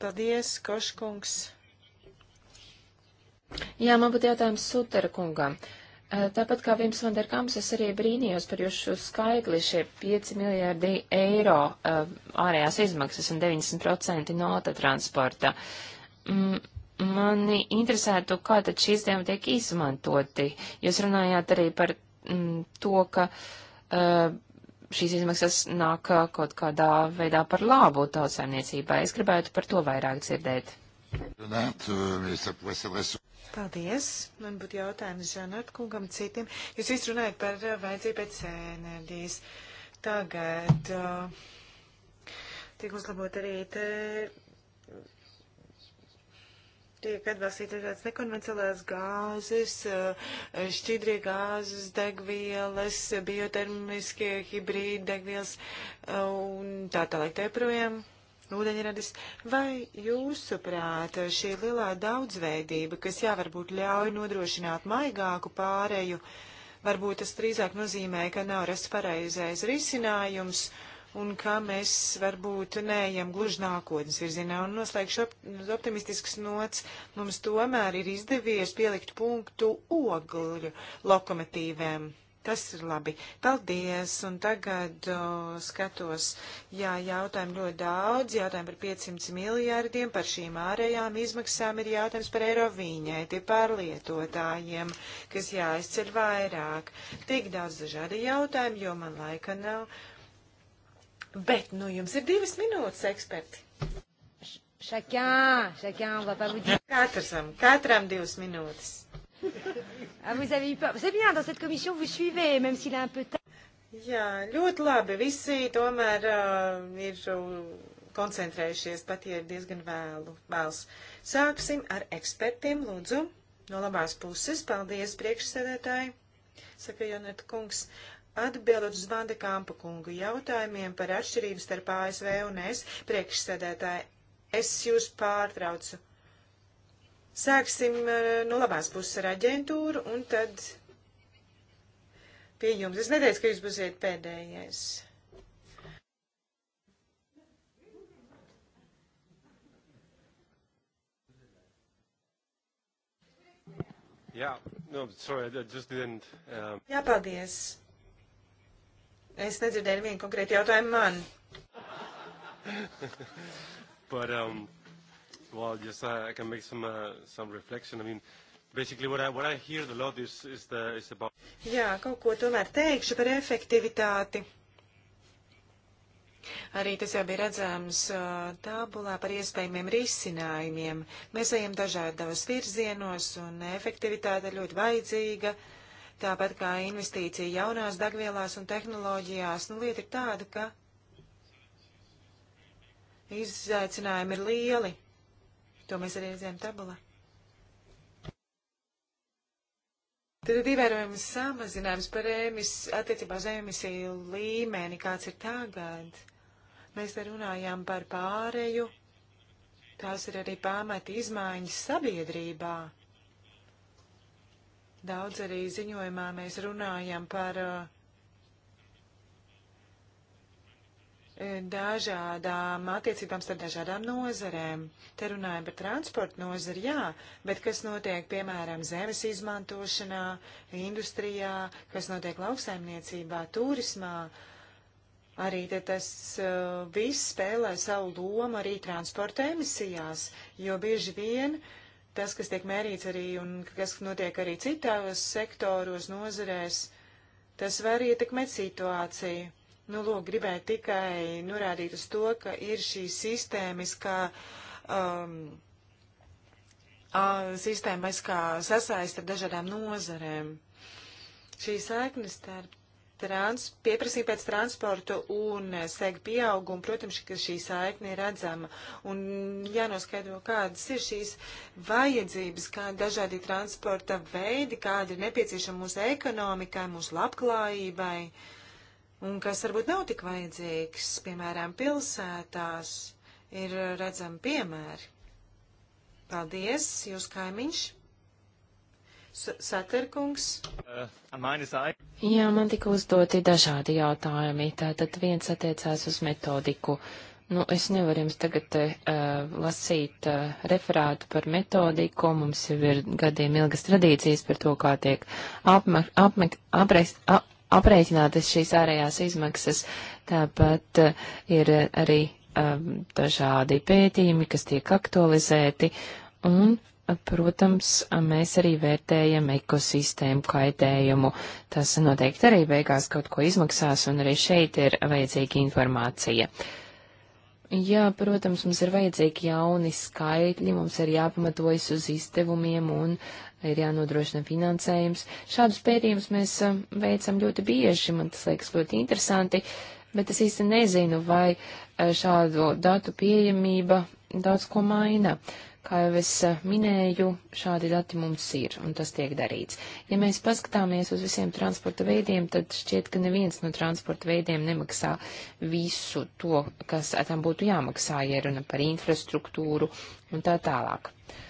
Paldies, Koškungs. Jā, man būtu jautājums Sutera kungam. Uh, Eh, tāpat kā Vims Vanderkams, es arī brīnījos par jūsu skaitli šie 5 miljārdi eiro eh, ārējās izmaksas un 90% no autotransporta. Mani interesētu, kā tad šī izdevuma tiek izmantoti. Jūs runājāt arī par to, ka eh, šīs izmaksas nāk kaut kādā veidā par labu tautsēmniecībai. Es gribētu par to vairāk dzirdēt. Paldies. Man būtu jautājums Žanart kungam citiem. Jūs visu runājat par eh, vajadzību pēc enerģijas. Tagad eh, tiek uzlabot arī te tiek atbalstīta dažādas nekonvencionālās gāzes, eh, šķidrie gāzes, degvielas, biotermiskie hibrīdi degvielas un tā tālāk. Tā joprojām ūdeņradis. Vai jūsuprāt šī lielā daudzveidība, kas jā varbūt ļauj nodrošināt maigāku pāreju, varbūt tas drīzāk nozīmē, ka nav rasts pareizais risinājums un ka mēs varbūt neejam gluži nākotnes virzienā. Un noslēgšu op optimistisks nots, mums tomēr ir izdevies pielikt punktu ogļu lokomotīvēm Tas ir labi. Paldies! Un tagad o, skatos, jā, jautājumu ļoti daudz, jautājumu par 500 miljārdiem, par šīm ārējām izmaksām ir jautājums par eiro viņai, tie pārlietotājiem, kas jāizceļ vairāk. Tik daudz dažādi jautājumi, jo man laika nav. Bet, nu, jums ir divas minūtes, eksperti. Šakā, šakā, labi, labi. Katram, katram divas minūtes. ah, vous avez eu peur. C'est bien, dans cette commission, vous suivez, même s'il est un peu tard. Jā, ļoti labi. Visi tomēr eh, uh, ir koncentrējušies, pat ja ir diezgan vēlu, vēls. Sāksim ar ekspertiem, lūdzu. No labās puses, paldies priekšsēdētāji, saka Joneta kungs. Atbildot uz Vanda Kampa kungu jautājumiem par atšķirību starp ASV un es, priekšsēdētāji, es jūs pārtraucu. Sāksim eh, no labās puses ar aģentūru un tad pie jums. Es neteicu, ka jūs būsiet pēdējais. Yeah, no, nu, sorry, I just didn't. Um... Jā, paldies. Es nedzirdēju vienu konkrētu jautājumu man. But, um, Well, just uh, I can make some uh, some reflection. I mean, basically what I what I heard a lot is is the is about. Jā, kaut ko tomēr teikšu par efektivitāti. Arī tas jau bija redzams uh, tabulā par iespējamiem risinājumiem. Mēs ejam dažādos virzienos, un efektivitāte ir ļoti vajadzīga, tāpat kā investīcija jaunās degvielās un tehnoloģijās. Nu, lieta ir tāda, ka izaicinājumi ir lieli, To mēs arī redzējām tabulā. Tad ir ievērojams samazinājums par emis, attiecībā uz emisiju līmeni, kāds ir tagad. Mēs te runājām par pāreju. Tās ir arī pamata izmaiņas sabiedrībā. Daudz arī ziņojumā mēs runājam par uh, dažādām attiecībām starp dažādām nozarēm. Te runājam par transportu nozari, jā, bet kas notiek, piemēram, zemes izmantošanā, industrijā, kas notiek lauksaimniecībā, turismā. Arī tas uh, viss spēlē savu lomu arī transporta emisijās, jo bieži vien tas, kas tiek mērīts arī un kas notiek arī citos sektoros, nozarēs, tas var ietekmēt situāciju Nu, lūk, gribēju tikai norādīt uz to, ka ir šī sistēmiskā um, sistēmiskā sasaista ar dažādām nozarēm. Šī saikne starp trans, pieprasīja pēc transportu un seg pieaugumu, protams, ka šī saikne ir redzama. Un jānoskaidro, kādas ir šīs vajadzības, kādi dažādi transporta veidi, kādi ir nepieciešami mūsu ekonomikai, mūsu labklājībai. Uh, un kas varbūt nav tik vajadzīgs, piemēram, pilsētās, ir redzami piemēri. Paldies, jūs kaimiņš. Saterkungs. Uh, Jā, man tika uzdoti dažādi jautājumi. Tātad viens attiecās uz metodiku. Nu, es nevaru jums tagad uh, lasīt uh, referātu par metodiku, mums jau ir gadiem ilgas tradīcijas par to, kā tiek apmek, apmek, aprekst, ap, aprēķinātas šīs ārējās izmaksas. Tāpat eh, ir arī um, dažādi pētījumi, kas tiek aktualizēti. Un, eh, protams, mēs arī vērtējam ekosistēmu kaitējumu. Tas noteikti arī beigās kaut ko izmaksās, un arī šeit ir vajadzīga informācija. Jā, protams, mums ir vajadzīgi jauni skaitļi, mums ir jāpamatojas uz izdevumiem un ir jānodrošina finansējums. Šādus pētījumus mēs um, veicam ļoti bieži, man tas liekas ļoti interesanti, bet es īsti nezinu, vai uh, šādu datu pieejamība daudz ko maina. Kā jau es uh, minēju, šādi dati mums ir, un tas tiek darīts. Ja mēs paskatāmies uz visiem transporta veidiem, tad šķiet, ka neviens no transporta veidiem nemaksā visu to, kas tam būtu jāmaksā, ja runa par infrastruktūru un tā tālāk. Uh,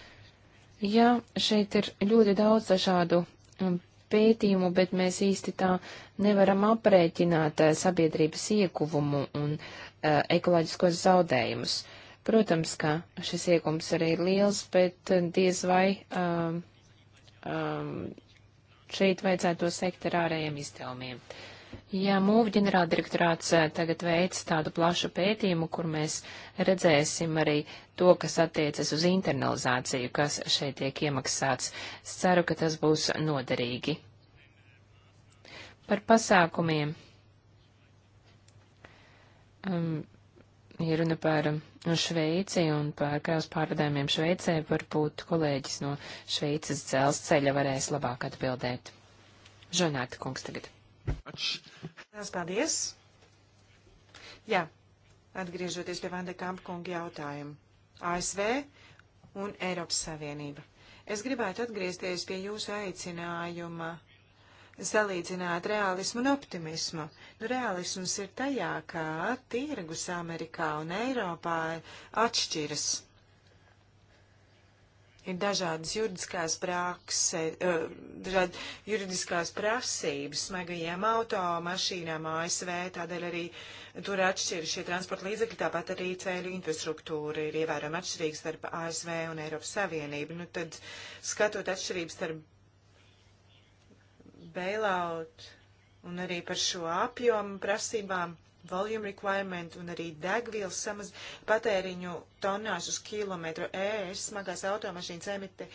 Jā, šeit ir ļoti daudz dažādu um, pētījumu, bet mēs īsti tā nevaram aprēķināt uh, sabiedrības ieguvumu un uh, ekoloģiskos zaudējumus. Protams, ka šis iegums arī ir liels, bet uh, diez vai um, um, šeit vajadzētu to sekt ar ārējiem izdevumiem. Uh, Ja MUV ģenerāldirektorāts eh, tagad veic tādu plašu pētījumu, kur mēs redzēsim arī to, kas attiecas uz internalizāciju, kas šeit tiek iemaksāts, es ceru, ka tas būs noderīgi. Par pasākumiem. Um, ja runa par um, Šveici un par kravas pārvadājumiem Šveicē, varbūt kolēģis no Šveices dzelzceļa varēs labāk atbildēt. Žonāta kungs tagad. Lielas paldies! Jā, atgriežoties pie Vanda Kampkunga jautājumu. ASV un Eiropas Savienība. Es gribētu atgriezties pie jūsu aicinājuma salīdzināt realismu un optimismu. Nu, realisms ir tajā, ka tirgus Amerikā un Eiropā atšķiras ir dažādas juridiskās, prakse, eh, dažād juridiskās prasības smagajām automašīnām ASV, tādēļ arī tur atšķiras šie transporta līdzekļi, tāpat arī ceļu infrastruktūra ir ievērojami atšķirīga starp ASV un Eiropas Savienību. Nu, tad skatot atšķirības starp bailout un arī par šo apjomu prasībām volume requirement un arī degvielas samaz patēriņu tonāžu uz kilometru. ES smagās automašīnas emite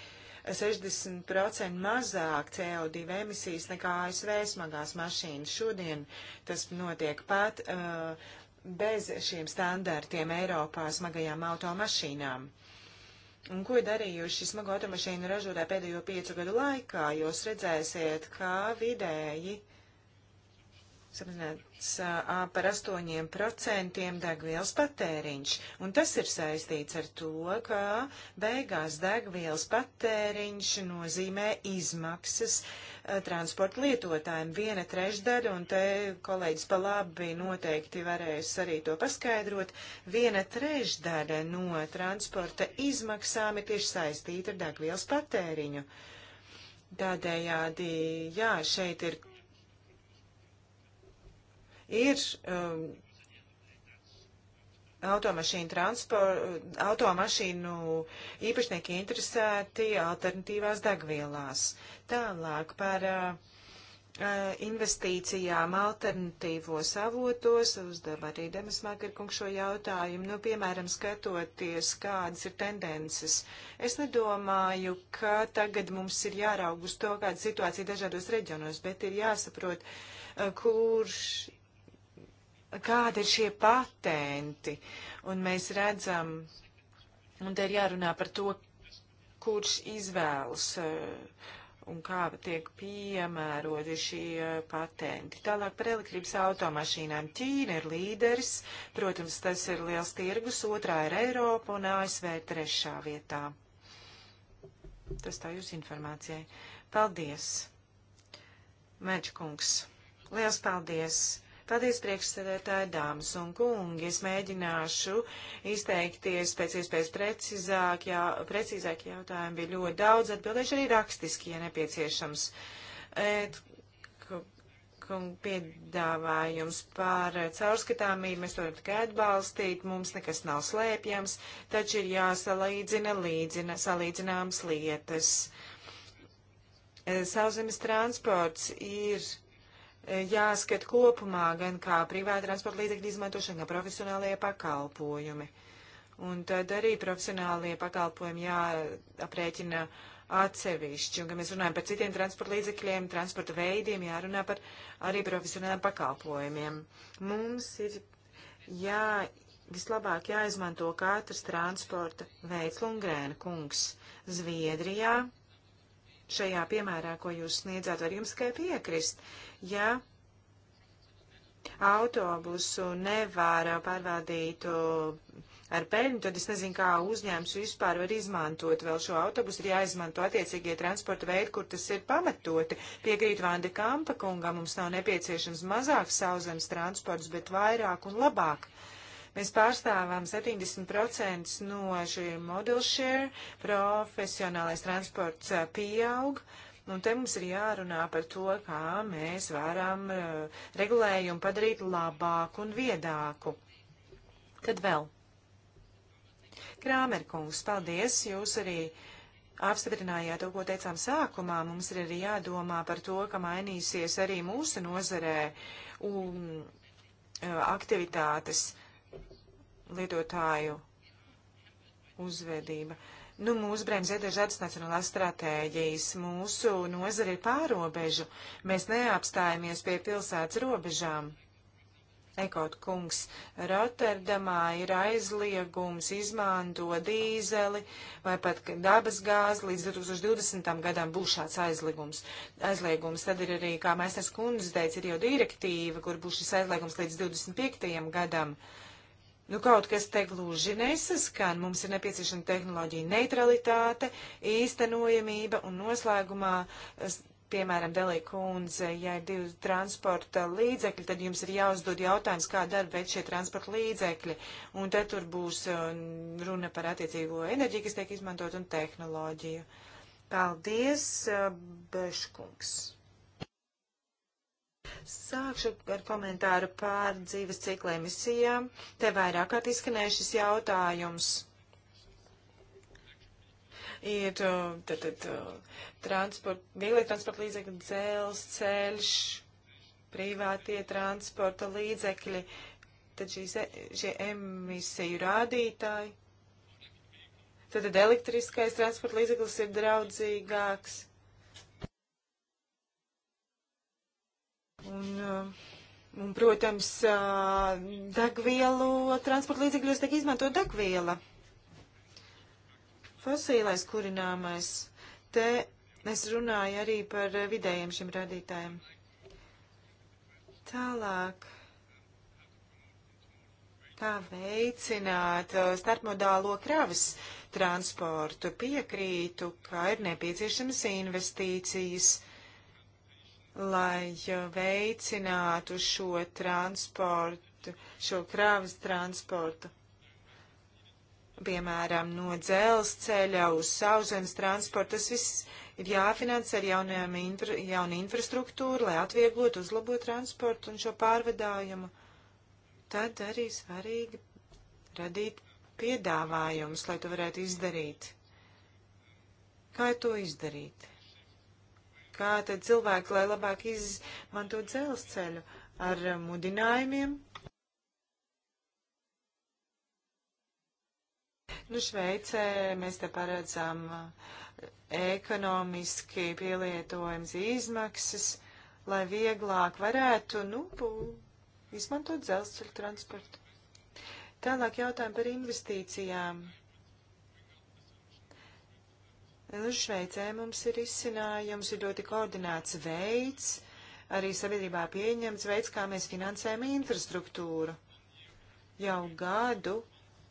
60% mazāk CO2 emisijas nekā ASV smagās mašīnas. Šodien tas notiek pat uh, bez šiem standartiem Eiropā smagajām automašīnām. Un ko darījuši smago automašīnu ražotāji pēdējo piecu gadu laikā? Jūs redzēsiet, kā vidēji uh, samazināts par 8% degvielas patēriņš. Un tas ir saistīts ar to, ka beigās degvielas patēriņš nozīmē izmaksas a, transporta lietotājiem viena trešdaļa, un te kolēģis pa labi noteikti varēs arī to paskaidrot, viena trešdaļa no transporta izmaksām ir tieši saistīta ar degvielas patēriņu. Tādējādi, jā, šeit ir ir um, automašīnu, transpor, automašīnu īpašnieki interesēti alternatīvās degvielās. Tālāk par uh, uh investīcijām alternatīvos avotos, uzdeva arī Demis Makarkungs šo jautājumu, nu, piemēram, skatoties, kādas ir tendences. Es nedomāju, ka tagad mums ir jāraug uz to, kāda situācija dažādos reģionos, bet ir jāsaprot, uh, kurš kāda ir šie patenti. Un mēs redzam, un te ir jārunā par to, kurš izvēlas eh, un kā tiek piemēroti šie eh, patenti. Tālāk par elektrības automašīnām. Ķīna ir līderis, protams, tas ir liels tirgus, otrā ir Eiropa un ASV trešā vietā. Tas tā jūs informācijai. Paldies, Mēģkungs. Liels paldies! Paldies, priekšsēdētāji, dāmas un kungi. Es mēģināšu izteikties pēc iespējas precīzāk. Jā, precīzāk jautājumi bija ļoti daudz, atbildēšu arī rakstiski, ja nepieciešams. Et, piedāvājums par caurskatāmību, mēs to varam tikai atbalstīt, mums nekas nav slēpjams, taču ir jāsalīdzina līdzina, salīdzināmas lietas. Sauzemes transports ir jāskat kopumā gan kā privāta transporta līdzekļa izmantošana, gan profesionālajie pakalpojumi. Un tad arī profesionālie pakalpojumi jāaprēķina atsevišķi. Un, kad mēs runājam par citiem transporta līdzekļiem, transporta veidiem, jārunā par arī profesionāliem pakalpojumiem. Mums ir jā, vislabāk jāizmanto katrs transporta veids Lungrēna kungs Zviedrijā šajā piemērā, ko jūs sniedzāt, var jums tikai piekrist. Ja autobusu nevar pārvadīt uh, ar peļņu, tad es nezinu, kā uzņēmums vispār var izmantot vēl šo autobusu. Ir jāizmanto attiecīgie transporta veidi, kur tas ir pamatoti. Piekrīt Vanda Kampa kungam, mums nav nepieciešams mazāk sauzemes transports, bet vairāk un labāk. Mēs pārstāvam 70% no šiem model share, profesionālais transports pieaug. Un te mums ir jārunā par to, kā mēs varam regulējumu padarīt labāku un viedāku. Tad vēl. Krāmerkungs, paldies! Jūs arī apstiprinājāt to, ko teicām sākumā. Mums ir arī jādomā par to, ka mainīsies arī mūsu nozarē un aktivitātes. Uh, lietotāju uzvedība. Nu, mūsu bremzē dažādas nacionālās stratēģijas, mūsu nozara ir pārobežu, mēs neapstājamies pie pilsētas robežām. Ekot kungs, Rotterdamā ir aizliegums izmanto dīzeli vai pat dabas gāzi, līdz 2020. gadam būs šāds aizliegums. aizliegums. Tad ir arī, kā mēs nes kundze teica, ir jau direktīva, kur būs šis aizliegums līdz 2025. gadam. Uh, Nu, kaut kas te gluži nesaskan. Mums ir nepieciešama tehnoloģija neutralitāte, īstenojamība un noslēgumā, piemēram, Delī kundze, ja ir divi transporta līdzekļi, tad jums ir jāuzdod jautājums, kā darba veids šie transporta līdzekļi. Un te tur būs um, runa par attiecīgo enerģiju, kas tiek izmantot un tehnoloģiju. Paldies, uh, Beškungs! Sākšu ar komentāru pār dzīves cikla emisijām. Te vairāk kārt izskanējušas jautājums. Ir uh, tad, tad, uh, transport, vieglie transporta līdzekļi, dzelzceļš, privātie transporta līdzekļi, tad šīs, e, šie emisiju rādītāji. Tad, tad elektriskais transporta līdzeklis ir draudzīgāks Un, eh, un protams, eh, degvielu transporta līdzekļos tiek izmanto degviela. Fosīlais kurināmais. Te es runāju arī par vidējiem šiem radītājiem. Tālāk. Kā veicināt eh, starpmodālo kravas transportu? Piekrītu, ka ir nepieciešamas investīcijas. Uh, lai veicinātu šo transportu, šo krāvas transportu. Piemēram, no dzelzceļa uz sauszemes transportu. Tas viss ir jāfinansē ar jauniem, infra, jaunu infrastruktūru, lai atvieglotu, uzlabotu transportu un šo pārvedājumu. Tad arī svarīgi radīt piedāvājumus, lai to varētu izdarīt. Kā to izdarīt? kā tad cilvēki, lai labāk izmanto dzelzceļu ar eh, mudinājumiem. Nu, Šveicē mēs te paredzam eh, ekonomiski pielietojums izmaksas, lai vieglāk varētu, nu, izmantot dzelzceļu transportu. Tālāk jautājumu par investīcijām. Nu, Šveicē mums ir izcinājums, ir ļoti koordinēts veids, arī sabiedrībā pieņemts veids, kā mēs finansējam infrastruktūru. Jau gadu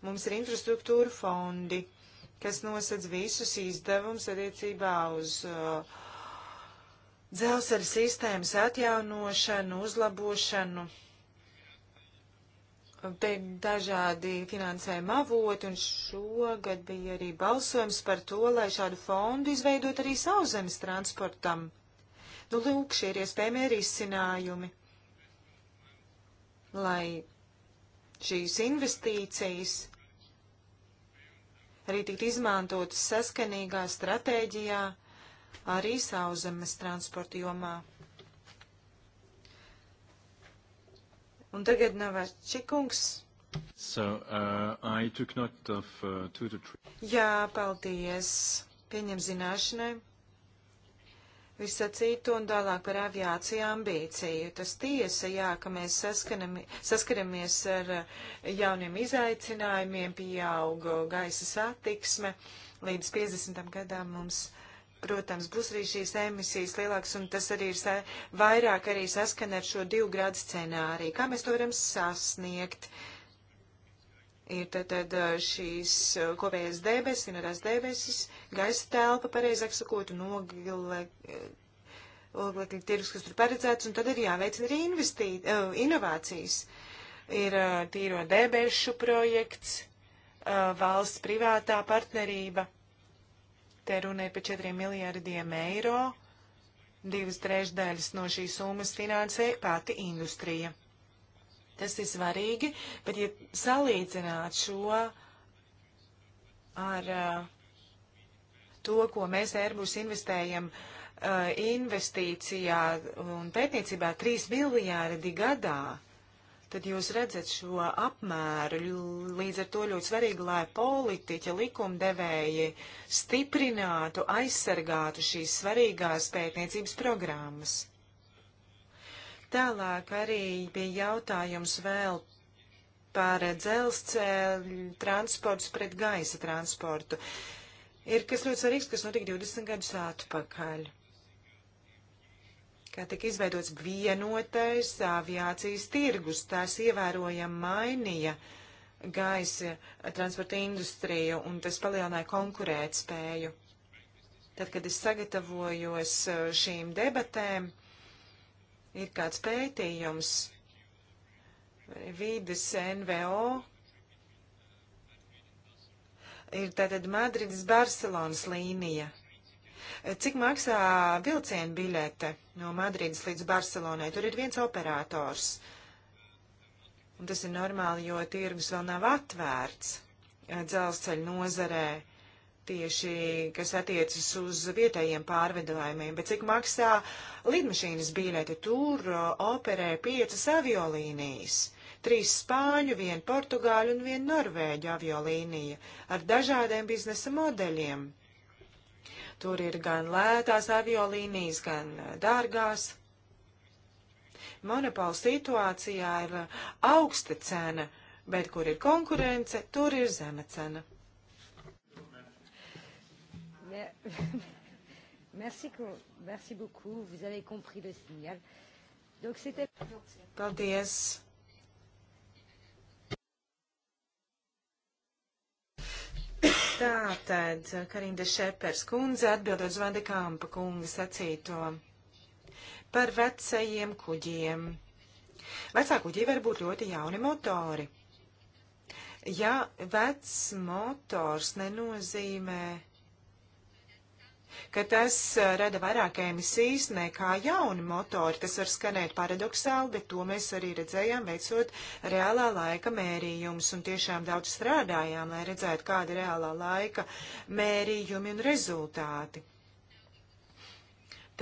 mums ir infrastruktūra fondi, kas nosedz visus izdevumus attiecībā uz uh, dzelzceļa sistēmas atjaunošanu, uzlabošanu. Te ir dažādi finansējuma avoti, un šogad bija arī balsojums par to, lai šādu fondu izveidot arī sauszemes transportam. Nu, lūk, šie ir iespējami risinājumi, lai šīs investīcijas arī tiktu izmantotas saskanīgā stratēģijā arī sauszemes transporta jomā. Un tagad Navārčikungs. So, uh, I took note of uh, two to three. Jā, paldies. Pieņem zināšanai. Viss sacīto un tālāk par aviāciju ambīciju. Tas tiesa, jā, ka mēs saskaramies ar uh, jauniem izaicinājumiem, pieaug gaisa satiksme. Līdz 50. gadām mums protams, būs arī šīs emisijas lielākas, un tas arī ir vairāk arī saskana ar šo divu grādu scenāriju. Kā mēs to varam sasniegt? Ir tad, tad šīs kopējas debesis, vienādās debesis, gaisa telpa, pareizāk sakot, un oglekļa tirgus, kas tur paredzēts, un tad ir jāveicina arī investīt, uh, inovācijas. Ir uh, tīro debešu projekts, uh, valsts privātā partnerība. Te runai par 4 miljārdiem eiro. Divas trešdaļas no šīs summas finansē pati industrija. Tas ir svarīgi, bet ja salīdzināt šo ar uh, to, ko mēs Airbus investējam uh, investīcijā un pētniecībā 3 miljārdi gadā, tad jūs redzat šo apmēru. Līdz ar to ļoti svarīgi, lai politiķi, likumdevēji stiprinātu, aizsargātu šīs svarīgās pētniecības programmas. Tālāk arī bija jautājums vēl par dzelzceļu transportu pret gaisa transportu. Ir kas ļoti svarīgs, kas notika 20 gadus atpakaļ kā tika izveidots vienotais aviācijas tirgus. Tās ievērojami mainīja gaisa transporta industriju un tas palielināja konkurētspēju. Tad, kad es sagatavojos uh, šīm debatēm, ir kāds pētījums vīdes NVO. Ir tātad Madrides-Barcelonas līnija. Cik maksā vilciena biļete no Madrīdas līdz Barcelonai? Tur ir viens operators. Un tas ir normāli, jo tirgus vēl nav atvērts eh, dzelzceļa nozarē tieši, kas attiecas uz vietējiem pārvedājumiem, bet cik maksā lidmašīnas biļete, tur eh, operē piecas aviolīnijas. Trīs spāņu, viena portugāļu un viena norvēģu aviolīnija ar dažādiem biznesa modeļiem. Tur ir gan lētās aviolīnijas, gan eh, dārgās. Monopola situācijā ir eh, augsta cena, bet kur ir konkurence, tur ir zema cena. Merci, merci beaucoup. Vous avez compris le signal. Donc c'était. Paldies. Tātad, Karinda Šepers kundze atbildot uz Vandekāmpa kunga sacīto par vecajiem kuģiem. Vecā kuģi var būt ļoti jauni motori. Ja vecs motors nenozīmē ka tas eh, rada vairāk emisijas nekā jauni motori. Tas var skanēt paradoxāli, bet to mēs arī redzējām veicot reālā laika mērījumus un tiešām daudz strādājām, lai redzētu, kāda ir reālā laika mērījumi un rezultāti.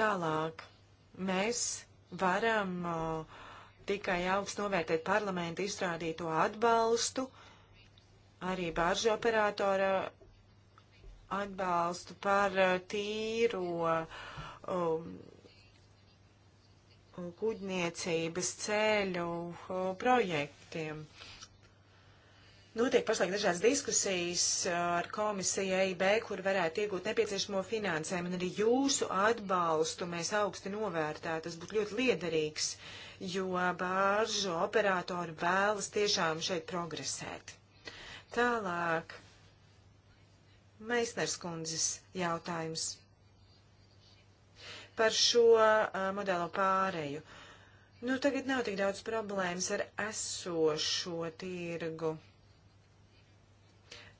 Tālāk mēs varam o, eh, tikai augstu novērtēt parlamentu izrādīto atbalstu, arī bāržu operatora atbalstu par eh, tīro um, kuģniecības ceļu eh, projektiem. Notiek nu, pašlaik dažādas diskusijas eh, ar komisiju EIB, kur varētu iegūt nepieciešamo finansējumu, un arī jūsu atbalstu mēs augstu novērtētu. Tas būtu ļoti liederīgs, jo bāržu operatori vēlas tiešām šeit progresēt. Tālāk Meisners kundzes jautājums par šo uh, modelo pāreju. Nu, tagad nav tik daudz problēmas ar esošo tirgu.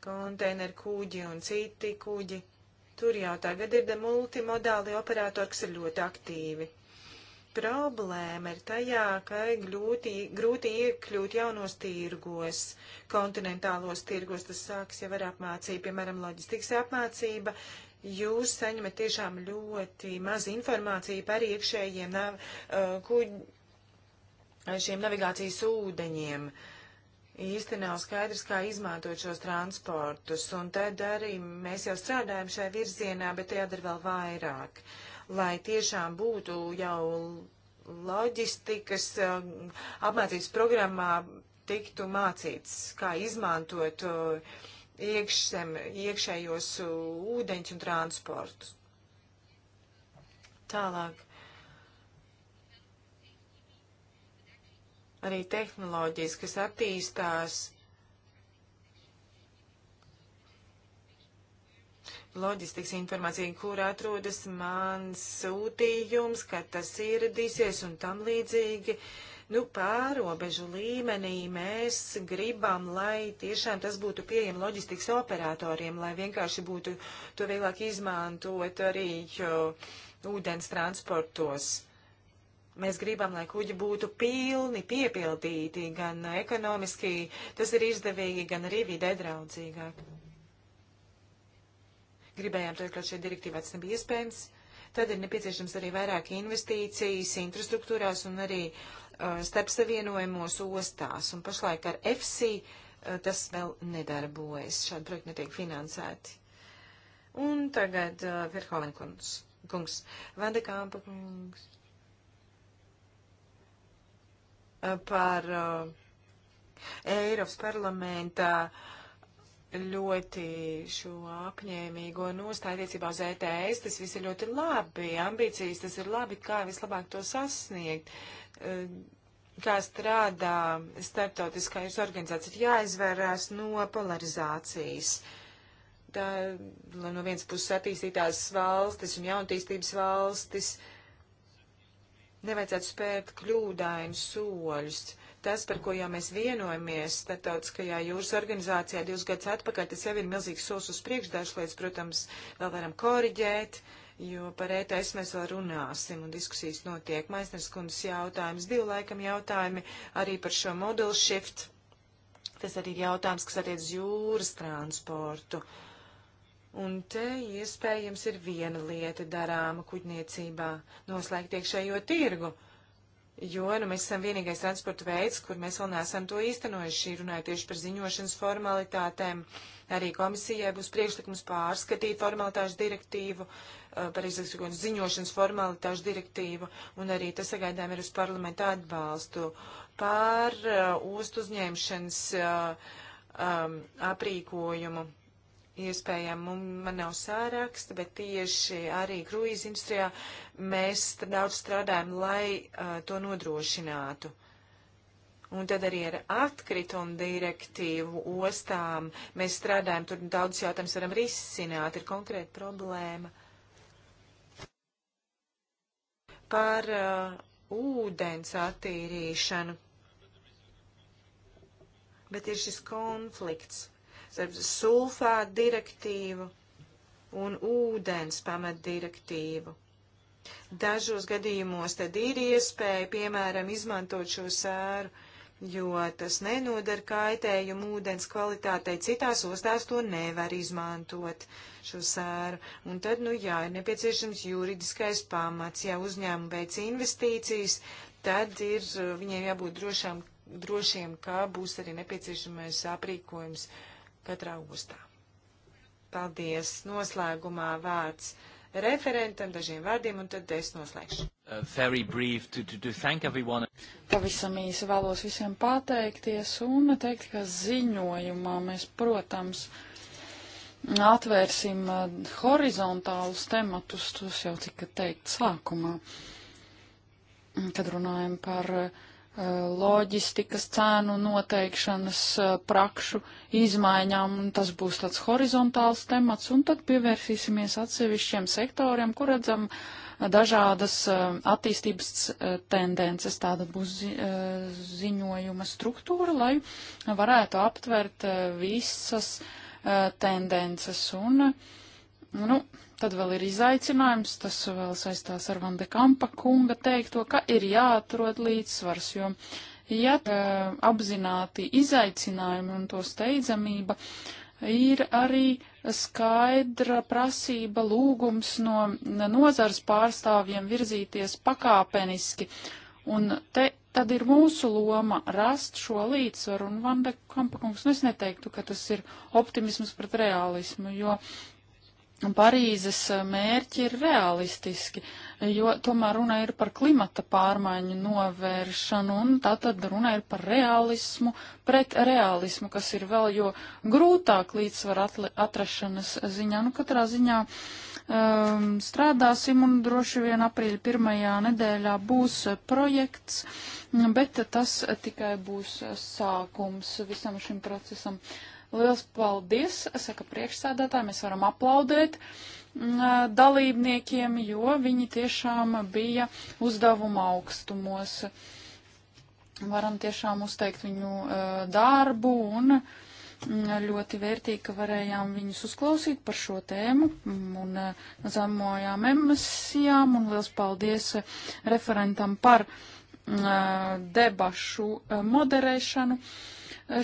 Konteineru kuģi un citi kuģi. Tur jau tagad ir multimodāli operatori, kas ir ļoti aktīvi. Problēma ir tajā, ka grūti, grūti iekļūt jaunos tirgos, kontinentālos tirgos. Tas sāks jau ar apmācību, piemēram, loģistikas apmācība. Jūs saņemat tiešām ļoti maz informāciju par iekšējiem nav, uh, kuģi, šiem navigācijas ūdeņiem. Uh, īsti nav skaidrs, kā izmantot šos transportus, un tad arī mēs jau strādājam šai virzienā, bet jādara vēl vairāk. Uh, lai tiešām būtu jau loģistikas um, apmācības programmā tiktu mācīts, kā izmantot uh, iekšzem, iekšējos uh, ūdeņus un transportus. Tālāk. Arī tehnoloģijas, kas attīstās, loģistikas informācija, kur atrodas mans sūtījums, kad tas ieradīsies un tam līdzīgi. Nu, pārobežu līmenī mēs gribam, lai tiešām tas būtu pieejam loģistikas operatoriem, lai vienkārši būtu to vieglāk izmantot arī jo, ūdens transportos. Mēs gribam, lai kuģi būtu pilni, piepildīti, gan ekonomiski tas ir izdevīgi, gan arī vidē draudzīgāk gribējām to iekļaut šajā direktīvā, tas nebija iespējams. Tad ir nepieciešams arī vairāk investīcijas infrastruktūrās un arī uh, starpsavienojumos ostās. Un pašlaik ar FC uh, tas vēl nedarbojas. Šādi projekti netiek finansēti. Un tagad uh, Verhoven kungs. kungs. Vandekāmpa kungs. Uh, par uh, Eiropas parlamentā. Uh, ļoti šo apņēmīgo nostāju attiecībā uz ETS. Tas viss ir ļoti labi, ambīcijas, tas ir labi, kā vislabāk to sasniegt. Eh, kā strādā starptautiskais organizācijas, ir jāizvērās no polarizācijas. Tā, no vienas puses attīstītās valstis un jaunatīstības valstis nevajadzētu spērt kļūdainu soļus Tas, par ko jau mēs vienojamies starptautiskajā jūras organizācijā divus gadus atpakaļ, tas jau ir milzīgs solis uz priekšu. Dažas lietas, protams, vēl varam koriģēt, jo par ETS mēs vēl runāsim un diskusijas notiek. Maisners kundas jautājums, divu laikam jautājumi arī par šo modulu shift. Tas arī ir jautājums, kas attiec uz jūras transportu. Uh, Un te iespējams ir viena lieta darāma kuģniecībā - noslēgt iekšējo tirgu. Uh, jo nu, mēs esam vienīgais transporta veids, kur mēs vēl neesam to īstenojuši. Runāju tieši par ziņošanas formalitātēm. Arī komisijai būs priekšlikums pārskatīt formalitāšu direktīvu, eh, par izlīdzīgotu ziņošanas formalitāšu direktīvu, un arī tas sagaidām ir uz parlamentu atbalstu par uh, ostu uzņemšanas uh, um, aprīkojumu. Iespējams, man nav sāraksta, bet tieši arī kruīz industrijā mēs daudz strādājam, lai uh, to nodrošinātu. Un tad arī ar atkritumu direktīvu ostām mēs strādājam, tur daudz jautājums varam risināt, ir konkrēta problēma. Par uh, ūdens attīrīšanu. Bet ir šis konflikts sulfātu direktīvu un ūdens pamatdirektīvu. Dažos gadījumos tad ir iespēja, piemēram, izmantot šo sēru, jo tas nenodara kaitējumu ūdens kvalitātei, citās ostās to nevar izmantot šo sēru. Un tad, nu jā, ir nepieciešams juridiskais pamats, ja uzņēmumi veic investīcijas, tad ir uh, viņiem jābūt drošām, drošiem, ka būs arī nepieciešamais aprīkojums. Uh, katrā ostā. Paldies! Noslēgumā vārds referentam, dažiem vārdiem, un tad es noslēgšu. Uh, Pavisam īsi vēlos visiem pateikties un teikt, ka ziņojumā mēs, protams, atvērsim horizontālus tematus, tos jau tika teikt sākumā, kad runājam par uh, Uh, loģistikas cēnu noteikšanas uh, prakšu izmaiņām, un tas būs tāds horizontāls temats, un tad pievērsīsimies atsevišķiem sektoriem, kur redzam uh, dažādas attīstības tendences. Tāda būs ziņojuma struktūra, lai varētu aptvert visas tendences. Un, uh, Nu, nu, tad vēl ir izaicinājums, tas vēl saistās ar Vande Kampa kunga teikto, ka ir jāatrod līdzsvars, jo, ja apzināti izaicinājumi un to steidzamība, ir arī skaidra prasība lūgums no nozars pārstāvjiem virzīties pakāpeniski. Un te tad ir mūsu loma rast šo līdzsvaru, un Vanda Kampakungs, nu es neteiktu, ka tas ir optimisms pret realismu, jo Parīzes eh, mērķi ir realistiski, jo tomēr runa ir par klimata pārmaiņu novēršanu, un tā tad runa ir par realismu pret realismu, kas ir vēl jo grūtāk līdzsvar atrašanas ziņā. Nu, katrā ziņā um, strādāsim, un droši vien aprīļa pirmajā nedēļā būs eh, projekts, bet tas eh, tikai būs sākums visam šim procesam. Uh, Liels paldies, saka priekšsēdētāji, mēs varam aplaudēt mm, dalībniekiem, jo viņi tiešām bija uzdevuma augstumos. Varam tiešām uzteikt viņu darbu un mm, ļoti vērtīgi, ka varējām viņus uzklausīt par šo tēmu mm, un zemojām emisijām un liels paldies referentam par debašu moderēšanu.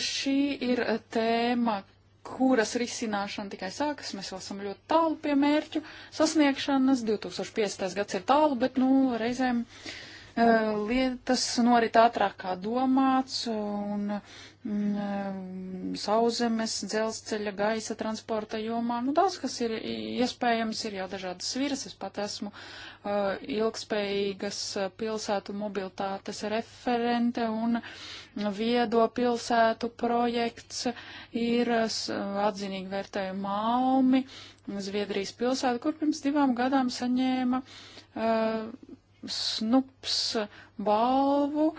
Šī ir tēma, kuras risināšana tikai sākas, mēs vēl esam ļoti tālu pie mērķu sasniegšanas, 2050. gads ir tālu, bet, nu, reizēm uh, Eh, lietas norit ātrāk kā domāts, un mm, eh, sauzemes, dzelzceļa, gaisa transporta jomā, nu daudz kas ir iespējams, ir jau dažādas viras, es pat esmu uh, ilgspējīgas pilsētu mobilitātes referente, un viedo pilsētu projekts ir uh, atzinīgi vērtēju Malmi, Zviedrijas pilsētu, kur pirms divām gadām saņēma uh, snups balvu,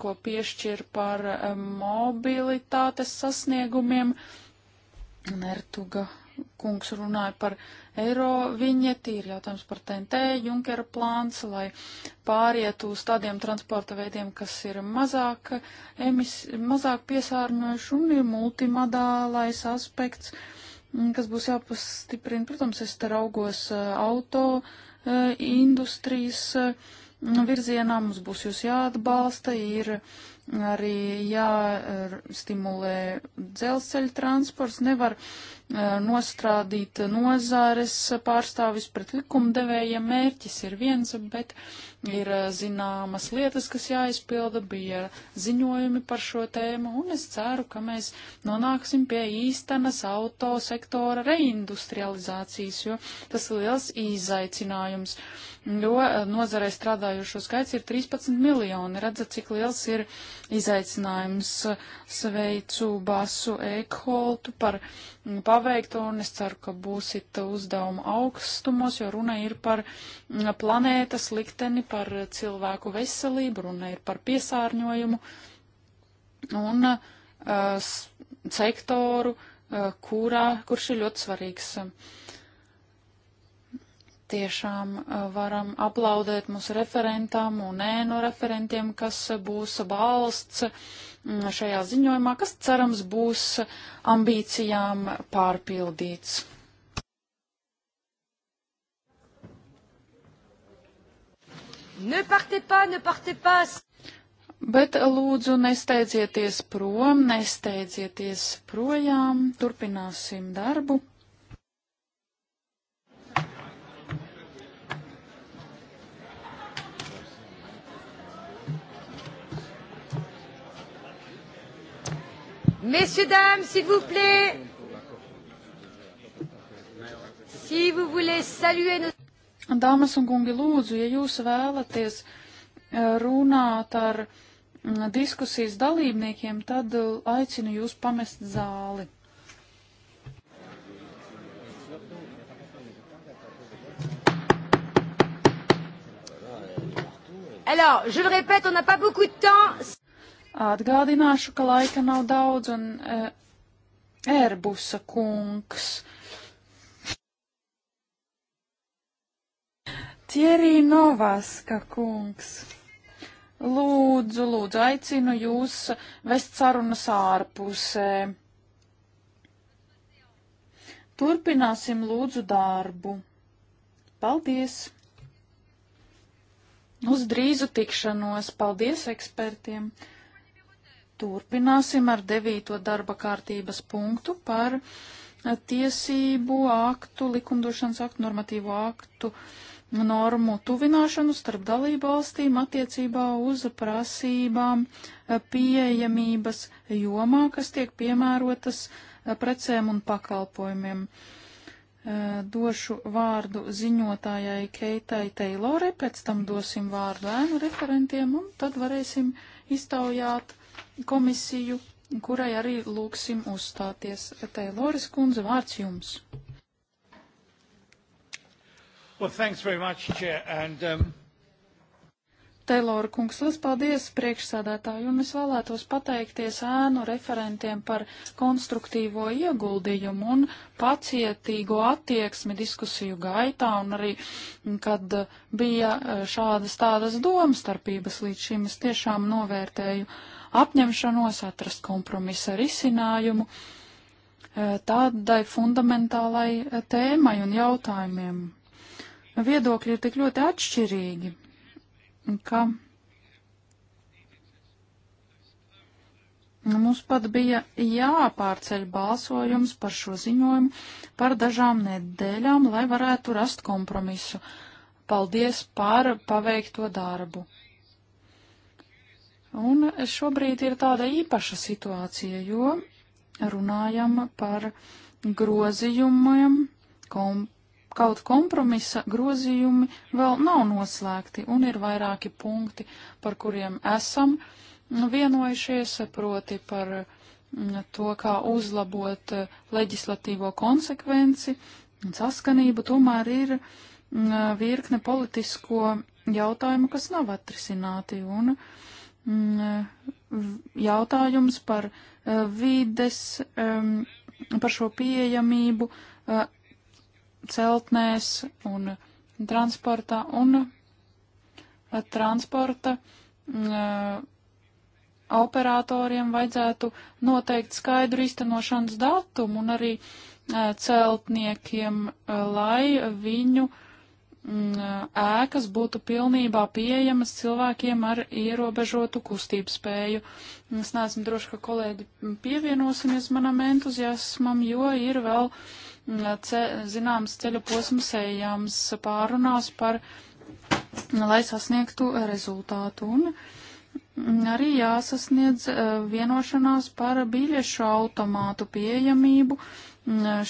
ko piešķir par eh, mobilitātes sasniegumiem. Nertuga kungs runāja par eiro viņeti, ir jautājums par TNT, Junkera plāns, lai pāriet uz tādiem transporta veidiem, kas ir mazāk, emis, mazāk piesārņojuši un ir multimodālais aspekts, kas būs jāpastiprina. Protams, es te raugos eh, auto. Uh, Eh, industrijas eh, virzienā. Mums būs jūs jāatbalsta, ir arī jāstimulē dzelzceļa transports, nevar eh, nostrādīt nozāres pārstāvis pret likumdevējiem. Mērķis ir viens, bet ir eh, zināmas lietas, kas jāizpilda, bija ziņojumi par šo tēmu, un es ceru, ka mēs nonāksim pie īstenas autosektora reindustrializācijas, jo tas ir liels izaicinājums jo eh, nozarē strādājušo skaits ir 13 miljoni. Redzat, cik liels ir izaicinājums sveicu Basu Ekholtu par mm, paveikto, un es ceru, ka būsit uzdevuma augstumos, jo runa ir par mm, planētas likteni, par cilvēku veselību, runa ir par piesārņojumu un uh, sektoru, uh, kurā, kurš ir ļoti svarīgs. Uh, tiešām eh, varam aplaudēt mūsu referentam un ēnu referentiem, kas eh, būs balsts mm, šajā ziņojumā, kas cerams būs ambīcijām pārpildīts. Ne partez pas, ne partez pas! Bet eh, lūdzu, nesteidzieties prom, nesteidzieties projām, turpināsim darbu. Messieurs, dames, s'il vous plaît, si vous voulez saluer nos... Dāmas un kungi, lūdzu, ja jūs vēlaties eh, runāt ar mm, diskusijas dalībniekiem, tad eh, aicinu jūs pamest zāli. Alors, je le répète, on n'a pas beaucoup de temps. Atgādināšu, ka laika nav daudz, un uh, eh, Erbusa kungs. Tjerī Novaska kungs. Lūdzu, lūdzu, aicinu jūs vest sarunas ārpusē. Turpināsim lūdzu darbu. Paldies! Uz drīzu tikšanos! Paldies ekspertiem! Turpināsim ar devīto darba kārtības punktu par eh, tiesību aktu, likumdošanas aktu, normatīvo aktu normu tuvināšanu starp dalību valstīm attiecībā uz prasībām eh, pieejamības jomā, kas tiek piemērotas eh, precēm un pakalpojumiem. Došu vārdu ziņotājai Keitai Teilorai, pēc tam dosim vārdu ēnu referentiem un tad varēsim iztaujāt komisiju, kurai arī lūksim uzstāties. Teiloris kundze, vārds jums. Well, thanks very much, Chair, and, um... Teilora kungs, liels paldies priekšsādātāju, un es vēlētos pateikties ēnu referentiem par konstruktīvo ieguldījumu un pacietīgo attieksmi diskusiju gaitā, un arī, kad uh, bija uh, šādas tādas domstarpības līdz šim, es tiešām novērtēju apņemšanos atrast kompromisa risinājumu e, tādai fundamentālai e, tēmai un jautājumiem. Viedokļi ir tik ļoti atšķirīgi, ka Mums pat bija jāpārceļ balsojums par šo ziņojumu par dažām nedēļām, lai varētu rast kompromisu. Paldies par paveikto darbu. Un šobrīd ir tāda īpaša situācija, jo runājam par grozījumiem, kom, kaut kompromisa grozījumi vēl nav noslēgti, un ir vairāki punkti, par kuriem esam vienojušies, proti par mm, to, kā uzlabot eh, leģislatīvo konsekvenci un saskanību, tomēr ir mm, virkne politisko jautājumu, kas nav atrisināti. Un, uh, Mm, eh, jautājums par eh, vides, par šo pieejamību eh, celtnēs un transportā un transporta mm, operatoriem vajadzētu noteikt skaidru iztenošanas datumu un arī celtniekiem, lai viņu uh, Mm, ēkas būtu pilnībā pieejamas cilvēkiem ar ierobežotu kustību spēju. Mm, es neesmu droši, ka kolēģi pievienosimies manam entuziasmam, jo ir vēl mm, ce, zināms ceļa posms ejams pārunās par, lai sasniegtu rezultātu. Un arī jāsasniedz e, vienošanās par biļešu automātu pieejamību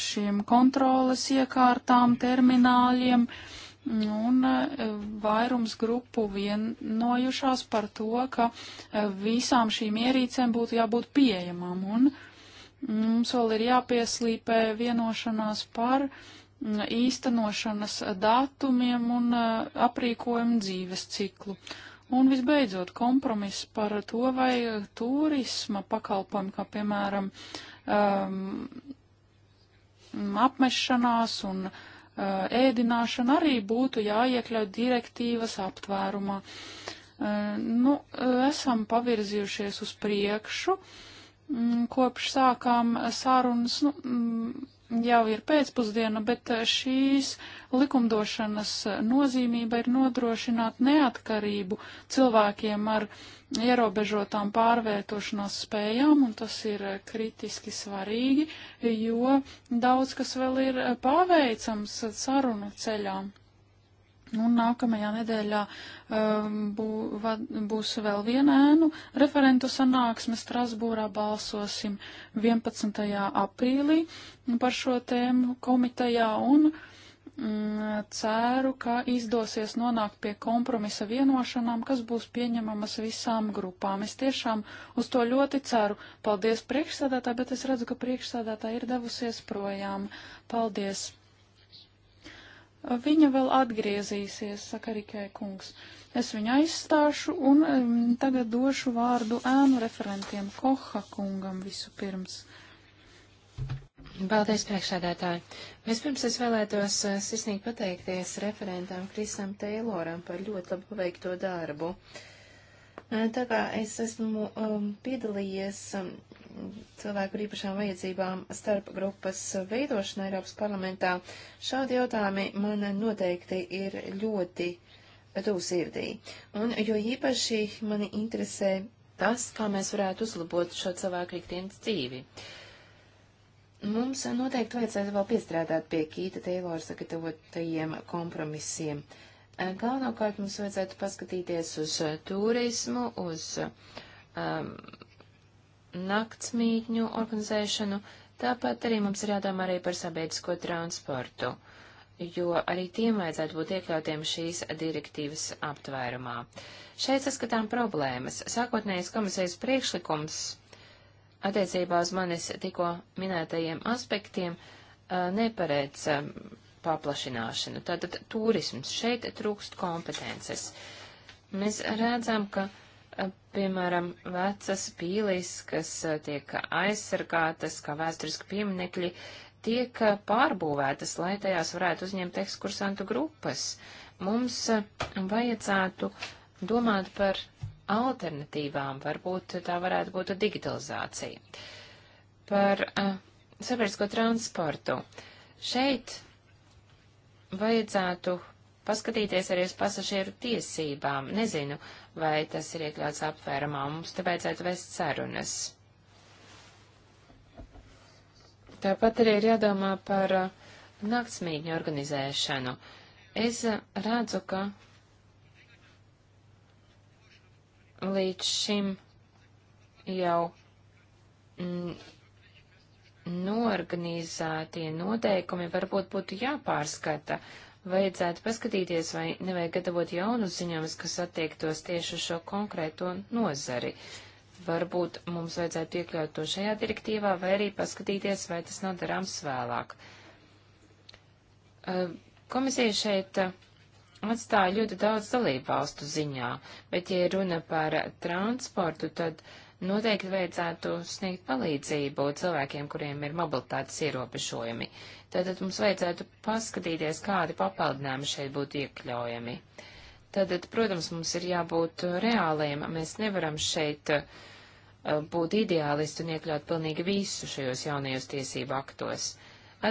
šiem kontroles iekārtām, termināļiem. Uh, Un eh, vairums grupu vienojušās par to, ka eh, visām šīm ierīcēm būtu jābūt pieejamām. Un mm, mums vēl ir jāpieslīpē vienošanās par mm, īstenošanas datumiem un eh, aprīkojumu dzīves ciklu. Un visbeidzot, kompromiss par to, vai turisma pakalpojumi, kā piemēram um, apmešanās un uh, Eh, ēdināšana arī būtu jāiekļaut direktīvas aptvērumā. Eh, nu, eh, esam pavirzījušies uz priekšu, mm, kopš sākām sarunas, nu, mm, jau ir pēcpusdiena, bet eh, šīs likumdošanas eh, nozīmība ir nodrošināt neatkarību cilvēkiem ar ierobežotām pārvietošanās spējām, un tas ir eh, kritiski svarīgi, jo daudz kas vēl ir paveicams sarunu ceļām. Un nu, nākamajā nedēļā um, bū, va, būs vēl viena ēnu referentu sanāksme Strasbūrā. Balsosim 11. aprīlī par šo tēmu komitejā un mm, ceru, ka izdosies nonākt pie kompromisa vienošanām, kas būs pieņemamas visām grupām. Es tiešām uz to ļoti ceru. Paldies priekšsēdētāji, bet es redzu, ka priekšsēdētāji ir devusies projām. Paldies! Viņa vēl atgriezīsies, saka Rikē kungs. Es viņu aizstāšu un um, tagad došu vārdu ēnu referentiem Koha kungam visu pirms. Paldies, priekšsēdētāji. Vispirms es vēlētos uh, sirsnīgi pateikties referentam Krisam Teiloram par ļoti labu paveikto darbu. Uh, Tā kā es esmu um, piedalījies um, cilvēku ar īpašām vajadzībām starp grupas veidošanā Eiropas parlamentā, šādi jautājumi man noteikti ir ļoti tuvu sirdī. Un jo īpaši mani interesē tas, kā mēs varētu uzlabot šo cilvēku ikdienas dzīvi. Mums noteikti vajadzētu vēl piestrādāt pie Kīta Teilora sagatavotajiem kompromisiem. Uh, Galvenokārt mums vajadzētu paskatīties uz eh, turismu, uz um, naktsmītņu organizēšanu, tāpat arī mums ir jādomā arī par sabiedrisko transportu, jo arī tiem vajadzētu būt iekļautiem šīs direktīvas aptvērumā. Šeit saskatām problēmas. Sākotnējais komisijas priekšlikums attiecībā uz manis tikko minētajiem aspektiem eh, neparedz ehm, paplašināšanu. Tātad turisms šeit trūkst kompetences. Mēs redzam, ka, piemēram, vecas pīlīs, kas tiek aizsargātas kā vēsturiski pieminekļi, tiek pārbūvētas, lai tajās varētu uzņemt ekskursantu grupas. Mums vajadzētu domāt par alternatīvām, varbūt tā varētu būt digitalizācija. Par uh, sabiedrisko transportu. Šeit vajadzētu paskatīties arī uz pasažieru tiesībām. Nezinu, vai tas ir iekļauts apvērumā. Mums te vajadzētu vest sarunas. Tāpat arī ir jādomā par uh, naktsmītņu organizēšanu. Es uh, redzu, ka līdz šim jau mm, norganizētie noteikumi varbūt būtu jāpārskata. Vajadzētu paskatīties, vai nevajag gatavot jaunus ziņojumus, kas attiektos tieši uz šo konkrēto nozari. Varbūt mums vajadzētu iekļaut to šajā direktīvā, vai arī paskatīties, vai tas nav darāms vēlāk. Komisija šeit atstāja ļoti daudz dalībvalstu ziņā, bet, ja runa par transportu, tad uh, noteikti vajadzētu sniegt palīdzību cilvēkiem, kuriem ir mobilitātes ierobežojumi. Tātad mums vajadzētu paskatīties, kādi papildinājumi šeit būtu iekļaujami. Tātad, protams, mums ir jābūt reāliem. Mēs nevaram šeit eh, būt ideālisti un iekļaut pilnīgi visu šajos jaunajos tiesību aktos.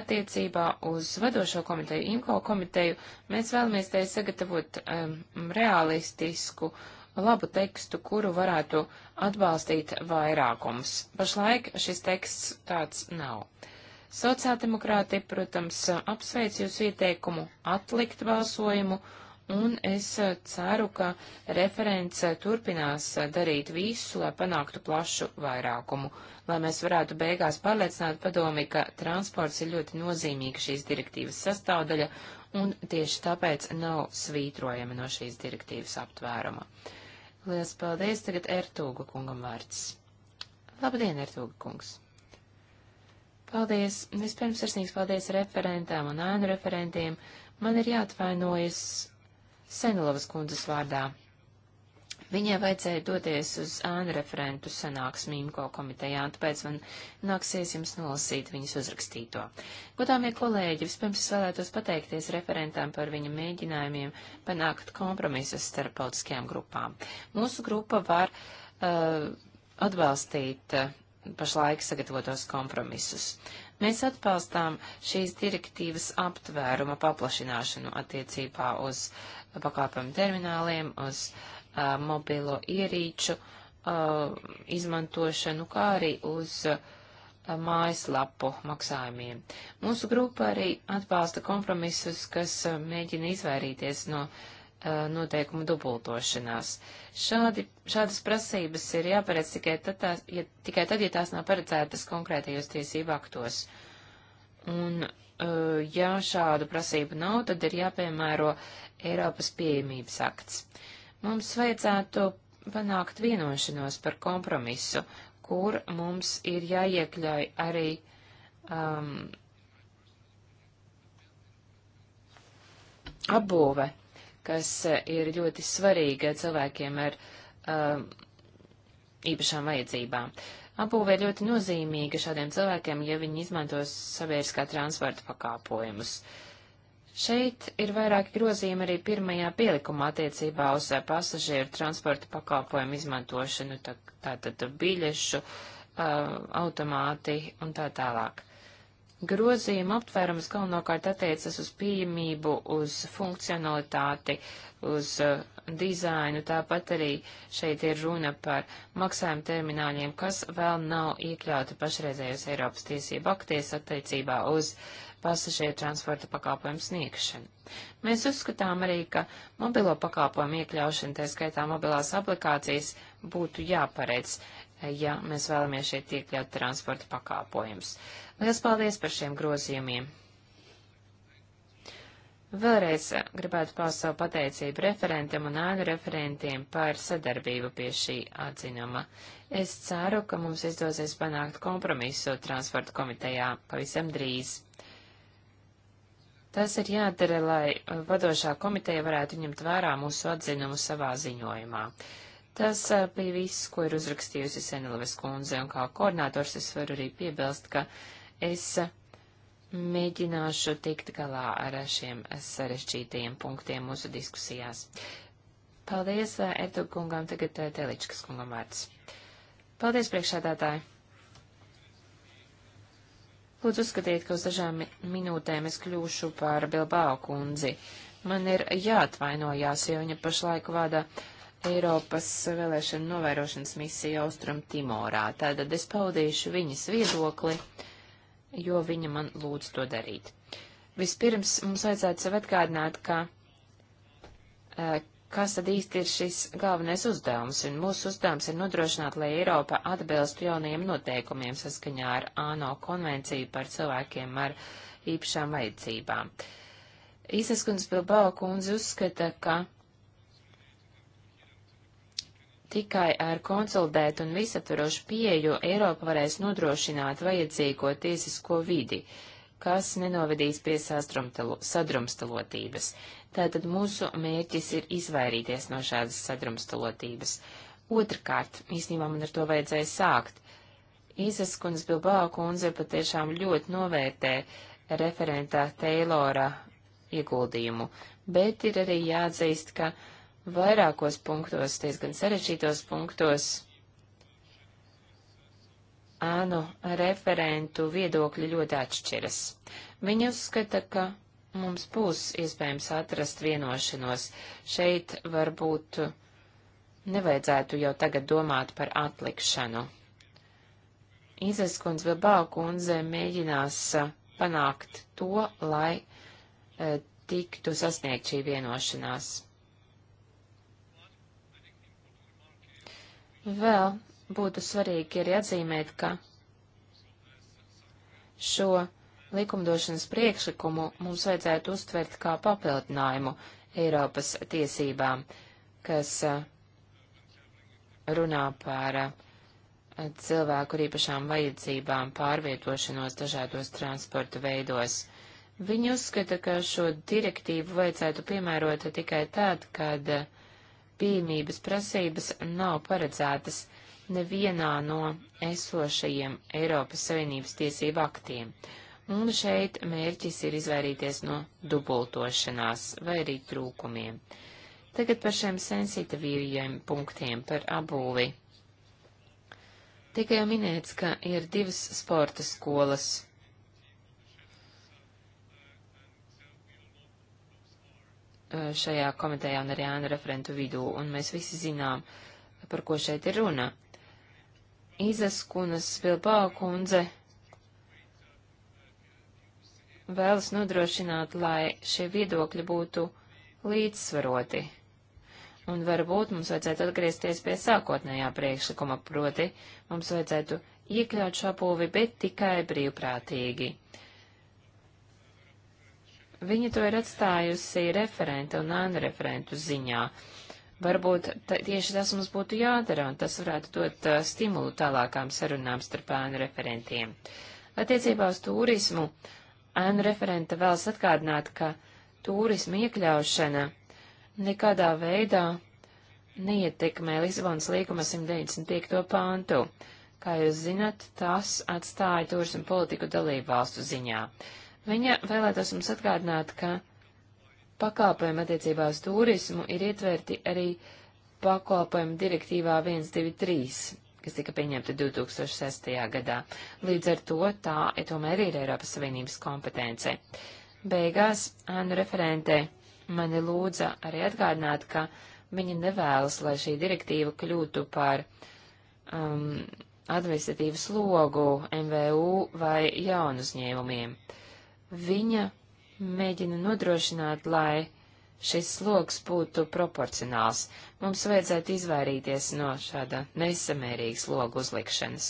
Attiecībā uz vadošo komiteju, IMCO komiteju, mēs vēlamies tai sagatavot um, realistisku uh, labu tekstu, kuru varētu atbalstīt vairākums. Pašlaik šis teksts tāds nav. Sociāldemokrāti, protams, apsveic jūsu ieteikumu atlikt balsojumu, un es ceru, ka referents turpinās darīt visu, lai panāktu plašu vairākumu, lai mēs varētu beigās pārliecināt padomi, ka transports ir ļoti nozīmīga šīs direktīvas sastāvdaļa, un tieši tāpēc nav svītrojama no šīs direktīvas aptvēruma. Lielas paldies. Tagad Ertūga kungam vārds. Labdien, Ertūga kungs. Paldies. Vispirms sirsnīgs paldies referentām un ēnu referentiem. Man ir jāatvainojas Senulovas kundzes vārdā. Viņai vajadzēja doties uz ēnu referentu sanāksmi IMKO komitejā, un tāpēc man nāksies jums nolasīt viņas uzrakstīto. Godāmie kolēģi, vispirms es vēlētos pateikties referentam par viņa mēģinājumiem panākt kompromisus starp politiskajām grupām. Mūsu grupa var uh, atbalstīt uh, pašlaik sagatavotos kompromisus. Mēs atbalstām šīs direktīvas aptvēruma paplašināšanu attiecībā uz pakāpam termināliem, uz uh, mobilo ierīču izmantošanu, kā arī uz mājaslapu maksājumiem. Mūsu grupa arī atbalsta kompromisus, kas mēģina izvairīties no noteikumu dubultošanās. Šādi, šādas prasības ir jāparedz tikai tad, tās, ja, tikai tad, ja tās nav paredzētas konkrētajos tiesību aktos. Un, ja šādu prasību nav, tad ir jāpiemēro Eiropas pieejamības akts. Uh, Mums vajadzētu panākt vienošanos par kompromisu, kur mums ir jāiekļauj arī um, apbūve, kas ir ļoti svarīga cilvēkiem ar um, īpašām vajadzībām. Apbūve ir ļoti nozīmīga šādiem cilvēkiem, ja viņi izmantos sabiedriskā transporta pakāpojumus. Uh, Šeit ir vairāki grozījumi arī pirmajā pielikumā attiecībā uz eh, pasažieru transporta pakalpojumu izmantošanu, tātad tā, biļešu, uh, automāti un tā tālāk. Grozījuma aptvērums galvenokārt attiecas uz pieejamību, uz funkcionalitāti, uz uh, dizainu, tāpat arī šeit ir runa par maksājumu termināļiem, kas vēl nav iekļauti pašreizējos Eiropas tiesību akties attiecībā uz uh, pasažieru transporta pakāpojumu sniegšanu. Mēs uzskatām arī, ka mobilo pakāpojumu iekļaušana, tā skaitā mobilās aplikācijas, būtu jāparedz, ja mēs vēlamies šeit iekļaut transporta pakāpojumus. Lielas paldies par šiem grozījumiem! Vēlreiz gribētu paust savu pateicību referentam un ānu referentiem par sadarbību pie šī atzinuma. Es ceru, ka mums izdosies panākt kompromisu transporta komitejā pavisam drīz. Tas ir jādara, lai uh, vadošā komiteja varētu ņemt vērā mūsu atzinumu savā ziņojumā. Tas uh, bija viss, ko ir uzrakstījusi Senelves kundze, un kā koordinators es varu arī piebilst, ka es uh, mēģināšu tikt galā ar šiem sarežģītajiem punktiem mūsu diskusijās. Paldies Ertu kungam, tagad Teličkas kungam vārds. Paldies priekšādātāji! Lūdzu, uzskatiet, ka uz dažām minūtēm es kļūšu par Bilbao kundzi. Man ir jāatvainojās, jo viņa pašlaik vada Eiropas vēlēšana novērošanas misiju Austrum Timorā. Tātad es paudīšu viņas viedokli, jo viņa man lūdz to darīt. Vispirms mums vajadzētu sev atgādināt, ka eh, kas tad īsti ir šis galvenais uzdevums, un mūsu uzdevums ir nodrošināt, lai Eiropa atbilstu jaunajiem noteikumiem saskaņā ar ANO konvenciju par cilvēkiem ar īpašām vajadzībām. Īsas kundze Bilbao kundze uzskata, ka tikai ar konsolidētu un visaptvarošu pieeju Eiropa varēs nodrošināt vajadzīgo tiesisko vidi kas nenovedīs pie sadrumstalotības. Tātad mūsu mērķis ir izvairīties no šādas sadrumstalotības. Otrkārt, īstenībā man ar to vajadzēja sākt. Īzas kundze Bilbao kundze patiešām ļoti novērtē referentā Teilora ieguldījumu, bet ir arī jāatzīst, ka vairākos punktos, diezgan sarežģītos punktos, ānu referentu viedokļi ļoti atšķiras. Viņa uzskata, ka mums būs iespējams atrast vienošanos. Šeit varbūt nevajadzētu jau tagad domāt par atlikšanu. Izeskundz Vilbau kundze mēģinās panākt to, lai e, tiktu sasniegt šī vienošanās. Vēl būtu svarīgi arī atzīmēt, ka šo likumdošanas priekšlikumu mums vajadzētu uztvert kā papildinājumu Eiropas tiesībām, kas eh, runā par eh, cilvēku ar īpašām vajadzībām pārvietošanos dažādos transporta veidos. Viņi uzskata, ka šo direktīvu vajadzētu piemērot tikai tad, kad eh, pieejamības prasības nav paredzētas nevienā no esošajiem Eiropas Savienības tiesību aktiem. Uh, un šeit mērķis ir izvairīties no dubultošanās vai arī trūkumiem. Tagad par šiem sensitīviem punktiem par abūvi. Tikai jau minēts, ka ir divas sporta skolas. šajā komitejā un arī ānu referentu vidū, un mēs visi zinām, par ko šeit ir runa. Izaskunas Bilbao kundze vēlas nodrošināt, lai šie viedokļi būtu līdzsvaroti. Un varbūt mums vajadzētu atgriezties pie sākotnējā priekšlikuma, proti mums vajadzētu iekļaut šo pulvi, bet tikai brīvprātīgi. Viņa to ir atstājusi referenta un anreferentu ziņā. Varbūt tieši tas mums būtu jādara, un tas varētu dot uh, stimulu tālākām sarunām starp ānu referentiem. Attiecībā uz turismu ēnu referenta vēlas atkārdināt, ka turisma iekļaušana nekādā veidā neietekmē Lisabonas līguma 195. pāntu. Kā jūs zinat, tas atstāja turismu politiku dalību valstu ziņā. Viņa vēlētos mums atgādināt, ka pakalpojumi attiecībā uz turismu ir ietverti arī pakalpojumu direktīvā 123 kas tika pieņemta 2006. gadā. Līdz ar to tā ja tomēr ir Eiropas Savienības kompetence. Beigās Annu referente mani lūdza arī atgādināt, ka viņa nevēlas, lai šī direktīva kļūtu par um, administratīvu slogu MVU vai jaunu uzņēmumiem. Viņa mēģina nodrošināt, lai šis sloks būtu proporcionāls. Mums vajadzētu izvairīties no šāda nesamērīga sloga uzlikšanas.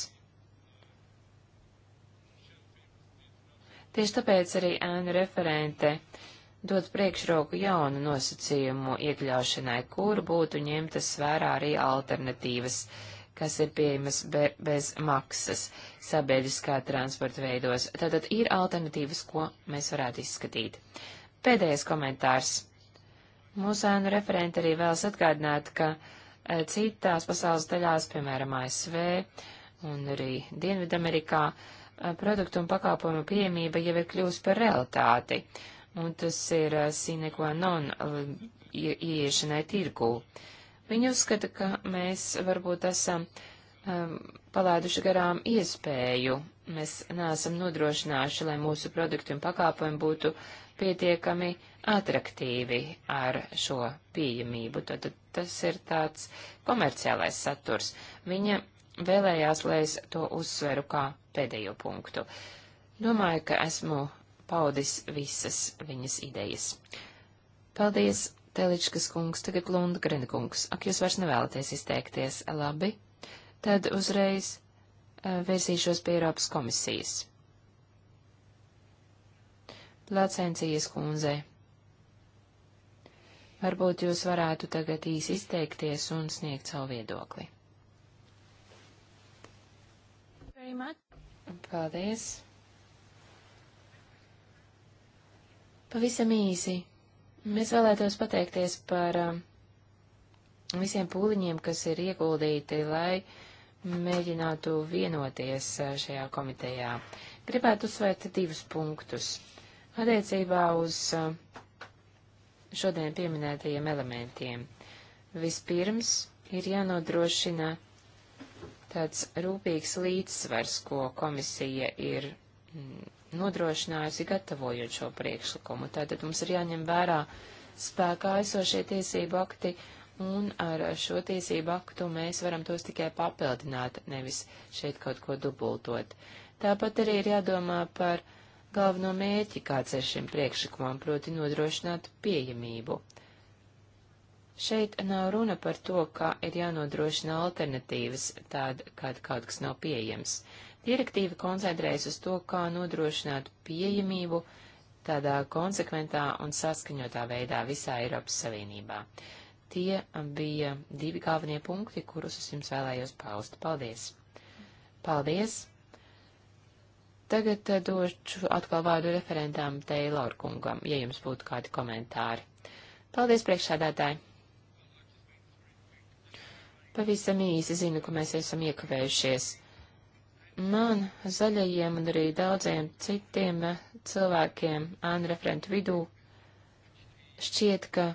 Tieši tāpēc arī ēnu referente dod priekšroku jaunu nosacījumu iekļaušanai, kur būtu ņemtas vērā arī alternatīvas, kas ir pieejamas be, bez maksas sabiedriskā transporta veidos. Tātad ir alternatīvas, ko mēs varētu izskatīt. Pēdējais komentārs. Mūsu ēnu referenti arī vēlas atgādināt, ka e, citās pasaules daļās, piemēram, ASV un arī Dienvidamerikā, e, produktu un pakāpojumu pieejamība jau ir kļūst par realitāti, un tas ir e, sine qua non ieiešanai tirgū. Viņi uzskata, ka mēs varbūt esam um, palaiduši garām iespēju, mēs neesam nodrošinājuši, lai mūsu produkti un pakāpojumi būtu uh, pietiekami atraktīvi ar šo pieejamību. Tad tas ir tāds komerciālais saturs. Viņa vēlējās, lai es to uzsveru kā pēdējo punktu. Domāju, ka esmu paudis visas viņas idejas. Paldies, Teličkas kungs, tagad Lundgren kungs. Ak, jūs vairs nevēlaties izteikties, labi? Tad uzreiz eh, vērsīšos pie Eiropas komisijas. Lacencijas kundzei. Varbūt jūs varētu tagad īsi izteikties un sniegt savu viedokli. Paldies. Pavisam īsi. Mēs vēlētos pateikties par um, visiem pūliņiem, kas ir ieguldīti, lai mēģinātu vienoties uh, šajā komitejā. Gribētu uzsvērt divus punktus. Attiecībā uz eh, šodien pieminētajiem elementiem. Vispirms ir jānodrošina tāds rūpīgs līdzsvars, ko komisija ir mm, nodrošinājusi gatavojot šo priekšlikumu. Tātad mums ir jāņem vērā spēkā esošie tiesību akti, un ar šo tiesību aktu mēs varam tos tikai papildināt, nevis šeit kaut ko dubultot. Tāpat arī ir jādomā par galveno mērķi, kāds ir šim priekšlikumam, proti nodrošināt pieejamību. Šeit nav runa par to, ka ir jānodrošina alternatīvas tād, kad kaut kas nav pieejams. Direktīva koncentrējas uz to, kā nodrošināt pieejamību tādā konsekventā un saskaņotā veidā visā Eiropas Savienībā. Tie bija divi galvenie punkti, kurus es jums vēlējos paust. Paldies! Paldies! Tagad eh, došu atkal vārdu referentām Teilor kungam, ja jums būtu kādi komentāri. Paldies, priekšsādātāji! Pavisam īsi zinu, ka mēs esam iekavējušies. Man, zaļajiem un arī daudziem citiem eh, cilvēkiem, ānu referentu vidū, šķiet, ka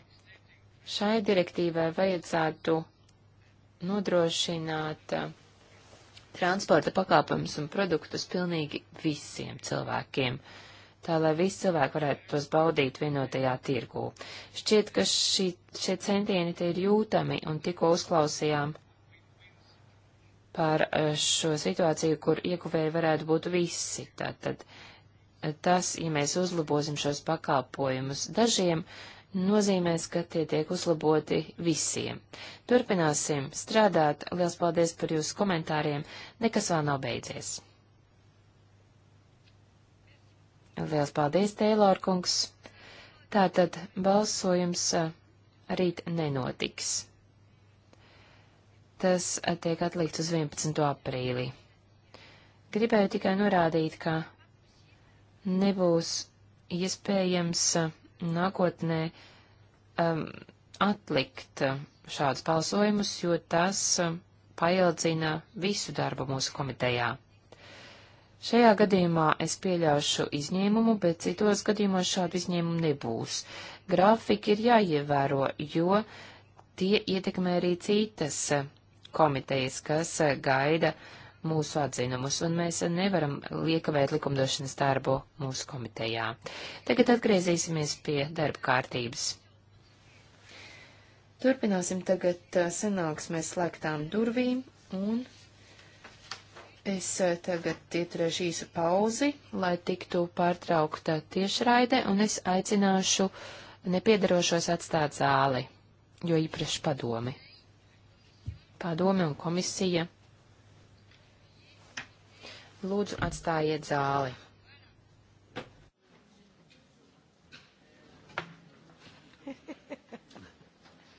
šai direktīvai vajadzētu nodrošināt uh, transporta pakāpumus un produktus pilnīgi visiem cilvēkiem, tā lai visi cilvēki varētu tos baudīt vienotajā tirgū. Šķiet, ka šī, šie centieni te ir jūtami un tikko uzklausījām par eh, šo situāciju, kur ieguvēji varētu būt visi. Tātad eh, tas, ja mēs uzlabosim šos pakāpojumus dažiem, uh, nozīmēs, ka tie tiek uzlaboti visiem. Turpināsim strādāt. Liels paldies par jūsu komentāriem. Nekas vēl nav beidzies. Liels paldies, Teilor kungs. Tātad balsojums rīt nenotiks. Tas tiek atlikts uz 11. aprīlī. Gribēju tikai norādīt, ka nebūs iespējams. Ja nākotnē um, atlikt šādus balsojumus, jo tas um, paildzina visu darbu mūsu komitejā. Šajā gadījumā es pieļaušu izņēmumu, bet citos gadījumos šādu izņēmumu nebūs. Grafiki ir jāievēro, jo tie ietekmē arī citas uh, komitejas, kas uh, gaida uh, mūsu atzinumus, un mēs nevaram liekavēt likumdošanas darbu mūsu komitejā. Tagad atgriezīsimies pie darba kārtības. Turpināsim tagad sanāksmēs slēgtām durvīm, un es tagad ieturēšu īsu pauzi, lai tiktu pārtraukta tiešraide, un es aicināšu nepiedarošos atstāt zāli, jo īpaši padomi. Padome un komisija. Lūdzu, atstājiet zāli.